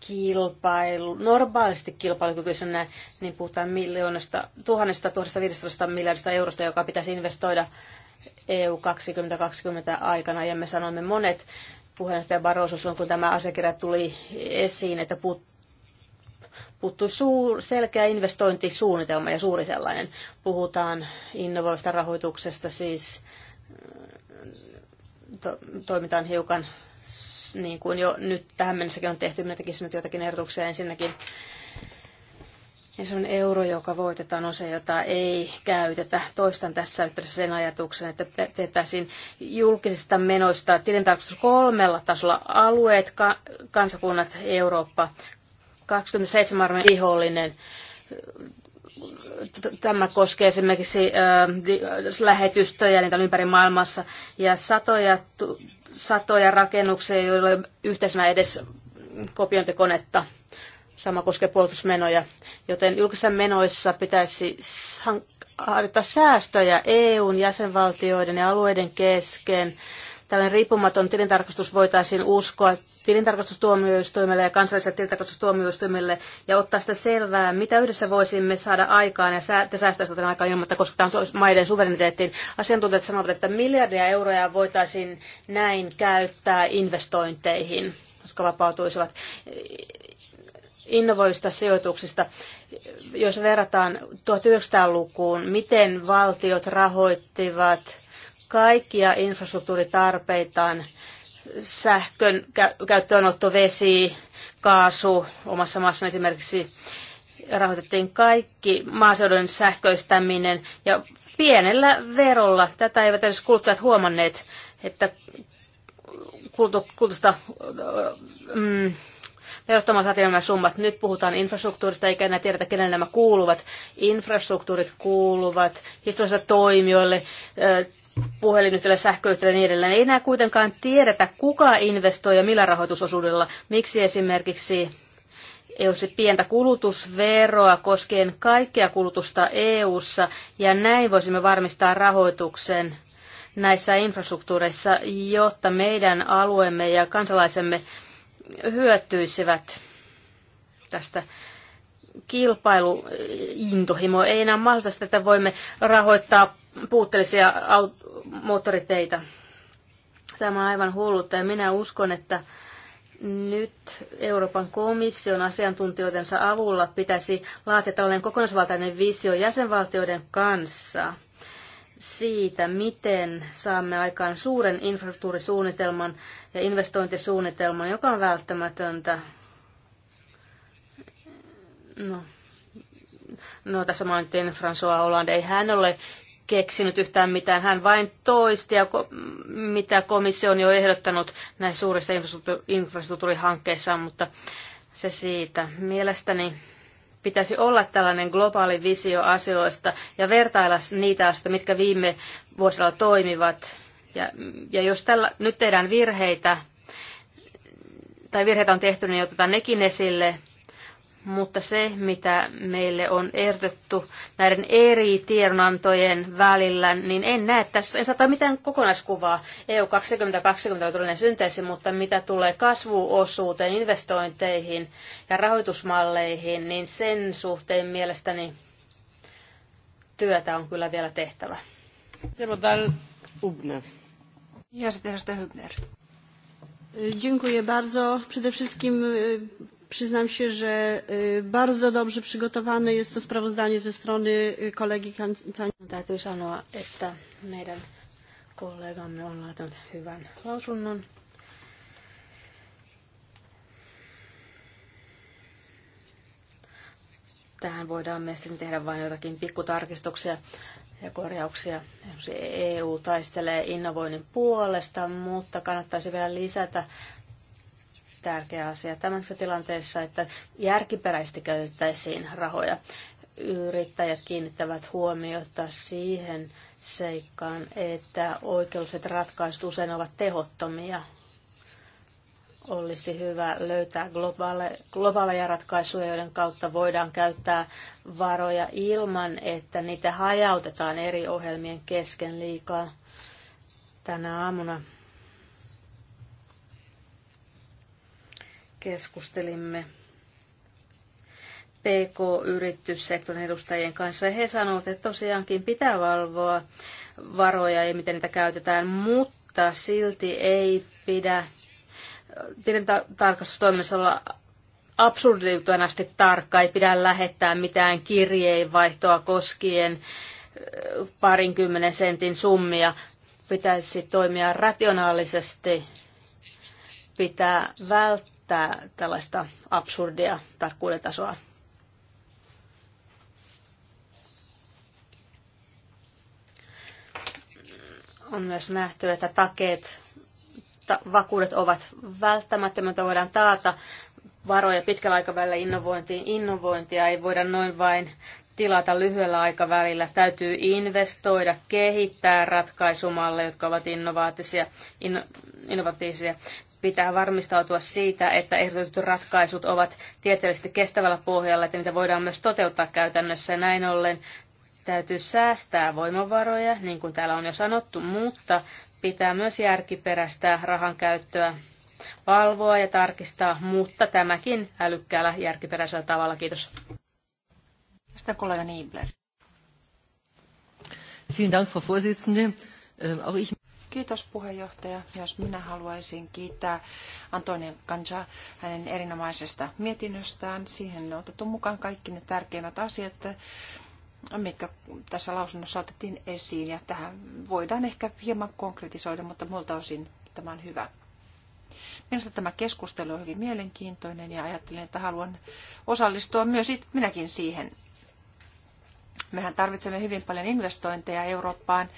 kilpailu, normaalisti kilpailukykyisenä, niin puhutaan miljoonasta, tuhannesta, tuhannesta, viidestätoista miljardista eurosta, joka pitäisi investoida EU 2020 aikana. Ja me sanoimme monet puheenjohtaja Barroso kun tämä asiakirja tuli esiin, että puut, puuttuu suur, selkeä investointisuunnitelma ja suuri sellainen. Puhutaan innovoista rahoituksesta, siis mm, to, toimitaan hiukan niin kuin jo nyt tähän mennessäkin on tehty. Minä tekisin nyt jotakin ehdotuksia ensinnäkin. Ja se on euro, joka voitetaan, on se, jota ei käytetä. Toistan tässä yhteydessä sen ajatuksen, että tehtäisiin julkisista menoista tilintarkastus kolmella tasolla. Alueet, ka- kansakunnat, Eurooppa. 27 vihollinen. Tämä koskee esimerkiksi lähetystöjä, niitä ympäri maailmassa, ja satoja, satoja rakennuksia, joilla ei ole yhteisenä edes kopiointikonetta. Sama koskee puolustusmenoja, joten julkisissa menoissa pitäisi harjoittaa säästöjä EUn jäsenvaltioiden ja alueiden kesken tällainen riippumaton tilintarkastus voitaisiin uskoa tilintarkastustuomioistuimelle ja kansalliselle tilintarkastustuomioistuimelle ja ottaa sitä selvää, mitä yhdessä voisimme saada aikaan ja säästöä sitä aikaa ilman, että kosketaan maiden suvereniteettiin. Asiantuntijat sanovat, että miljardia euroja voitaisiin näin käyttää investointeihin, jotka vapautuisivat innovoivista sijoituksista. Jos verrataan 1900-lukuun, miten valtiot rahoittivat – kaikkia infrastruktuuritarpeitaan, sähkön käyttöönotto, vesi, kaasu, omassa maassa esimerkiksi rahoitettiin kaikki maaseudun sähköistäminen ja pienellä verolla. Tätä eivät edes kuluttajat huomanneet, että kulutusta mm, saatiin nämä summat. Nyt puhutaan infrastruktuurista, eikä enää tiedetä, kenelle nämä kuuluvat. Infrastruktuurit kuuluvat historiallisille toimijoille, puhelinyhtiölle, sähköyhtiölle ja niin edelleen. Ei enää kuitenkaan tiedetä, kuka investoi ja millä rahoitusosuudella. Miksi esimerkiksi eu olisi pientä kulutusveroa koskien kaikkea kulutusta EU-ssa, ja näin voisimme varmistaa rahoituksen näissä infrastruktuureissa, jotta meidän alueemme ja kansalaisemme hyötyisivät tästä kilpailuintohimoa. Ei enää mahdollista sitä, että voimme rahoittaa puutteellisia moottoriteitä. Tämä on aivan hullutta ja minä uskon, että nyt Euroopan komission asiantuntijoidensa avulla pitäisi laatia tällainen kokonaisvaltainen visio jäsenvaltioiden kanssa siitä, miten saamme aikaan suuren infrastruktuurisuunnitelman ja investointisuunnitelman, joka on välttämätöntä. No, no tässä mainittiin François Hollande. Ei hän ole keksinyt yhtään mitään. Hän vain toisti, ja ko- mitä komissio on jo ehdottanut näissä suurissa infrastruktuurihankkeissa, mutta se siitä. Mielestäni pitäisi olla tällainen globaali visio asioista ja vertailla niitä asioita, mitkä viime vuosilla toimivat. Ja, ja jos tällä, nyt tehdään virheitä, tai virheitä on tehty, niin otetaan nekin esille – mutta se, mitä meille on ehdotettu näiden eri tiedonantojen välillä, niin en näe tässä, en saata mitään kokonaiskuvaa. EU 2020 luvun synteesi, mutta mitä tulee kasvuosuuteen, investointeihin ja rahoitusmalleihin, niin sen suhteen mielestäni työtä on kyllä vielä tehtävä. Ja sitten Hübner. Dziękuję bardzo. Przede wszystkim Przyznam się, że bardzo dobrze przygotowane jest to sprawozdanie ze strony kolegi Kancania. No, täytyy sanoa, että meidän kollegamme on laatinut hyvän lausunnon. Tähän voidaan mielestäni tehdä vain jotakin pikkutarkistuksia ja korjauksia. EU e taistelee innovoinnin puolesta, mutta kannattaisi vielä lisätä tärkeä asia tämmöisessä tilanteessa, että järkiperäisesti käytettäisiin rahoja. Yrittäjät kiinnittävät huomiota siihen seikkaan, että oikeudelliset ratkaisut usein ovat tehottomia. Olisi hyvä löytää globaale, globaaleja ratkaisuja, joiden kautta voidaan käyttää varoja ilman, että niitä hajautetaan eri ohjelmien kesken liikaa tänä aamuna keskustelimme PK-yrityssektorin edustajien kanssa. Ja he sanoivat, että tosiaankin pitää valvoa varoja ja miten niitä käytetään, mutta silti ei pidä pidän tarkastustoiminnassa olla absurdiutuen asti tarkka, ei pidä lähettää mitään kirjeenvaihtoa koskien parinkymmenen sentin summia. Pitäisi toimia rationaalisesti, pitää välttää tää, tällaista absurdia tarkkuuden tasoa. On myös nähty, että takeet, ta- vakuudet ovat välttämättömät, voidaan taata varoja pitkällä aikavälillä innovointiin. Innovointia ei voida noin vain tilata lyhyellä aikavälillä. Täytyy investoida, kehittää ratkaisumalle, jotka ovat innovaatisia, inno, innovatiivisia pitää varmistautua siitä, että ehdotetut ratkaisut ovat tieteellisesti kestävällä pohjalla, että niitä voidaan myös toteuttaa käytännössä. Näin ollen täytyy säästää voimavaroja, niin kuin täällä on jo sanottu, mutta pitää myös järkiperäistää rahan käyttöä, valvoa ja tarkistaa, mutta tämäkin älykkäällä järkiperäisellä tavalla. Kiitos. Sitten kollega Niebler. Vielen Dank, Frau Vorsitzende. Ähm, auch ich Kiitos puheenjohtaja. Myös minä haluaisin kiittää Antonia Kanja hänen erinomaisesta mietinnöstään. Siihen on otettu mukaan kaikki ne tärkeimmät asiat, mitkä tässä lausunnossa otettiin esiin. Ja tähän voidaan ehkä hieman konkretisoida, mutta muilta osin tämä on hyvä. Minusta tämä keskustelu on hyvin mielenkiintoinen ja ajattelen, että haluan osallistua myös minäkin siihen. Mehän tarvitsemme hyvin paljon investointeja Eurooppaan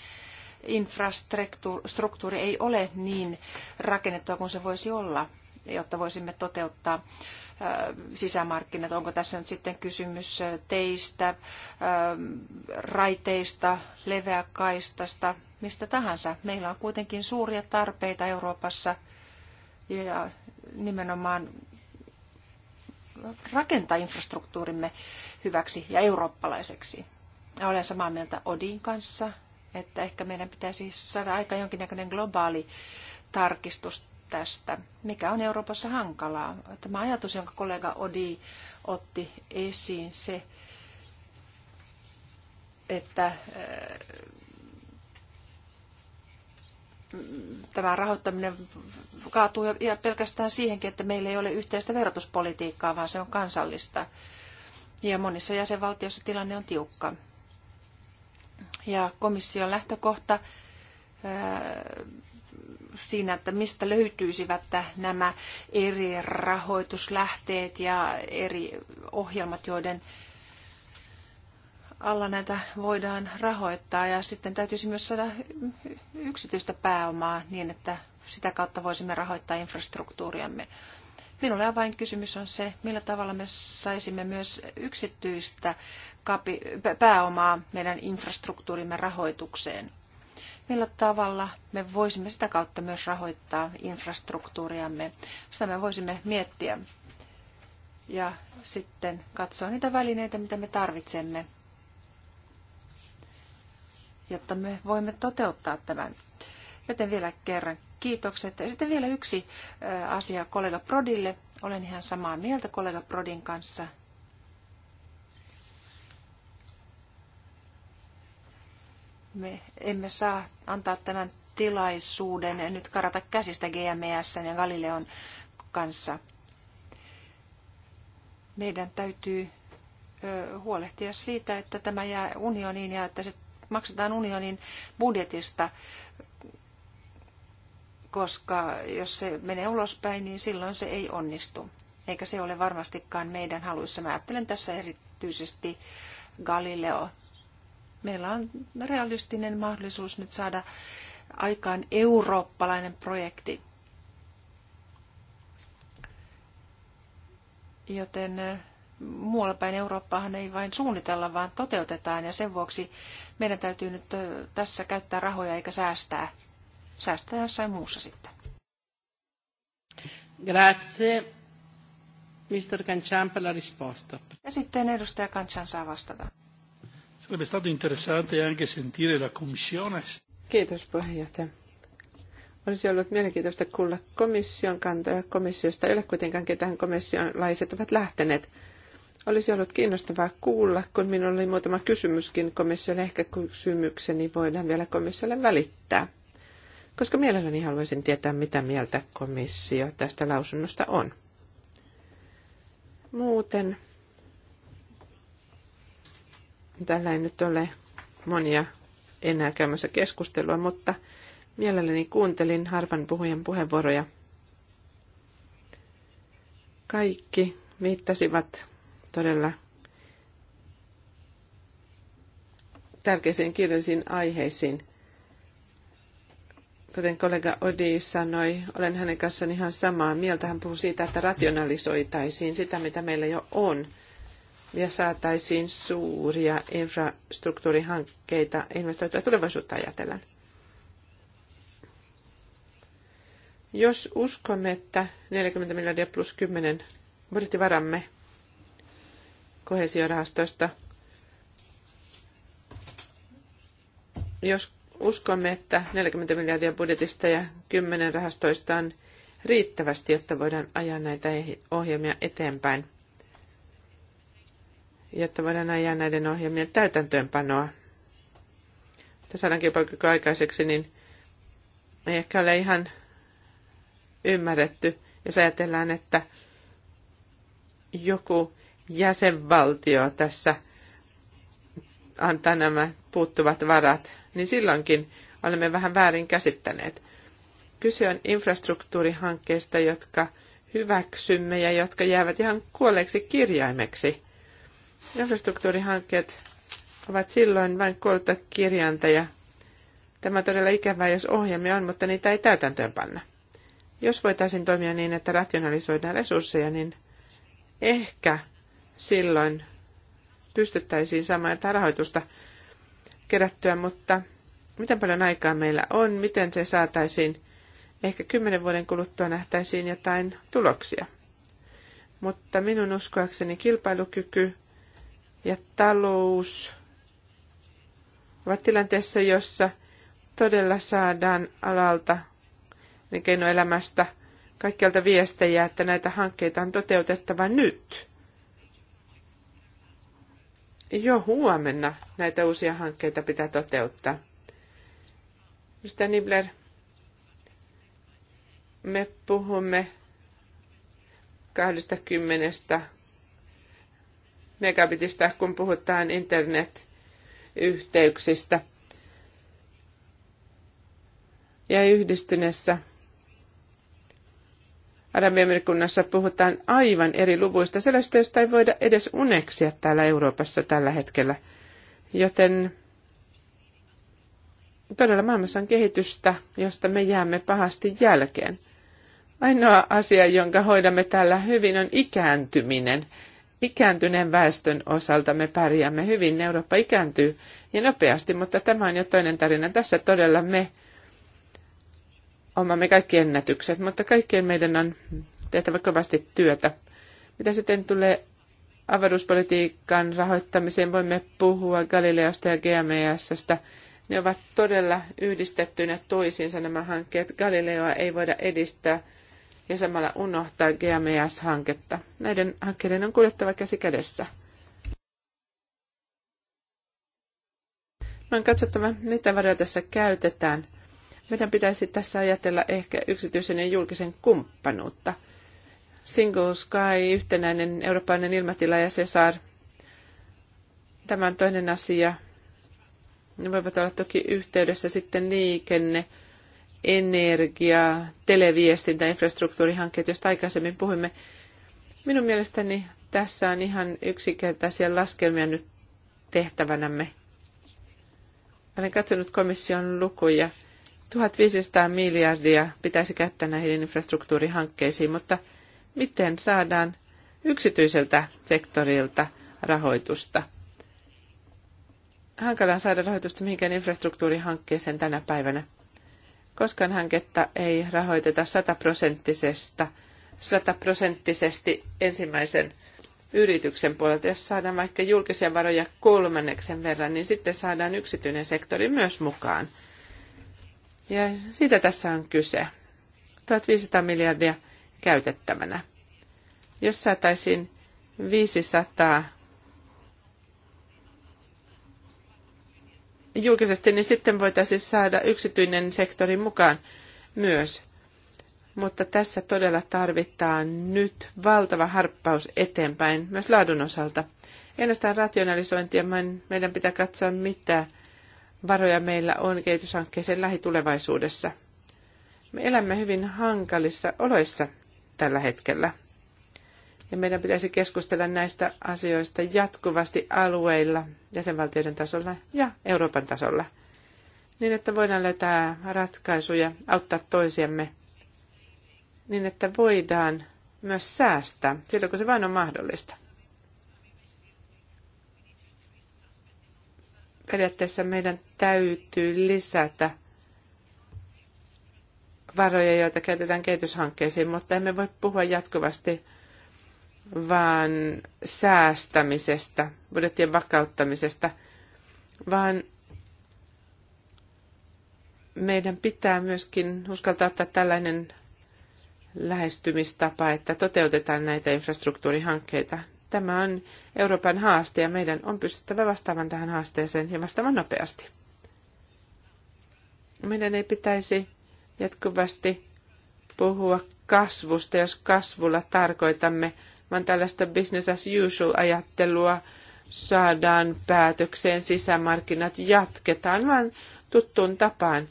infrastruktuuri ei ole niin rakennettua kuin se voisi olla, jotta voisimme toteuttaa sisämarkkinat. Onko tässä nyt sitten kysymys teistä, raiteista, leveäkaistasta, mistä tahansa. Meillä on kuitenkin suuria tarpeita Euroopassa ja nimenomaan rakentaa infrastruktuurimme hyväksi ja eurooppalaiseksi. Olen samaa mieltä Odin kanssa että ehkä meidän pitäisi saada aika jonkinnäköinen globaali tarkistus tästä, mikä on Euroopassa hankalaa. Tämä ajatus, jonka kollega Odi otti esiin, se, että äh, tämä rahoittaminen kaatuu ja pelkästään siihenkin, että meillä ei ole yhteistä verotuspolitiikkaa, vaan se on kansallista. Ja monissa jäsenvaltioissa tilanne on tiukka ja komission lähtökohta äh, siinä, että mistä löytyisivät nämä eri rahoituslähteet ja eri ohjelmat, joiden alla näitä voidaan rahoittaa. Ja sitten täytyisi myös saada yksityistä pääomaa niin, että sitä kautta voisimme rahoittaa infrastruktuuriamme. Minulle avainkysymys on se, millä tavalla me saisimme myös yksityistä pääomaa meidän infrastruktuurimme rahoitukseen. Millä tavalla me voisimme sitä kautta myös rahoittaa infrastruktuuriamme. Sitä me voisimme miettiä ja sitten katsoa niitä välineitä, mitä me tarvitsemme, jotta me voimme toteuttaa tämän. Joten vielä kerran kiitokset. Ja sitten vielä yksi asia kollega Prodille. Olen ihan samaa mieltä kollega Prodin kanssa. Me emme saa antaa tämän tilaisuuden nyt karata käsistä GMS ja Galileon kanssa. Meidän täytyy huolehtia siitä, että tämä jää unioniin ja että se maksetaan unionin budjetista koska jos se menee ulospäin, niin silloin se ei onnistu. Eikä se ole varmastikaan meidän haluissa. Mä ajattelen tässä erityisesti Galileo. Meillä on realistinen mahdollisuus nyt saada aikaan eurooppalainen projekti. Joten eh, muualla päin Eurooppaahan ei vain suunnitella, vaan toteutetaan ja sen vuoksi meidän täytyy nyt eh, tässä käyttää rahoja eikä säästää säästää jossain muussa sitten. Grazie. Mr. Cancian per la risposta. Ja sitten edustaja Cancian saa vastata. Sarebbe stato interessante anche sentire la commissione. Kiitos puheenjohtaja. Olisi ollut mielenkiintoista kuulla komission kantaa. Komissiosta ei ole kuitenkaan ketään komissionlaiset ovat lähteneet. Olisi ollut kiinnostavaa kuulla, kun minulla oli muutama kysymyskin komissiolle. Ehkä kysymykseni voidaan vielä komissiolle välittää koska mielelläni haluaisin tietää, mitä mieltä komissio tästä lausunnosta on. Muuten tällä ei nyt ole monia enää käymässä keskustelua, mutta mielelläni kuuntelin harvan puhujan puheenvuoroja. Kaikki viittasivat todella tärkeisiin kirjallisiin aiheisiin – kuten kollega Odi sanoi, olen hänen kanssaan ihan samaa mieltä. Hän puhui siitä, että rationalisoitaisiin sitä, mitä meillä jo on, ja saataisiin suuria infrastruktuurihankkeita investoitua tulevaisuutta ajatellen. Jos uskomme, että 40 miljardia plus 10 budjettivaramme kohesiorahastosta, jos uskomme, että 40 miljardia budjetista ja 10 rahastoista on riittävästi, jotta voidaan ajaa näitä ohjelmia eteenpäin, jotta voidaan ajaa näiden ohjelmien täytäntöönpanoa. Tässä saadaan kilpailukyky aikaiseksi, niin ei ehkä ole ihan ymmärretty, jos ajatellaan, että joku jäsenvaltio tässä – antaa nämä puuttuvat varat, niin silloinkin olemme vähän väärin käsittäneet. Kyse on infrastruktuurihankkeista, jotka hyväksymme ja jotka jäävät ihan kuolleeksi kirjaimeksi. Infrastruktuurihankkeet ovat silloin vain kuollutta kirjainta ja tämä on todella ikävää, jos ohjelmia on, mutta niitä ei täytäntöön panna. Jos voitaisiin toimia niin, että rationalisoidaan resursseja, niin ehkä silloin pystyttäisiin saamaan jotain rahoitusta kerättyä, mutta miten paljon aikaa meillä on, miten se saataisiin, ehkä kymmenen vuoden kuluttua nähtäisiin jotain tuloksia. Mutta minun uskoakseni kilpailukyky ja talous ovat tilanteessa, jossa todella saadaan alalta elinkeinoelämästä niin kaikkialta viestejä, että näitä hankkeita on toteutettava nyt jo huomenna näitä uusia hankkeita pitää toteuttaa. Mr. Nibler, me puhumme 20 megabitistä kun puhutaan internetyhteyksistä. Ja yhdistyneessä Arabiamirikunnassa puhutaan aivan eri luvuista, sellaista, josta ei voida edes uneksia täällä Euroopassa tällä hetkellä. Joten todella maailmassa on kehitystä, josta me jäämme pahasti jälkeen. Ainoa asia, jonka hoidamme täällä hyvin, on ikääntyminen. Ikääntyneen väestön osalta me pärjäämme hyvin. Eurooppa ikääntyy ja nopeasti, mutta tämä on jo toinen tarina. Tässä todella me omamme kaikki ennätykset, mutta kaikkien meidän on tehtävä kovasti työtä. Mitä sitten tulee avaruuspolitiikan rahoittamiseen, voimme puhua Galileosta ja GMSstä. Ne ovat todella yhdistettynä toisiinsa nämä hankkeet. Galileoa ei voida edistää ja samalla unohtaa GMS-hanketta. Näiden hankkeiden on kuljettava käsi kädessä. Me on katsottava, mitä varoja tässä käytetään. Meidän pitäisi tässä ajatella ehkä yksityisen ja julkisen kumppanuutta. Single Sky, yhtenäinen eurooppalainen ilmatila ja Cesar. Tämä on toinen asia. Ne voivat olla toki yhteydessä sitten liikenne, energia, televiestintä, infrastruktuurihankkeet, joista aikaisemmin puhuimme. Minun mielestäni tässä on ihan yksinkertaisia laskelmia nyt tehtävänämme. Olen katsonut komission lukuja 1500 miljardia pitäisi käyttää näihin infrastruktuurihankkeisiin, mutta miten saadaan yksityiseltä sektorilta rahoitusta? Hankalaa saada rahoitusta mihinkään infrastruktuurihankkeeseen tänä päivänä. Koskaan hanketta ei rahoiteta sataprosenttisesti ensimmäisen yrityksen puolelta. Jos saadaan vaikka julkisia varoja kolmanneksen verran, niin sitten saadaan yksityinen sektori myös mukaan – ja siitä tässä on kyse. 1500 miljardia käytettävänä. Jos saataisiin 500 julkisesti, niin sitten voitaisiin saada yksityinen sektori mukaan myös. Mutta tässä todella tarvitaan nyt valtava harppaus eteenpäin myös laadun osalta. Ei rationalisointia, vaan meidän pitää katsoa, mitä varoja meillä on kehityshankkeeseen lähitulevaisuudessa. Me elämme hyvin hankalissa oloissa tällä hetkellä. Ja meidän pitäisi keskustella näistä asioista jatkuvasti alueilla, jäsenvaltioiden tasolla ja Euroopan tasolla, niin että voidaan löytää ratkaisuja, auttaa toisiamme, niin että voidaan myös säästää silloin, kun se vain on mahdollista. periaatteessa meidän täytyy lisätä varoja, joita käytetään kehityshankkeisiin, mutta emme voi puhua jatkuvasti vaan säästämisestä, budjettien vakauttamisesta, vaan meidän pitää myöskin uskaltaa ottaa tällainen lähestymistapa, että toteutetaan näitä infrastruktuurihankkeita. Tämä on Euroopan haaste ja meidän on pystyttävä vastaamaan tähän haasteeseen ja vastaamaan nopeasti. Meidän ei pitäisi jatkuvasti puhua kasvusta, jos kasvulla tarkoitamme, vaan tällaista business as usual ajattelua saadaan päätökseen, sisämarkkinat jatketaan, vaan tuttuun tapaan.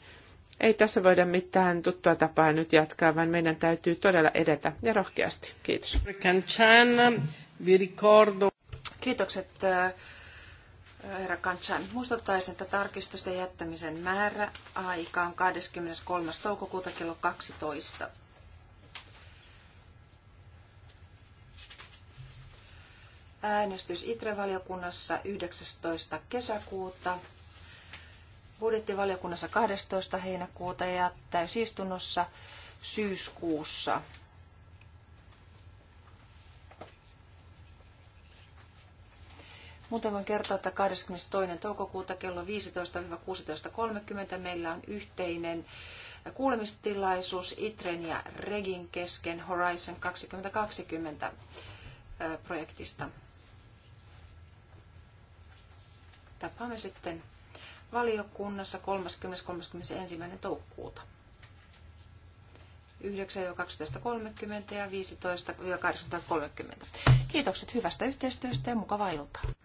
Ei tässä voida mitään tuttua tapaa nyt jatkaa, vaan meidän täytyy todella edetä ja rohkeasti. Kiitos. Vi ricordo... Kiitokset äh, herra Kantsan. Muistuttaisin, että tarkistusten jättämisen määrä aika on 23. toukokuuta kello 12. Äänestys ITRE-valiokunnassa 19. kesäkuuta, budjettivaliokunnassa 12. heinäkuuta ja täysistunnossa syyskuussa. Muuten voin että 22. toukokuuta kello 15-16.30 meillä on yhteinen kuulemistilaisuus ITREN ja REGin kesken Horizon 2020 projektista. Tapaamme sitten valiokunnassa 30.31. toukokuuta. 9.12.30 ja 15.18.30. Kiitokset hyvästä yhteistyöstä ja mukavaa iltaa.